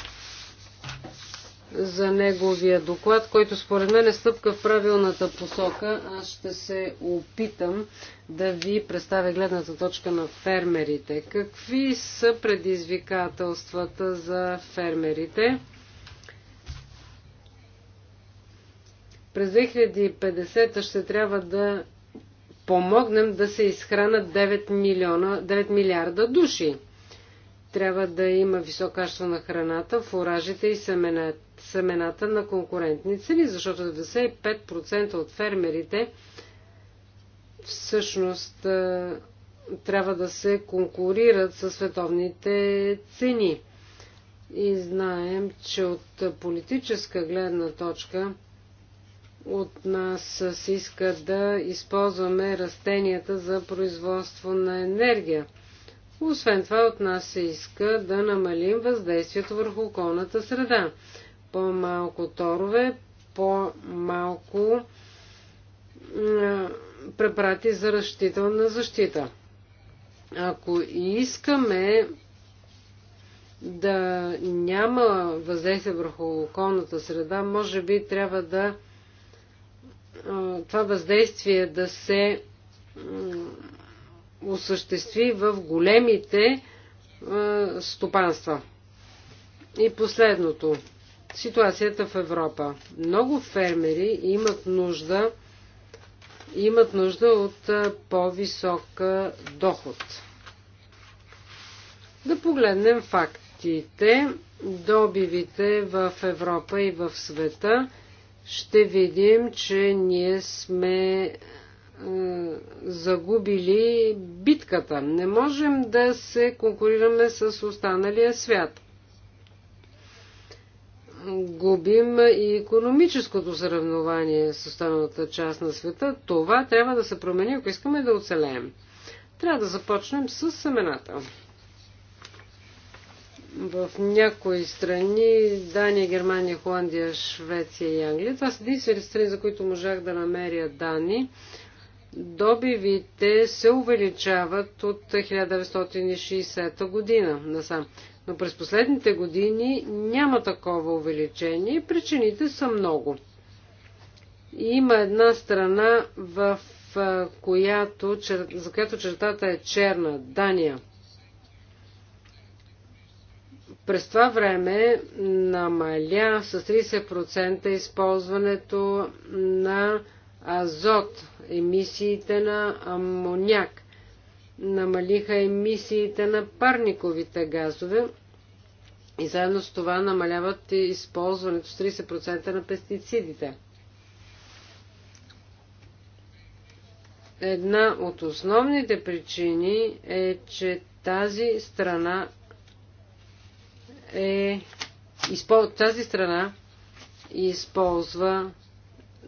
за неговия доклад, който според мен е стъпка в правилната посока. Аз ще се опитам да ви представя гледната точка на фермерите. Какви са предизвикателствата за фермерите? През 2050 ще трябва да помогнем да се изхранат 9, милиона, 9 милиарда души. Трябва да има високо качество на храната, фуражите и семената, семената на конкурентни цели, защото 95% от фермерите всъщност трябва да се конкурират със световните цени. И знаем, че от политическа гледна точка от нас се иска да използваме растенията за производство на енергия – освен това от нас се иска да намалим въздействието върху околната среда. По-малко торове, по-малко препарати за разщителна защита. Ако искаме да няма въздействие върху околната среда, може би трябва да това въздействие да се осъществи в големите е, стопанства. И последното. Ситуацията в Европа. Много фермери имат нужда, имат нужда от е, по-висок е, доход. Да погледнем фактите. Добивите в Европа и в света ще видим, че ние сме загубили битката. Не можем да се конкурираме с останалия свят. Губим и економическото съревнование с останалата част на света. Това трябва да се промени, ако искаме да оцелеем. Трябва да започнем с семената. В някои страни, Дания, Германия, Холандия, Швеция и Англия, това са единствените страни, за които можах да намеря данни Добивите се увеличават от 1960 година насам. Но през последните години няма такова увеличение и причините са много. Има една страна, в която, за която чертата е черна Дания. През това време намаля с 30% използването на азот, емисиите на амоняк, намалиха емисиите на парниковите газове и заедно с това намаляват използването с 30% на пестицидите. Една от основните причини е, че тази страна е тази страна използва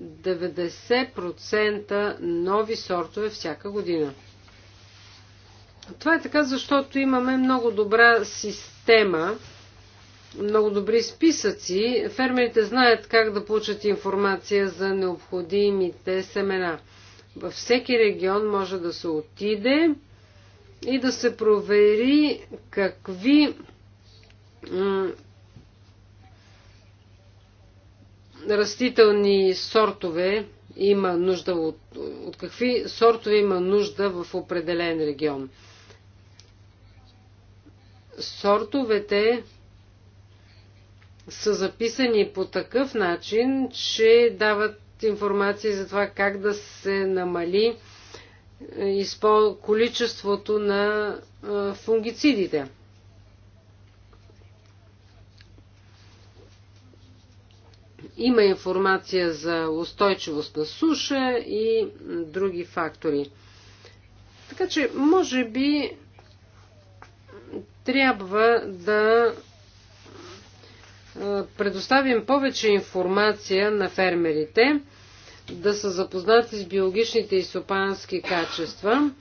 90% нови сортове всяка година. Това е така, защото имаме много добра система, много добри списъци. Фермерите знаят как да получат информация за необходимите семена. Във всеки регион може да се отиде и да се провери какви растителни сортове има нужда от, от какви сортове има нужда в определен регион. Сортовете са записани по такъв начин, че дават информация за това как да се намали е, количеството на е, фунгицидите. Има информация за устойчивост на суша и други фактори. Така че, може би, трябва да предоставим повече информация на фермерите, да са запознати с биологичните и стопански качества,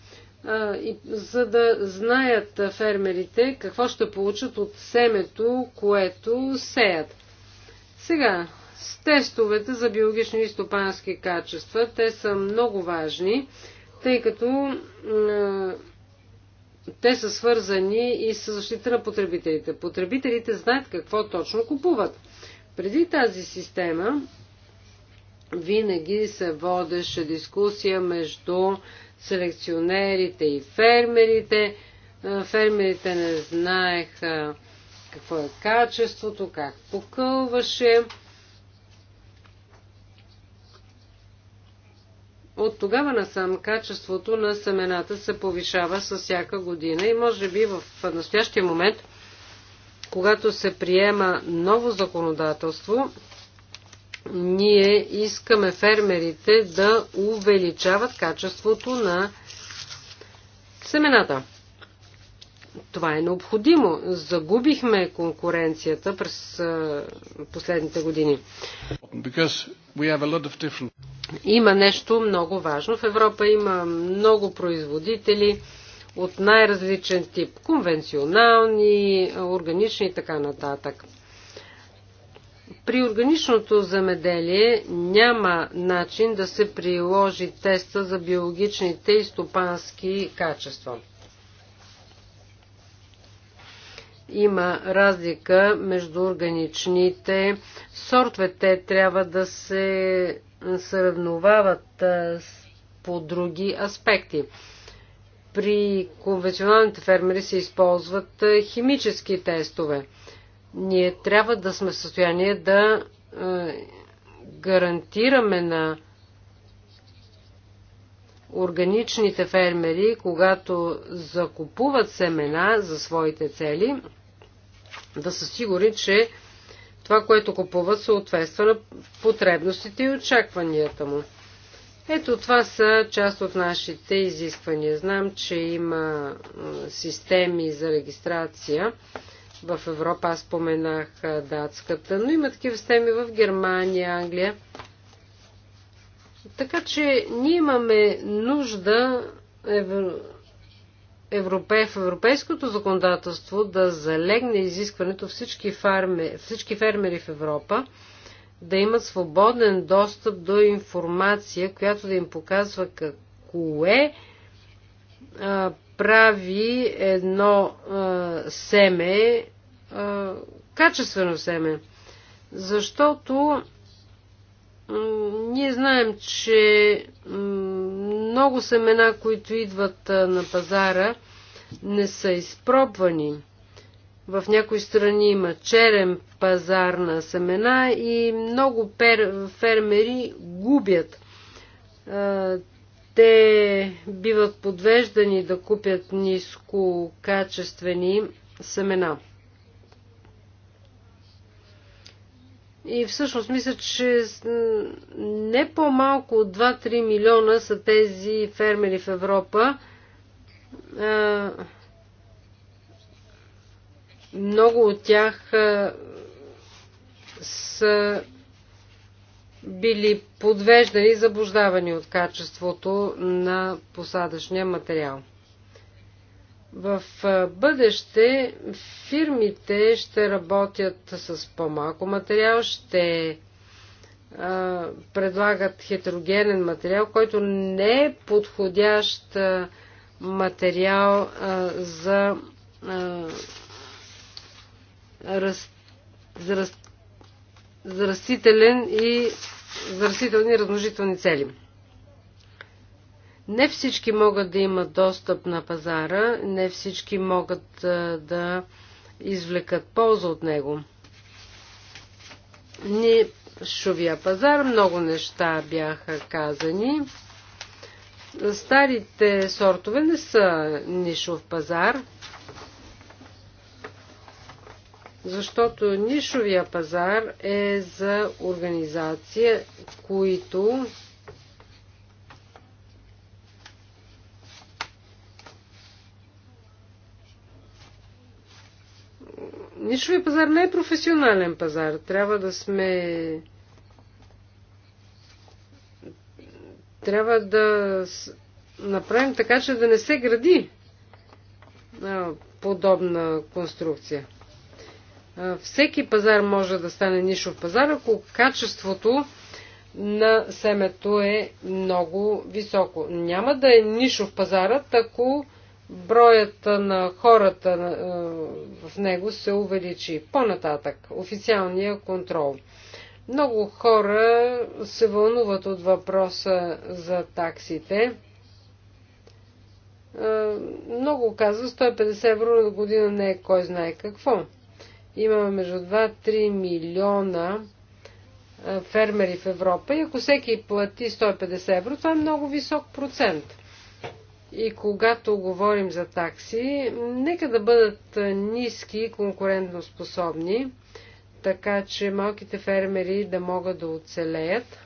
за да знаят фермерите какво ще получат от семето, което сеят. Сега, с тестовете за биологични и стопански качества. Те са много важни, тъй като те са свързани и с защита на потребителите. Потребителите знаят какво точно купуват. Преди тази система винаги се водеше дискусия между селекционерите и фермерите. Фермерите не знаеха какво е качеството, как покълваше. От тогава насам качеството на семената се повишава с всяка година и може би в настоящия момент, когато се приема ново законодателство, ние искаме фермерите да увеличават качеството на семената това е необходимо. Загубихме конкуренцията през последните години. Има нещо много важно. В Европа има много производители от най-различен тип. Конвенционални, органични и така нататък. При органичното замеделие няма начин да се приложи теста за биологичните и стопански качества. има разлика между органичните сортове. Те трябва да се съревновават по други аспекти. При конвенционалните фермери се използват химически тестове. Ние трябва да сме в състояние да гарантираме на органичните фермери, когато закупуват семена за своите цели, да са сигурни, че това, което купуват, съответства на потребностите и очакванията му. Ето това са част от нашите изисквания. Знам, че има системи за регистрация в Европа. Аз споменах датската, но има такива системи в Германия, Англия. Така че ние имаме нужда европе, в европейското законодателство да залегне изискването всички, фарме, всички фермери в Европа да имат свободен достъп до информация, която да им показва какво е а, прави едно а, семе, а, качествено семе. Защото ние знаем, че много семена, които идват на пазара, не са изпробвани. В някои страни има черен пазар на семена и много пер, фермери губят. Те биват подвеждани да купят нискокачествени семена. И всъщност мисля, че не по-малко от 2-3 милиона са тези фермери в Европа. Много от тях са били подвеждани и заблуждавани от качеството на посадъчния материал. В бъдеще фирмите ще работят с по-малко материал, ще предлагат хетерогенен материал, който не е подходящ материал за, за, за растителен и за растителни и размножителни цели. Не всички могат да имат достъп на пазара, не всички могат да извлекат полза от него. Ни шовия пазар, много неща бяха казани. Старите сортове не са нишов пазар, защото нишовия пазар е за организация, които Нишови пазар не е професионален пазар. Трябва да сме. Трябва да направим така, че да не се гради подобна конструкция. Всеки пазар може да стане нишов пазар, ако качеството на семето е много високо. Няма да е нишов пазарът, ако броят на хората е, в него се увеличи. По-нататък, официалния контрол. Много хора се вълнуват от въпроса за таксите. Е, много казва, 150 евро на година не е кой знае какво. Имаме между 2-3 милиона е, фермери в Европа и ако всеки плати 150 евро, това е много висок процент – и когато говорим за такси, нека да бъдат ниски и конкурентоспособни, така че малките фермери да могат да оцелеят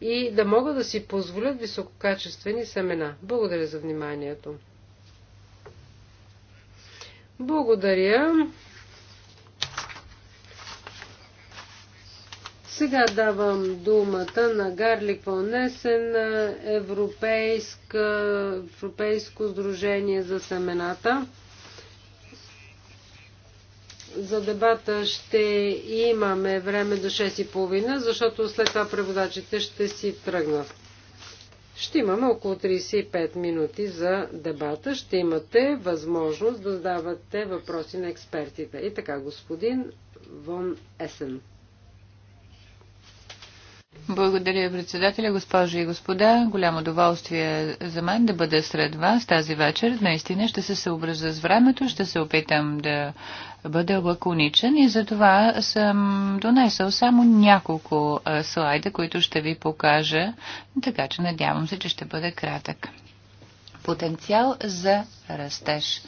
и да могат да си позволят висококачествени семена. Благодаря за вниманието. Благодаря. Сега давам думата на Гарлик понесен, Европейско сдружение за семената. За дебата ще имаме време до 6.30, защото след това преводачите ще си тръгнат. Ще имаме около 35 минути за дебата. Ще имате възможност да задавате въпроси на експертите. И така, господин Вон Есен. Благодаря, председателя, госпожи и господа. Голямо удоволствие за мен да бъда сред вас тази вечер. Наистина ще се съобразя с времето, ще се опитам да бъда лаконичен и за това съм донесъл само няколко слайда, които ще ви покажа, така че надявам се, че ще бъде кратък. Потенциал за растеж.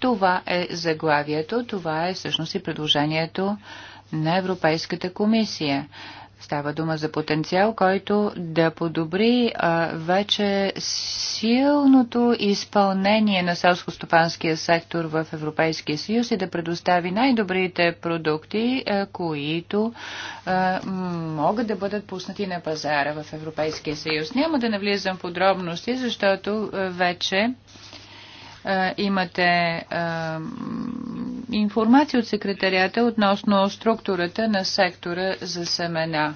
Това е заглавието, това е всъщност и предложението на Европейската комисия. Става дума за потенциал, който да подобри а, вече силното изпълнение на селско-стопанския сектор в Европейския съюз и да предостави най-добрите продукти, а, които а, могат да бъдат пуснати на пазара в Европейския съюз. Няма да навлизам в подробности, защото а, вече е, имате е, информация от секретарията относно структурата на сектора за семена.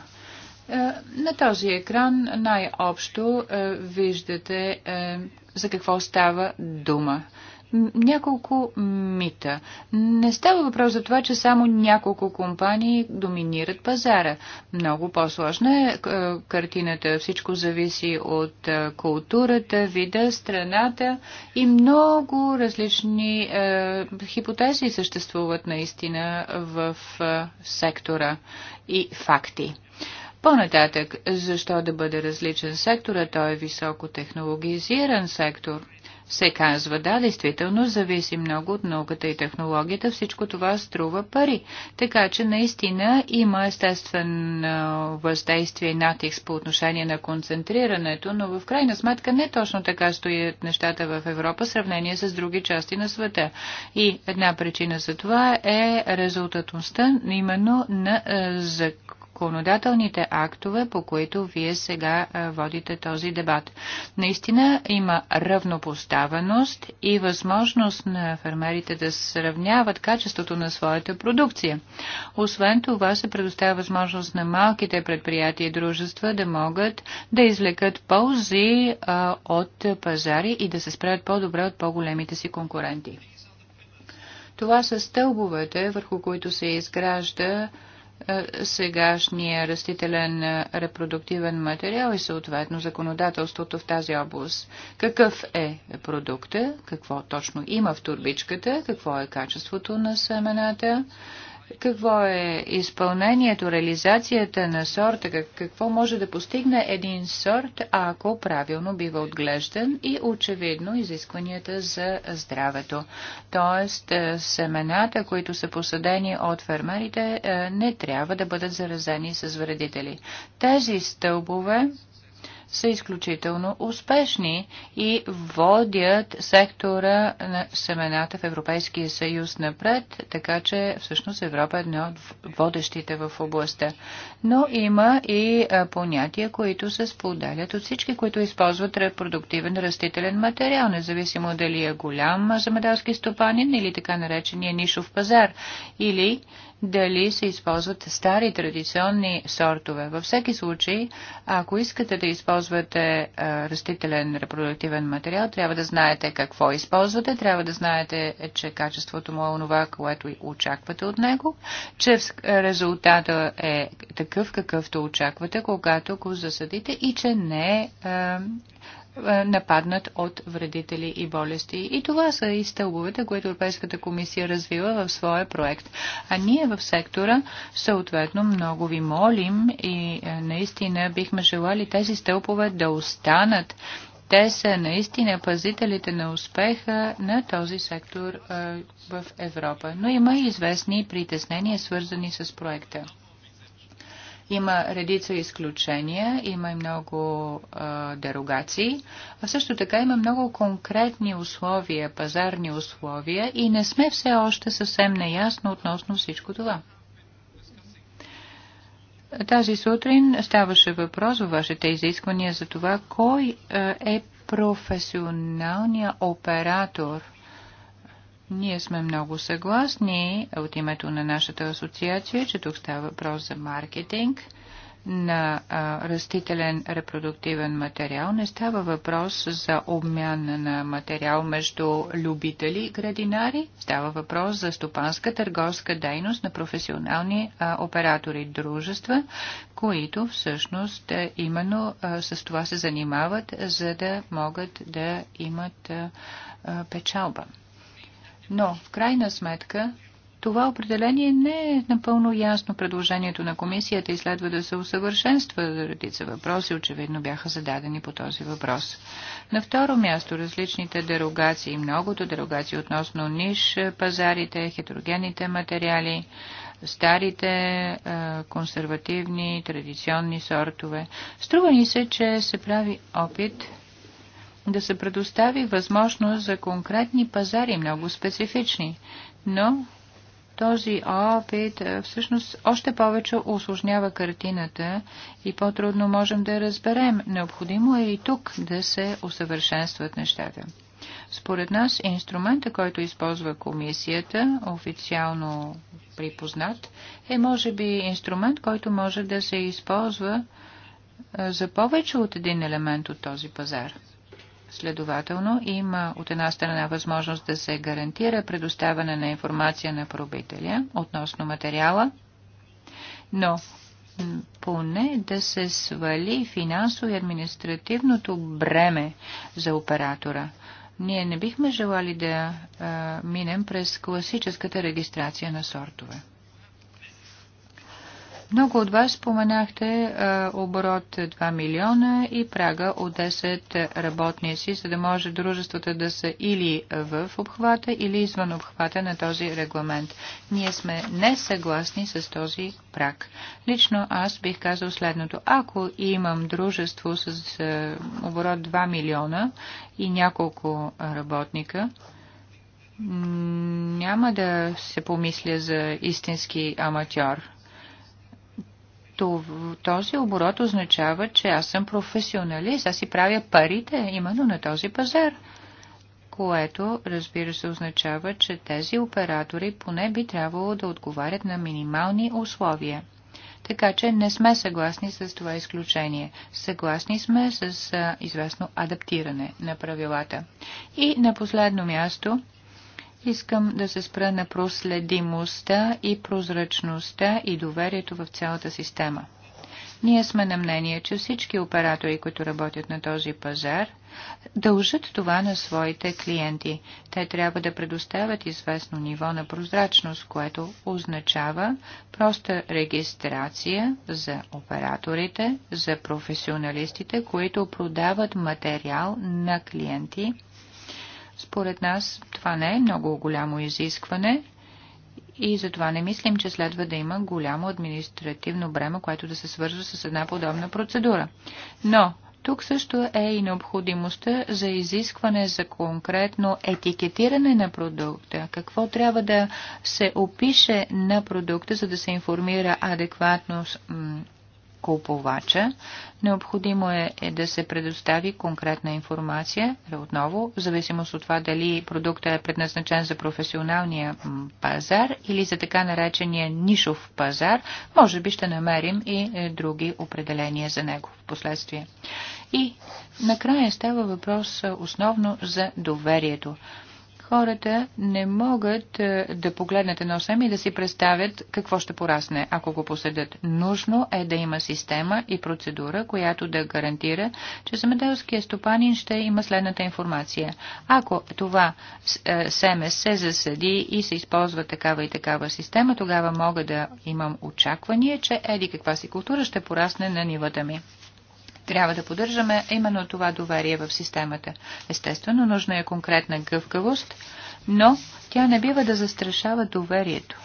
Е, на този екран най-общо виждате за какво става дума. Няколко мита. Не става въпрос за това, че само няколко компании доминират пазара. Много по-сложна е, е картината. Всичко зависи от е, културата, вида, страната и много различни е, хипотези съществуват наистина в е, сектора и факти. По-нататък, защо да бъде различен сектора? Той е високотехнологизиран сектор се казва, да, действително зависи много от науката и технологията, всичко това струва пари. Така че наистина има естествен въздействие и натиск по отношение на концентрирането, но в крайна сметка не точно така стоят нещата в Европа в сравнение с други части на света. И една причина за това е резултатността именно на е, закон законодателните актове, по които вие сега водите този дебат. Наистина има равнопоставеност и възможност на фермерите да сравняват качеството на своята продукция. Освен това се предоставя възможност на малките предприятия и дружества да могат да извлекат ползи от пазари и да се справят по-добре от по-големите си конкуренти. Това са стълбовете, върху които се изгражда е, сегашния растителен е, репродуктивен материал и съответно законодателството в тази област. Какъв е продукта, какво точно има в турбичката, какво е качеството на семената, какво е изпълнението, реализацията на сорта? Какво може да постигне един сорт, ако правилно бива отглеждан и очевидно изискванията за здравето? Тоест, е, семената, които са посадени от фермерите, е, не трябва да бъдат заразени с вредители. Тези стълбове са изключително успешни и водят сектора на семената в Европейския съюз напред, така че всъщност Европа е една от водещите в областта. Но има и понятия, които се споделят от всички, които използват репродуктивен растителен материал, независимо дали е голям земеделски стопанин или така наречения нишов пазар, или дали се използват стари традиционни сортове. Във всеки случай, ако искате да използвате растителен репродуктивен материал, трябва да знаете какво използвате, трябва да знаете, че качеството му е онова, което очаквате от него, че резултата е такъв, какъвто очаквате, когато го засадите и че не е е, нападнат от вредители и болести. И това са и стълбовете, които Европейската комисия развила в своя проект. А ние в сектора съответно много ви молим и е, наистина бихме желали тези стълбове да останат. Те са наистина пазителите на успеха на този сектор е, в Европа. Но има и известни притеснения, свързани с проекта. Има редица изключения, има и много а, дерогации, а също така има много конкретни условия, пазарни условия и не сме все още съвсем неясно относно всичко това. Тази сутрин ставаше въпрос във вашите изисквания за това, кой е професионалният оператор – ние сме много съгласни от името на нашата асоциация, че тук става въпрос за маркетинг на а, растителен репродуктивен материал. Не става въпрос за обмяна на материал между любители и градинари. Става въпрос за стопанска търговска дейност на професионални а, оператори дружества, които всъщност а, именно а, с това се занимават, за да могат да имат а, а, печалба. Но, в крайна сметка, това определение не е напълно ясно. Предложението на комисията и следва да се усъвършенства. Редица въпроси очевидно бяха зададени по този въпрос. На второ място различните дерогации, многото дерогации относно ниш, пазарите, хетерогенните материали, старите е, консервативни, традиционни сортове. Струва ни се, че се прави опит да се предостави възможност за конкретни пазари, много специфични, но този опит всъщност още повече осложнява картината и по-трудно можем да разберем. Необходимо е и тук да се усъвършенстват нещата. Според нас инструмента, който използва комисията, официално припознат, е може би инструмент, който може да се използва за повече от един елемент от този пазар. Следователно, има от една страна възможност да се гарантира предоставяне на информация на пробителя относно материала, но поне да се свали финансово и административното бреме за оператора. Ние не бихме желали да а, минем през класическата регистрация на сортове. Много от вас споменахте е, оборот 2 милиона и прага от 10 работници, за да може дружествата да са или в обхвата, или извън обхвата на този регламент. Ние сме несъгласни с този праг. Лично аз бих казал следното. Ако имам дружество с е, оборот 2 милиона и няколко работника, няма да се помисля за истински аматьор този оборот означава, че аз съм професионалист, аз си правя парите именно на този пазар, което, разбира се, означава, че тези оператори поне би трябвало да отговарят на минимални условия. Така че не сме съгласни с това изключение. Съгласни сме с известно адаптиране на правилата. И на последно място, Искам да се спра на проследимостта и прозрачността и доверието в цялата система. Ние сме на мнение, че всички оператори, които работят на този пазар, дължат това на своите клиенти. Те трябва да предоставят известно ниво на прозрачност, което означава проста регистрация за операторите, за професионалистите, които продават материал на клиенти според нас това не е много голямо изискване и затова не мислим, че следва да има голямо административно бреме, което да се свързва с една подобна процедура. Но тук също е и необходимостта за изискване за конкретно етикетиране на продукта. Какво трябва да се опише на продукта, за да се информира адекватно купувача. Необходимо е, е да се предостави конкретна информация, е, отново, в зависимост от това дали продукта е предназначен за професионалния пазар или за така наречения нишов пазар, може би ще намерим и е, други определения за него в последствие. И накрая става въпрос е, основно за доверието хората не могат е, да погледнат едно семе и да си представят какво ще порасне, ако го посъдят. Нужно е да има система и процедура, която да гарантира, че земеделския стопанин ще има следната информация. Ако това е, семе се засъди и се използва такава и такава система, тогава мога да имам очаквания, че еди каква си култура ще порасне на нивата ми. Трябва да поддържаме именно това доверие в системата. Естествено, нужна е конкретна гъвкавост, но тя не бива да застрашава доверието.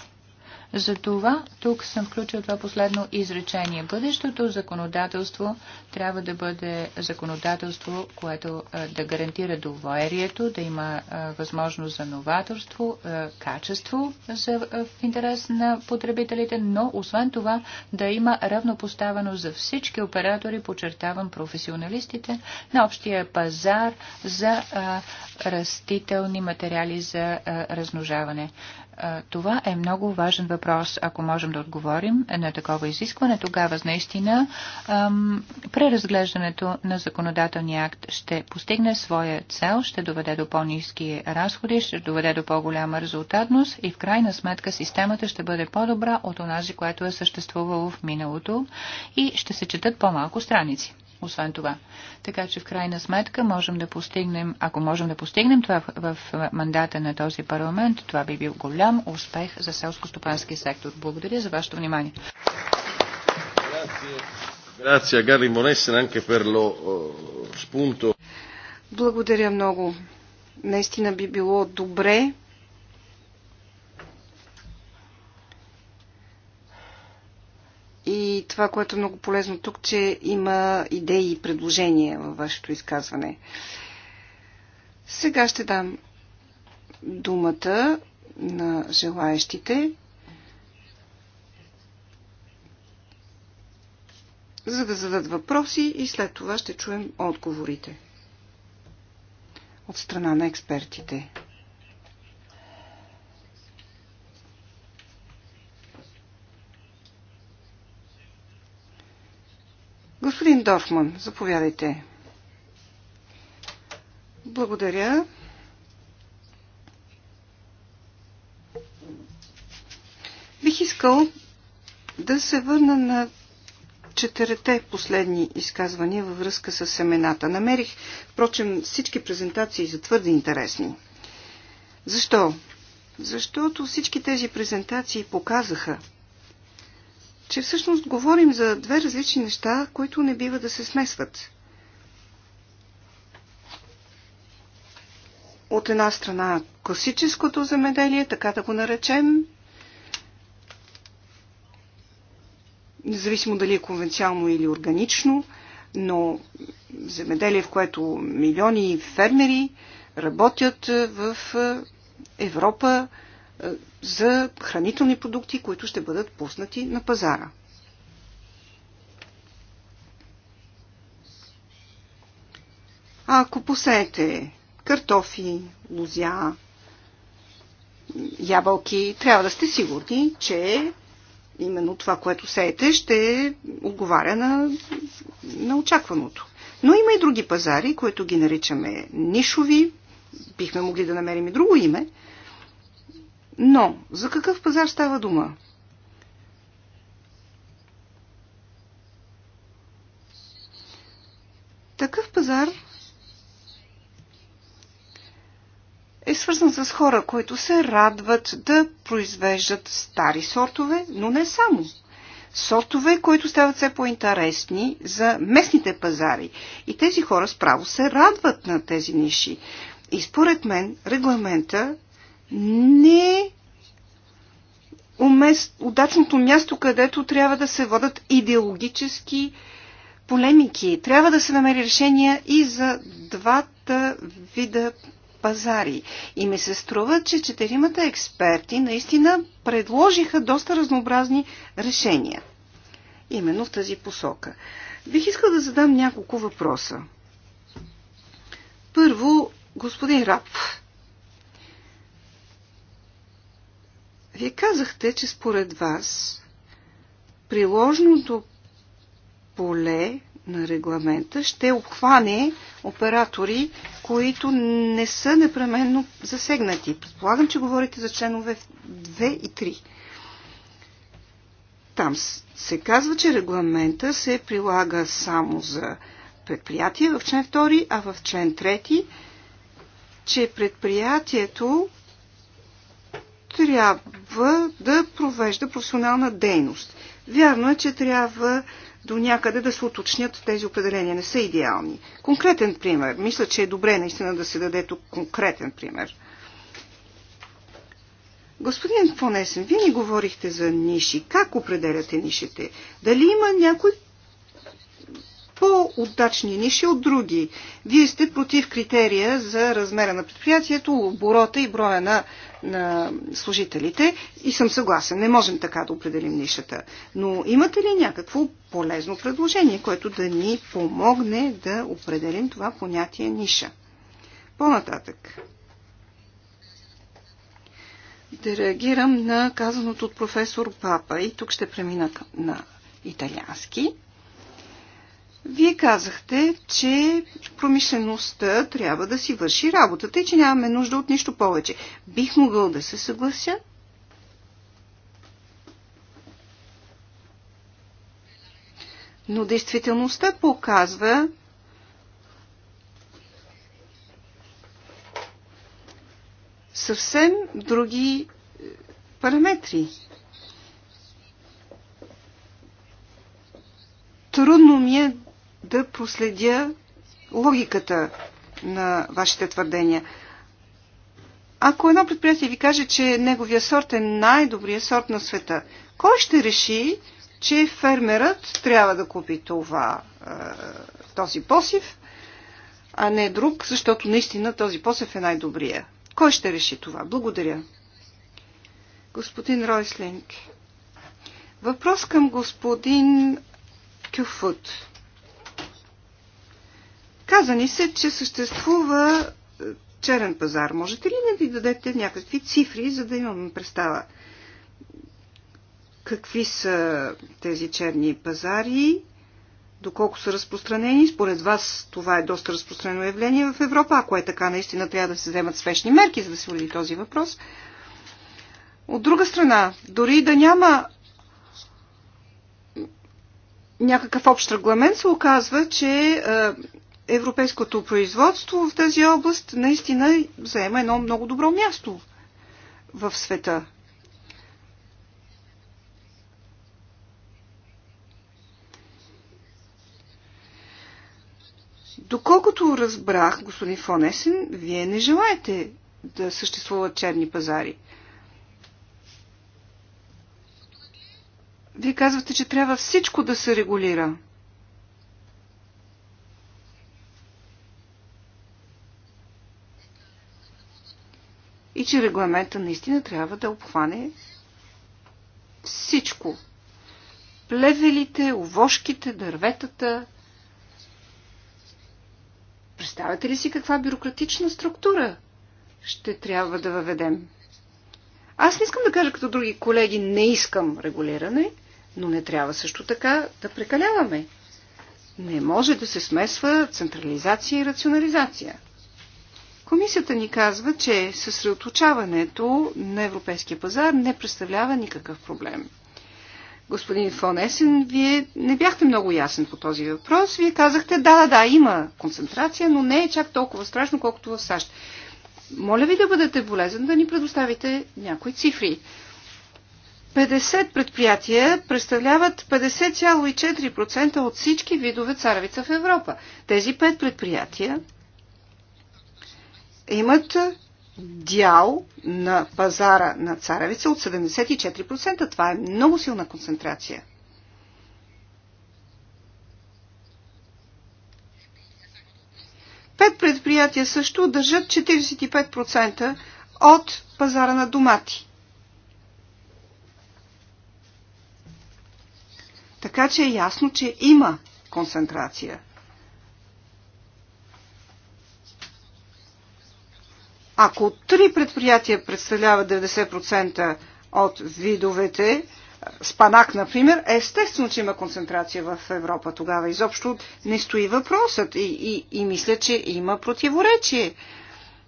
Затова тук съм включил това последно изречение. Бъдещото законодателство трябва да бъде законодателство, което е, да гарантира доверието, да има е, възможност за новаторство, е, качество за, в интерес на потребителите, но освен това да има равнопоставено за всички оператори, подчертавам професионалистите, на общия пазар за растителни материали за размножаване. Това е много важен въпрос. Ако можем да отговорим на такова изискване, тогава наистина преразглеждането на законодателния акт ще постигне своя цел, ще доведе до по-низки разходи, ще доведе до по-голяма резултатност и в крайна сметка системата ще бъде по-добра от онази, която е съществувала в миналото и ще се четат по-малко страници освен това. Така че в крайна сметка можем да постигнем, ако можем да постигнем това в, в мандата на този парламент, това би бил голям успех за селско-стопански сектор. Благодаря за вашето внимание. Eh, Благодаря много. Наистина би било добре И това, което е много полезно тук, че има идеи и предложения във вашето изказване. Сега ще дам думата на желаящите, за да зададат въпроси и след това ще чуем отговорите от страна на експертите. Господин Дорфман, заповядайте. Благодаря. Бих искал да се върна на четирете последни изказвания във връзка с семената. Намерих, впрочем, всички презентации за твърде интересни. Защо? Защото всички тези презентации показаха, че всъщност говорим за две различни неща, които не бива да се смесват. От една страна класическото земеделие, така да го наречем, независимо дали е конвенциално или органично, но земеделие, в което милиони фермери работят в Европа, за хранителни продукти, които ще бъдат пуснати на пазара. А ако посеете картофи, лузя, ябълки, трябва да сте сигурни, че именно това, което сеете, ще отговаря на, на очакваното. Но има и други пазари, които ги наричаме нишови, бихме могли да намерим и друго име, но, за какъв пазар става дума? Такъв пазар е свързан с хора, които се радват да произвеждат стари сортове, но не само. Сортове, които стават все по-интересни за местните пазари. И тези хора справо се радват на тези ниши. И според мен регламента не е умест, удачното място, където трябва да се водат идеологически полемики. Трябва да се намери решение и за двата вида пазари. И ми се струва, че четиримата експерти наистина предложиха доста разнообразни решения. Именно в тази посока. Бих искал да задам няколко въпроса. Първо, господин Рап, Вие казахте, че според вас приложното поле на регламента ще обхване оператори, които не са непременно засегнати. Предполагам, че говорите за членове 2 и 3. Там се казва, че регламента се прилага само за предприятие в член 2, а в член 3, че предприятието трябва трябва да провежда професионална дейност. Вярно е, че трябва до някъде да се уточнят тези определения. Не са идеални. Конкретен пример. Мисля, че е добре наистина да се даде тук конкретен пример. Господин Фонесен, вие ни говорихте за ниши. Как определяте нишите? Дали има някой по-удачни ниши от други. Вие сте против критерия за размера на предприятието, оборота и броя на на служителите и съм съгласен. Не можем така да определим нишата. Но имате ли някакво полезно предложение, което да ни помогне да определим това понятие ниша? По-нататък. Да реагирам на казаното от професор Папа и тук ще премина на италиански. Вие казахте, че промишлеността трябва да си върши работата и че нямаме нужда от нищо повече. Бих могъл да се съглася? Но действителността показва, съвсем други е, параметри. Трудно ми е да проследя логиката на вашите твърдения. Ако едно предприятие ви каже, че неговия сорт е най-добрият сорт на света, кой ще реши, че фермерът трябва да купи това, е, този посев, а не друг, защото наистина този посев е най-добрия? Кой ще реши това? Благодаря. Господин Ройслинг. Въпрос към господин Кюфут. Каза ни се, че съществува е, черен пазар. Можете ли да ви дадете някакви цифри, за да имам представа какви са тези черни пазари, доколко са разпространени? Според вас това е доста разпространено явление в Европа. Ако е така, наистина трябва да се вземат свещни мерки, за да се уреди този въпрос. От друга страна, дори да няма някакъв общ регламент, се оказва, че е, европейското производство в тази област наистина заема едно много добро място в света. Доколкото разбрах, господин Фонесен, вие не желаете да съществуват черни пазари. Вие казвате, че трябва всичко да се регулира – и че регламента наистина трябва да обхване всичко. Плевелите, овошките, дърветата. Представете ли си каква бюрократична структура ще трябва да въведем? Аз не искам да кажа като други колеги, не искам регулиране, но не трябва също така да прекаляваме. Не може да се смесва централизация и рационализация. Комисията ни казва, че съсредоточаването на европейския пазар не представлява никакъв проблем. Господин Фон Есен, вие не бяхте много ясен по този въпрос. Вие казахте, да, да, да, има концентрация, но не е чак толкова страшно, колкото в САЩ. Моля ви да бъдете болезен да ни предоставите някои цифри. 50 предприятия представляват 50,4% от всички видове царевица в Европа. Тези 5 предприятия имат дял на пазара на царевица от 74%. Това е много силна концентрация. Пет предприятия също държат 45% от пазара на домати. Така че е ясно, че има концентрация. Ако три предприятия представляват 90% от видовете, Спанак, например, естествено, че има концентрация в Европа тогава. Изобщо не стои въпросът и, и, и мисля, че има противоречие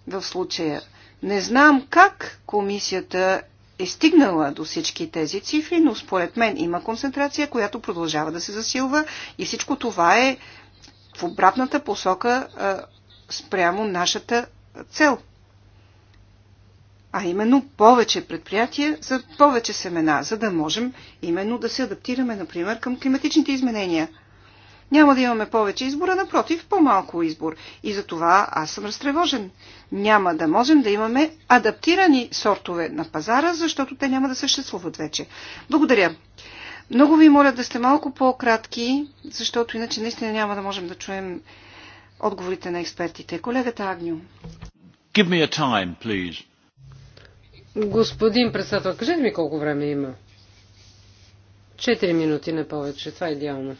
в случая. Не знам как комисията е стигнала до всички тези цифри, но според мен има концентрация, която продължава да се засилва и всичко това е в обратната посока а, спрямо нашата цел – а именно повече предприятия за повече семена, за да можем именно да се адаптираме, например, към климатичните изменения. Няма да имаме повече избора, напротив, по-малко избор. И за това аз съм разтревожен. Няма да можем да имаме адаптирани сортове на пазара, защото те няма да съществуват вече. Благодаря. Много ви моля да сте малко по-кратки, защото иначе наистина няма да можем да чуем отговорите на експертите. Колегата Агню. Give me a time, please. Господин председател, кажете ми колко време има. Четири минути, не повече. Това е идеално.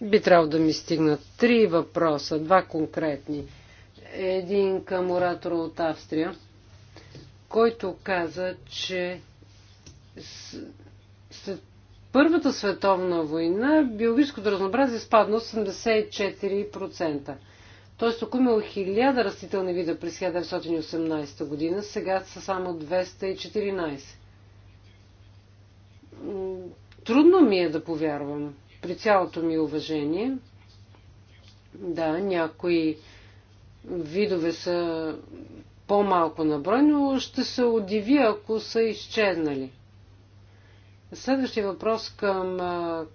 Би трябвало да ми стигнат три въпроса, два конкретни. Един към оратора от Австрия, който каза, че след Първата световна война биологическото разнообразие спадна 84%. Т.е. ако имало хиляда растителни вида през 1918 година, сега са само 214. Трудно ми е да повярвам, при цялото ми уважение. Да, някои видове са по-малко наброй, но ще се удиви, ако са изчезнали. Следващия въпрос към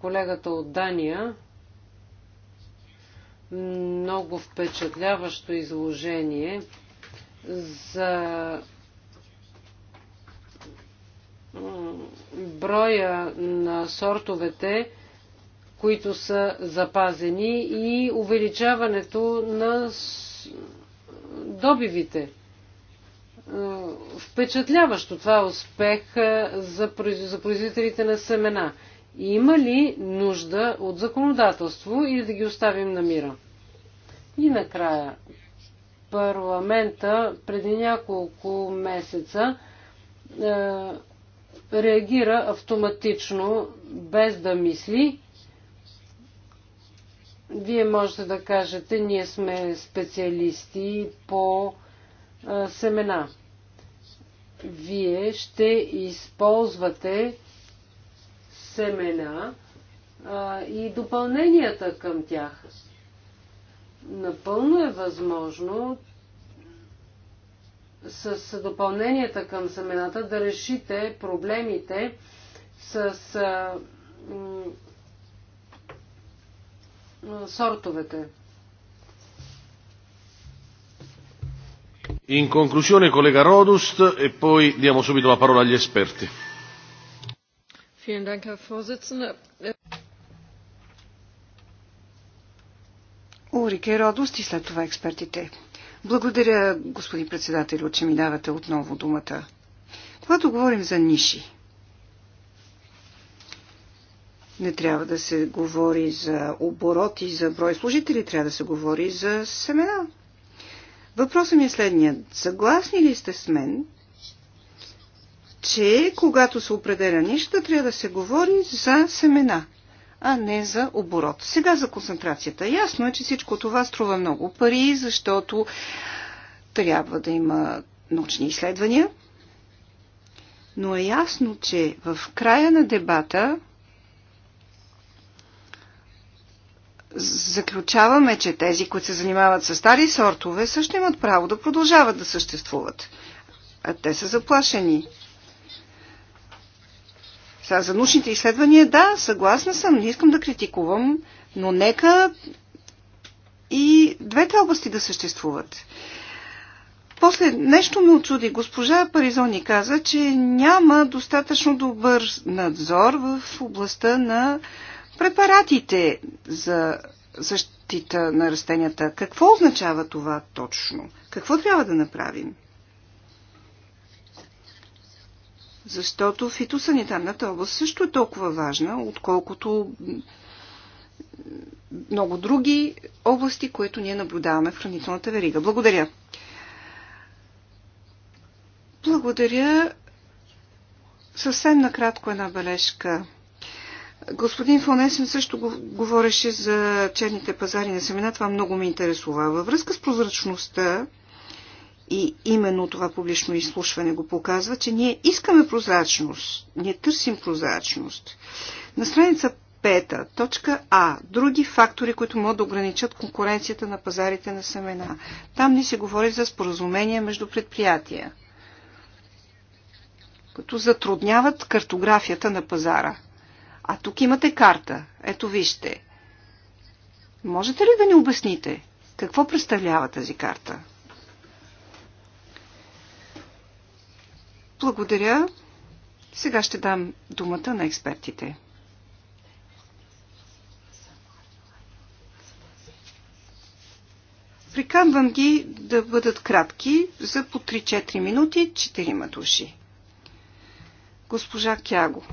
колегата от Дания много впечатляващо изложение за броя на сортовете, които са запазени и увеличаването на добивите. Е, впечатляващо това е успех е, за производителите на семена. Има ли нужда от законодателство или да ги оставим на мира? И накрая, парламента преди няколко месеца е, реагира автоматично, без да мисли. Вие можете да кажете, ние сме специалисти по е, семена. Вие ще използвате семена а, и допълненията към тях. Напълно е възможно с допълненията към семената да решите проблемите с а, м, сортовете. In conclusione, collega Rodust, e poi diamo subito la parola agli esperti. Herr Vorsitzender. Урике Родост и след това експертите. Благодаря, господин председател, че ми давате отново думата. Когато говорим за ниши, не трябва да се говори за оборот и за брой служители, трябва да се говори за семена. Въпросът ми е следният. Съгласни ли сте с мен, че когато се определя нища, трябва да се говори за семена, а не за оборот. Сега за концентрацията. Ясно е, че всичко това струва много пари, защото трябва да има научни изследвания. Но е ясно, че в края на дебата заключаваме, че тези, които се занимават с стари сортове, също имат право да продължават да съществуват. А те са заплашени. Сега за научните изследвания, да, съгласна съм, не искам да критикувам, но нека и двете области да съществуват. После нещо ме очуди. Госпожа Паризони каза, че няма достатъчно добър надзор в областта на препаратите за защита на растенията. Какво означава това точно? Какво трябва да направим? Защото фитосанитарната област също е толкова важна, отколкото много други области, които ние наблюдаваме в хранителната верига. Благодаря. Благодаря. Съвсем накратко една бележка. Господин Фонесен също говореше за черните пазари на семена. Това много ме интересува. Във връзка с прозрачността, и именно това публично изслушване го показва, че ние искаме прозрачност, ние търсим прозрачност. На страница 5, точка А, други фактори, които могат да ограничат конкуренцията на пазарите на семена. Там ни се говори за споразумения между предприятия, които затрудняват картографията на пазара. А тук имате карта. Ето вижте. Можете ли да ни обясните какво представлява тази карта? Благодаря. Сега ще дам думата на експертите. Приканвам ги да бъдат кратки за по 3-4 минути, 4 души. Госпожа Кяго.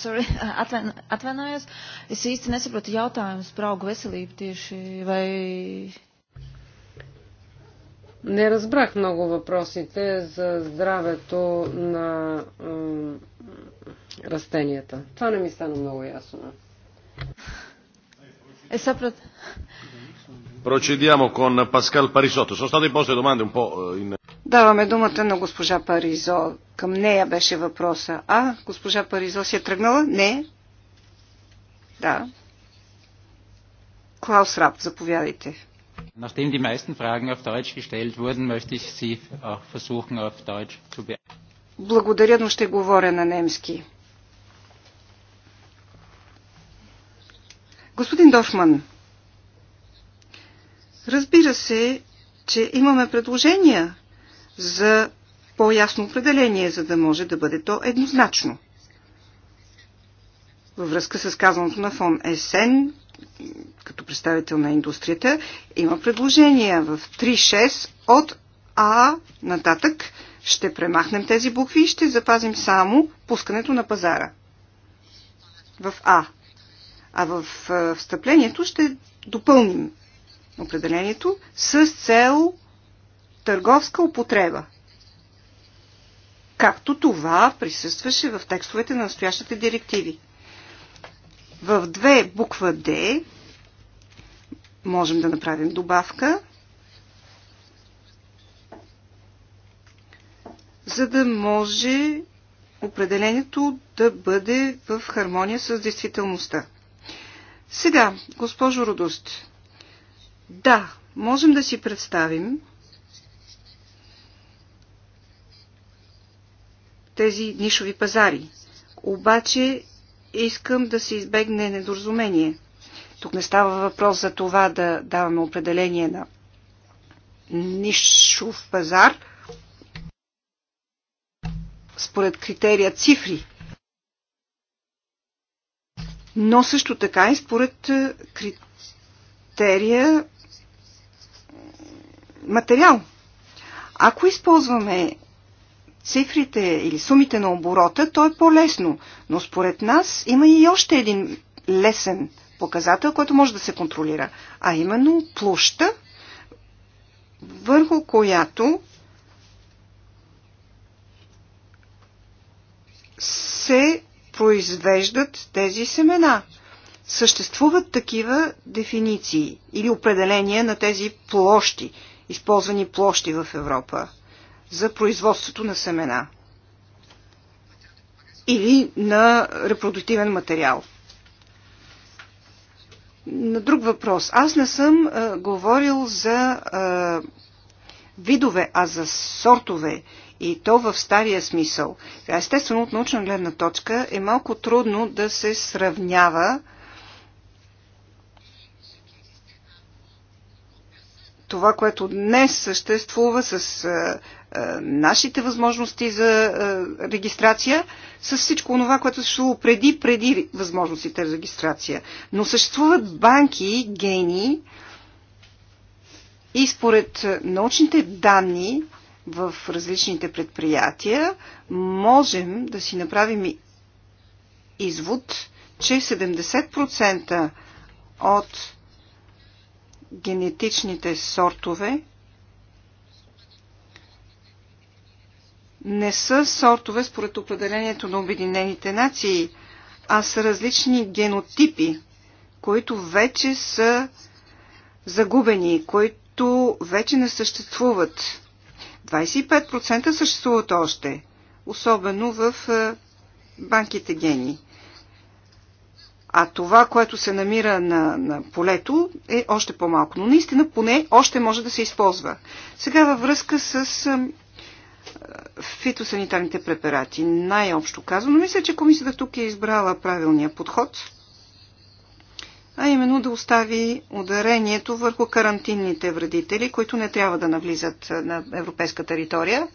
sorry, atven, atvainojos. Es īsti nesapratu jautājumus par augu veselību tieši vai... Не разбрах много въпросите за здравето на растенията. Това не ми стана много ясно. Е, съпрат. Procediamo con Pascal Parisotto. Sono state poste domande un po' in... Даваме думата на госпожа Паризо. Към нея беше въпроса. А, госпожа Паризо си е тръгнала? Не. Да. Клаус Раб, заповядайте. Nachdem die meisten Fragen auf Deutsch gestellt wurden, möchte ich sie auch versuchen auf Deutsch zu beantworten. Благодаря, но ще говоря на немски. Господин Дофман, разбира се, че имаме предложения за по-ясно определение, за да може да бъде то еднозначно. Във връзка с казаното на фон Есен, като представител на индустрията, има предложения в 3.6 от А нататък ще премахнем тези букви и ще запазим само пускането на пазара. В А. А в встъплението ще допълним определението с цел търговска употреба. Както това присъстваше в текстовете на настоящите директиви. В две буква Д можем да направим добавка, за да може определението да бъде в хармония с действителността. Сега, госпожо Родост, да, можем да си представим, тези нишови пазари. Обаче искам да се избегне недоразумение. Тук не става въпрос за това да даваме определение на нишов пазар според критерия цифри, но също така и според е, критерия материал. Ако използваме цифрите или сумите на оборота, то е по-лесно. Но според нас има и още един лесен показател, който може да се контролира, а именно площа, върху която се произвеждат тези семена. Съществуват такива дефиниции или определения на тези площи, използвани площи в Европа за производството на семена или на репродуктивен материал. На друг въпрос. Аз не съм а, говорил за а, видове, а за сортове и то в стария смисъл. Естествено, от научна гледна точка е малко трудно да се сравнява това, което днес съществува с е, нашите възможности за е, регистрация с всичко това, което е съществува преди, преди възможностите за регистрация. Но съществуват банки, гени и според научните данни в различните предприятия можем да си направим извод, че 70% от генетичните сортове не са сортове според определението на Обединените нации, а са различни генотипи, които вече са загубени, които вече не съществуват. 25% съществуват още, особено в е, банките гени. А това, което се намира на, на полето, е още по-малко. Но наистина поне още може да се използва. Сега във връзка с е, фитосанитарните препарати. Най-общо казано, мисля, че комисията тук е избрала правилния подход, а именно да остави ударението върху карантинните вредители, които не трябва да навлизат на европейска територия.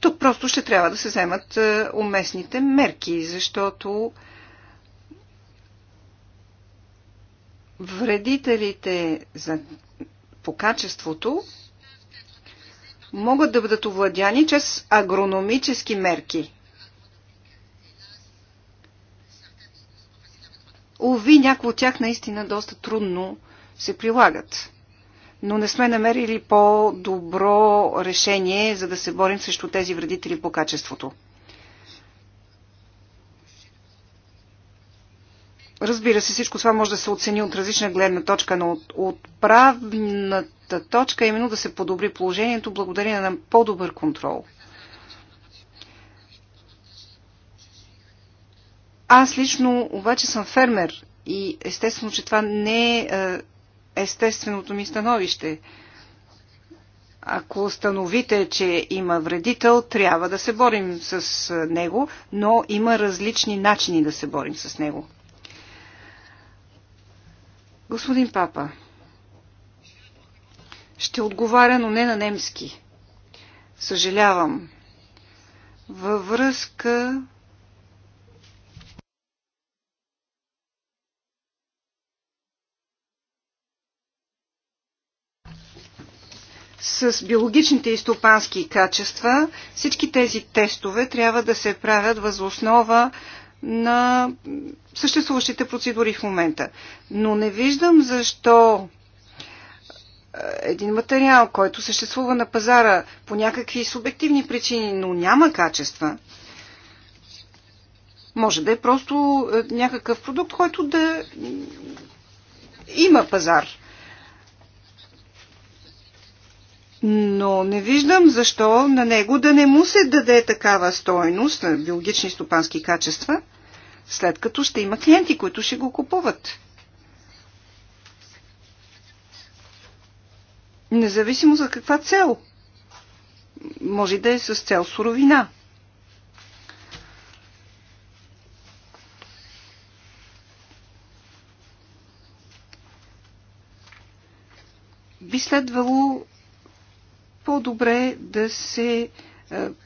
Тук просто ще трябва да се вземат е, уместните мерки, защото вредителите за, по качеството могат да бъдат овладяни чрез агрономически мерки. Ови, някои от тях наистина доста трудно се прилагат. Но не сме намерили по-добро решение, за да се борим срещу тези вредители по качеството. Разбира се, всичко това може да се оцени от различна гледна точка, но от, от правната точка е именно да се подобри положението благодарение на по-добър контрол. Аз лично обаче съм фермер и естествено, че това не е, е естественото ми становище. Ако установите, че има вредител, трябва да се борим с е, него, но има различни начини да се борим с него. Господин Папа, ще отговаря, но не на немски. Съжалявам. Във връзка с биологичните и стопански качества, всички тези тестове трябва да се правят възоснова на съществуващите процедури в момента. Но не виждам защо е, един материал, който съществува на пазара по някакви субективни причини, но няма качества, може да е просто е, някакъв продукт, който да има пазар. Но не виждам защо на него да не му се даде такава стойност на биологични стопански качества, след като ще има клиенти, които ще го купуват. Независимо за каква цел. Може да е с цел суровина. Би следвало по-добре да се е,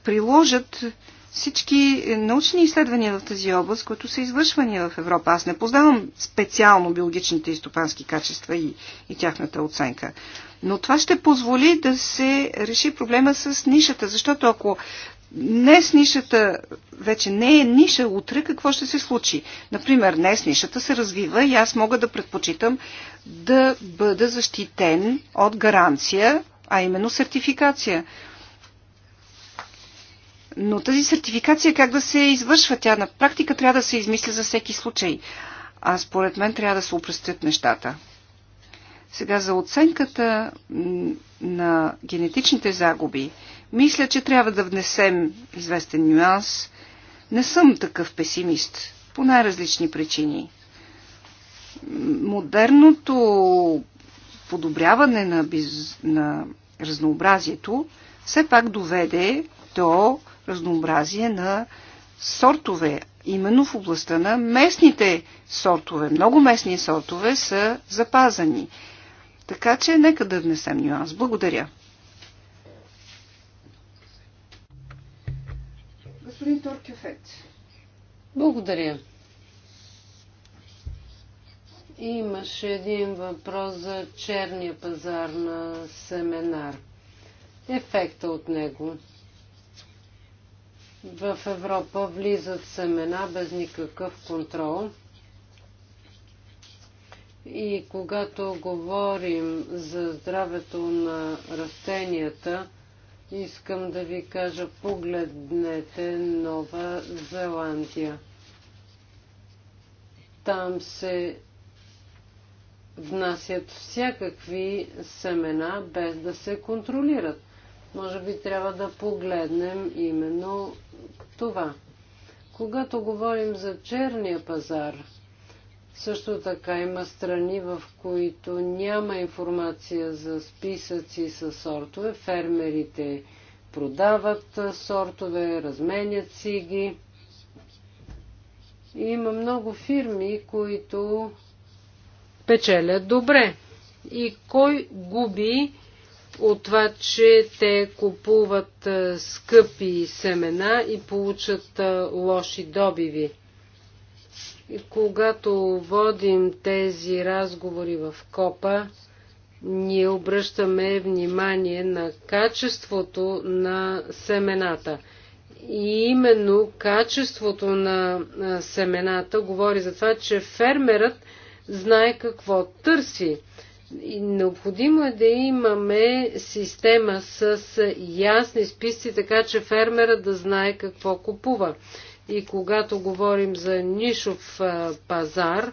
приложат всички научни изследвания в тази област, които са извършвани в Европа. Аз не познавам специално биологичните и стопански качества и, и тяхната оценка. Но това ще позволи да се реши проблема с нишата, защото ако днес нишата вече не е ниша, утре какво ще се случи? Например, днес нишата се развива и аз мога да предпочитам да бъда защитен от гаранция а именно сертификация. Но тази сертификация как да се извършва? Тя на практика трябва да се измисля за всеки случай. А според мен трябва да се упростят нещата. Сега за оценката на генетичните загуби, мисля, че трябва да внесем известен нюанс. Не съм такъв песимист по най-различни причини. Модерното подобряване на, биз... на разнообразието, все пак доведе до разнообразие на сортове, именно в областта на местните сортове. Много местни сортове са запазани. Така че нека да внесем нюанс. Благодаря. Господин Торкюфет. Благодаря. Имаше един въпрос за черния пазар на семенар. Ефекта от него. В Европа влизат семена без никакъв контрол. И когато говорим за здравето на растенията, искам да ви кажа, погледнете Нова Зеландия. Там се внасят всякакви семена без да се контролират. Може би трябва да погледнем именно това. Когато говорим за черния пазар, също така има страни, в които няма информация за списъци с сортове. Фермерите продават сортове, разменят си ги. И има много фирми, които печелят добре. И кой губи от това, че те купуват скъпи семена и получат лоши добиви? И когато водим тези разговори в КОПА, ние обръщаме внимание на качеството на семената. И именно качеството на семената говори за това, че фермерът знае какво търси. И необходимо е да имаме система с ясни списъци, така че фермера да знае какво купува. И когато говорим за нишов пазар,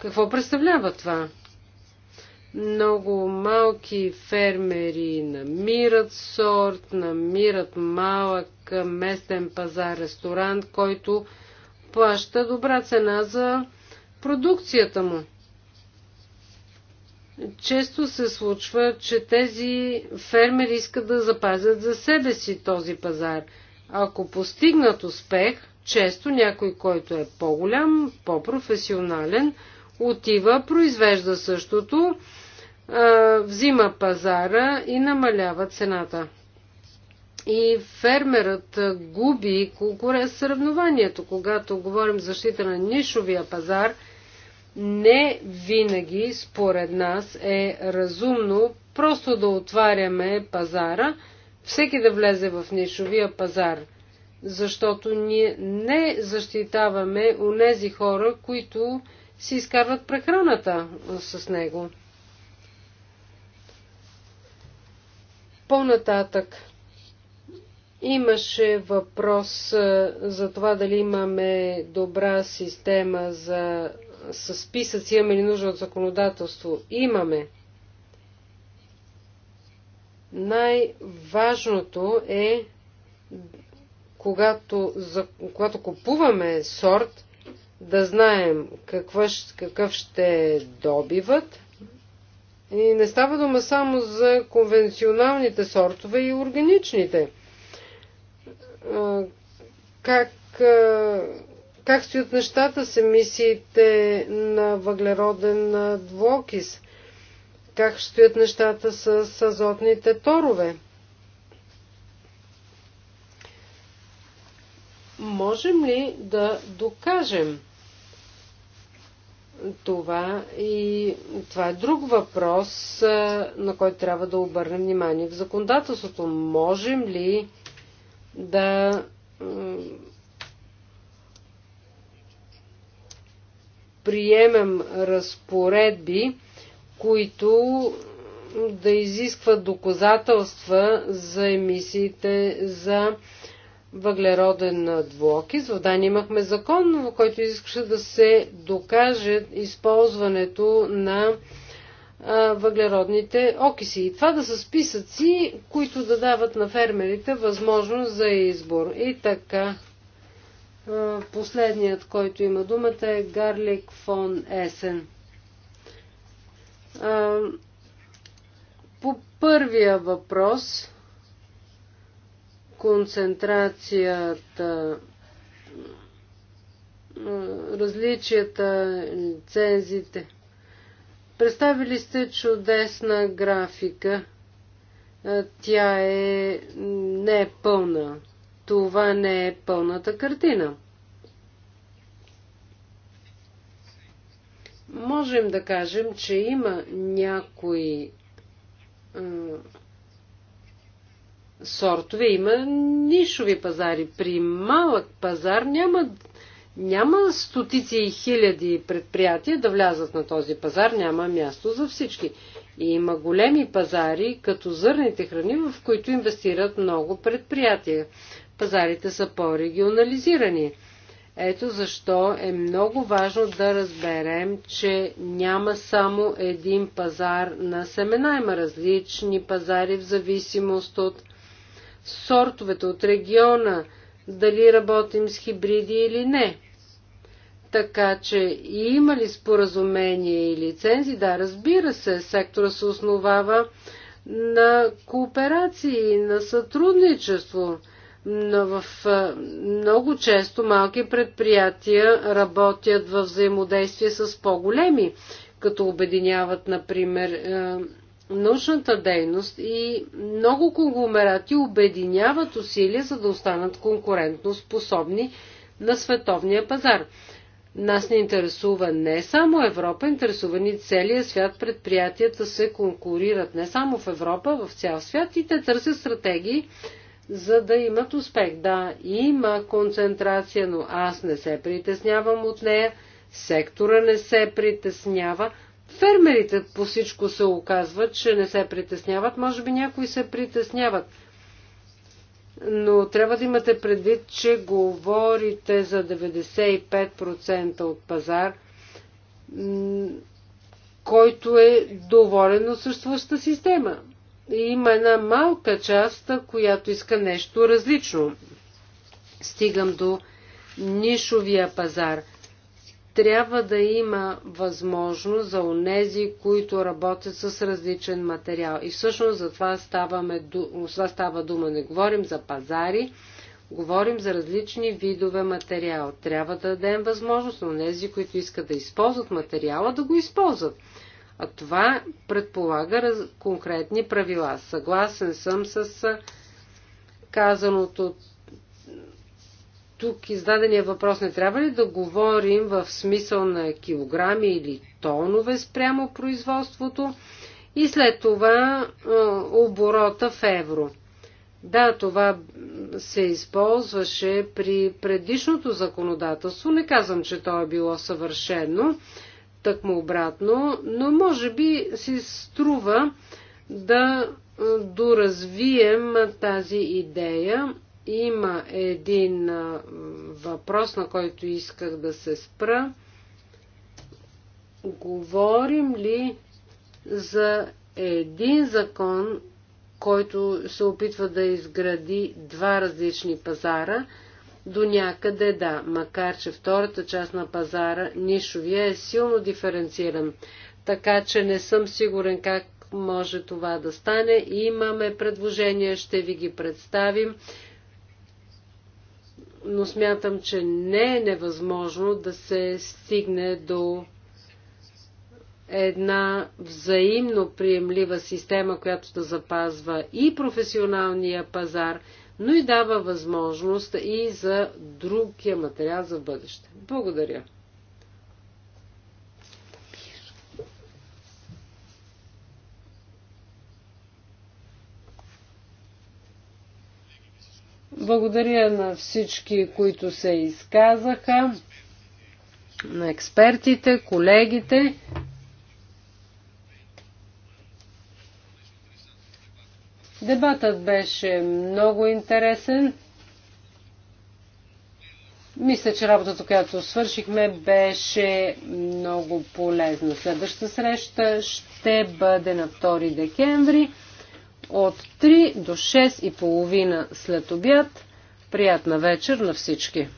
какво представлява това? Много малки фермери намират сорт, намират малък местен пазар, ресторант, който плаща добра цена за продукцията му. Често се случва, че тези фермери искат да запазят за себе си този пазар. Ако постигнат успех, често някой, който е по-голям, по-професионален, отива, произвежда същото, взима пазара и намалява цената. И фермерът губи конкурент съревнованието. Когато говорим за защита на нишовия пазар – не винаги, според нас, е разумно просто да отваряме пазара, всеки да влезе в нишовия пазар, защото ние не защитаваме онези хора, които си изкарват прехраната с него. По-нататък имаше въпрос за това дали имаме добра система за с списъци, имаме ли нужда от законодателство? Имаме. Най-важното е, когато, за, когато купуваме сорт, да знаем каква, какъв ще е добиват. И не става дума само за конвенционалните сортове и органичните. Как как стоят нещата с емисиите на въглероден двуокис? Как стоят нещата с азотните торове? Можем ли да докажем това? И това е друг въпрос, на който трябва да обърнем внимание в законодателството. Можем ли да приемем разпоредби, които да изискват доказателства за емисиите за въглероден двуокис. В Дания имахме закон, в който изискаше да се докаже използването на въглеродните окиси. И това да са списъци, които да дават на фермерите възможност за избор. И така, Последният, който има думата е Гарлик фон Есен. По първия въпрос, концентрацията, различията, лицензите. Представили сте чудесна графика. Тя е не е пълна това не е пълната картина. Можем да кажем, че има някои сортове, има нишови пазари. При малък пазар няма, няма стотици и хиляди предприятия да влязат на този пазар, няма място за всички. И има големи пазари, като зърните храни, в които инвестират много предприятия пазарите са по-регионализирани. Ето защо е много важно да разберем, че няма само един пазар на семена, има различни пазари в зависимост от сортовете, от региона, дали работим с хибриди или не. Така че има ли споразумение и лицензи? Да, разбира се, сектора се основава на кооперации, на сътрудничество. Но в много често малки предприятия работят в взаимодействие с по-големи, като обединяват, например, научната дейност и много конгломерати обединяват усилия, за да останат конкурентно способни на световния пазар. Нас не интересува не само Европа, интересува ни целия свят. Предприятията се конкурират не само в Европа, в цял свят и те търсят стратегии, за да имат успех. Да, има концентрация, но аз не се притеснявам от нея, сектора не се притеснява, фермерите по всичко се оказват, че не се притесняват, може би някои се притесняват. Но трябва да имате предвид, че говорите за 95% от пазар, който е доволен от съществуващата система. Има една малка част, която иска нещо различно. Стигам до нишовия пазар. Трябва да има възможност за онези, които работят с различен материал. И всъщност за това, ставаме, за това става дума. Не говорим за пазари, говорим за различни видове материал. Трябва да дадем възможност на онези, които искат да използват материала, да го използват. А това предполага раз... конкретни правила. Съгласен съм с казаното тук издадения въпрос не трябва ли да говорим в смисъл на килограми или тонове спрямо производството и след това оборота в евро. Да, това се използваше при предишното законодателство. Не казвам, че то е било съвършено, тъкмо обратно, но може би си струва да доразвием тази идея. Има един въпрос, на който исках да се спра. Говорим ли за един закон, който се опитва да изгради два различни пазара – до някъде да, макар че втората част на пазара, нишовия, е силно диференциран. Така че не съм сигурен как може това да стане. Имаме предложения, ще ви ги представим. Но смятам, че не е невъзможно да се стигне до една взаимно приемлива система, която да запазва и професионалния пазар – но и дава възможност и за другия материал за бъдеще. Благодаря. Благодаря на всички, които се изказаха, на експертите, колегите. Дебатът беше много интересен. Мисля, че работата, която свършихме, беше много полезна. Следващата среща ще бъде на 2 декември от 3 до 6 и половина след обяд. Приятна вечер на всички!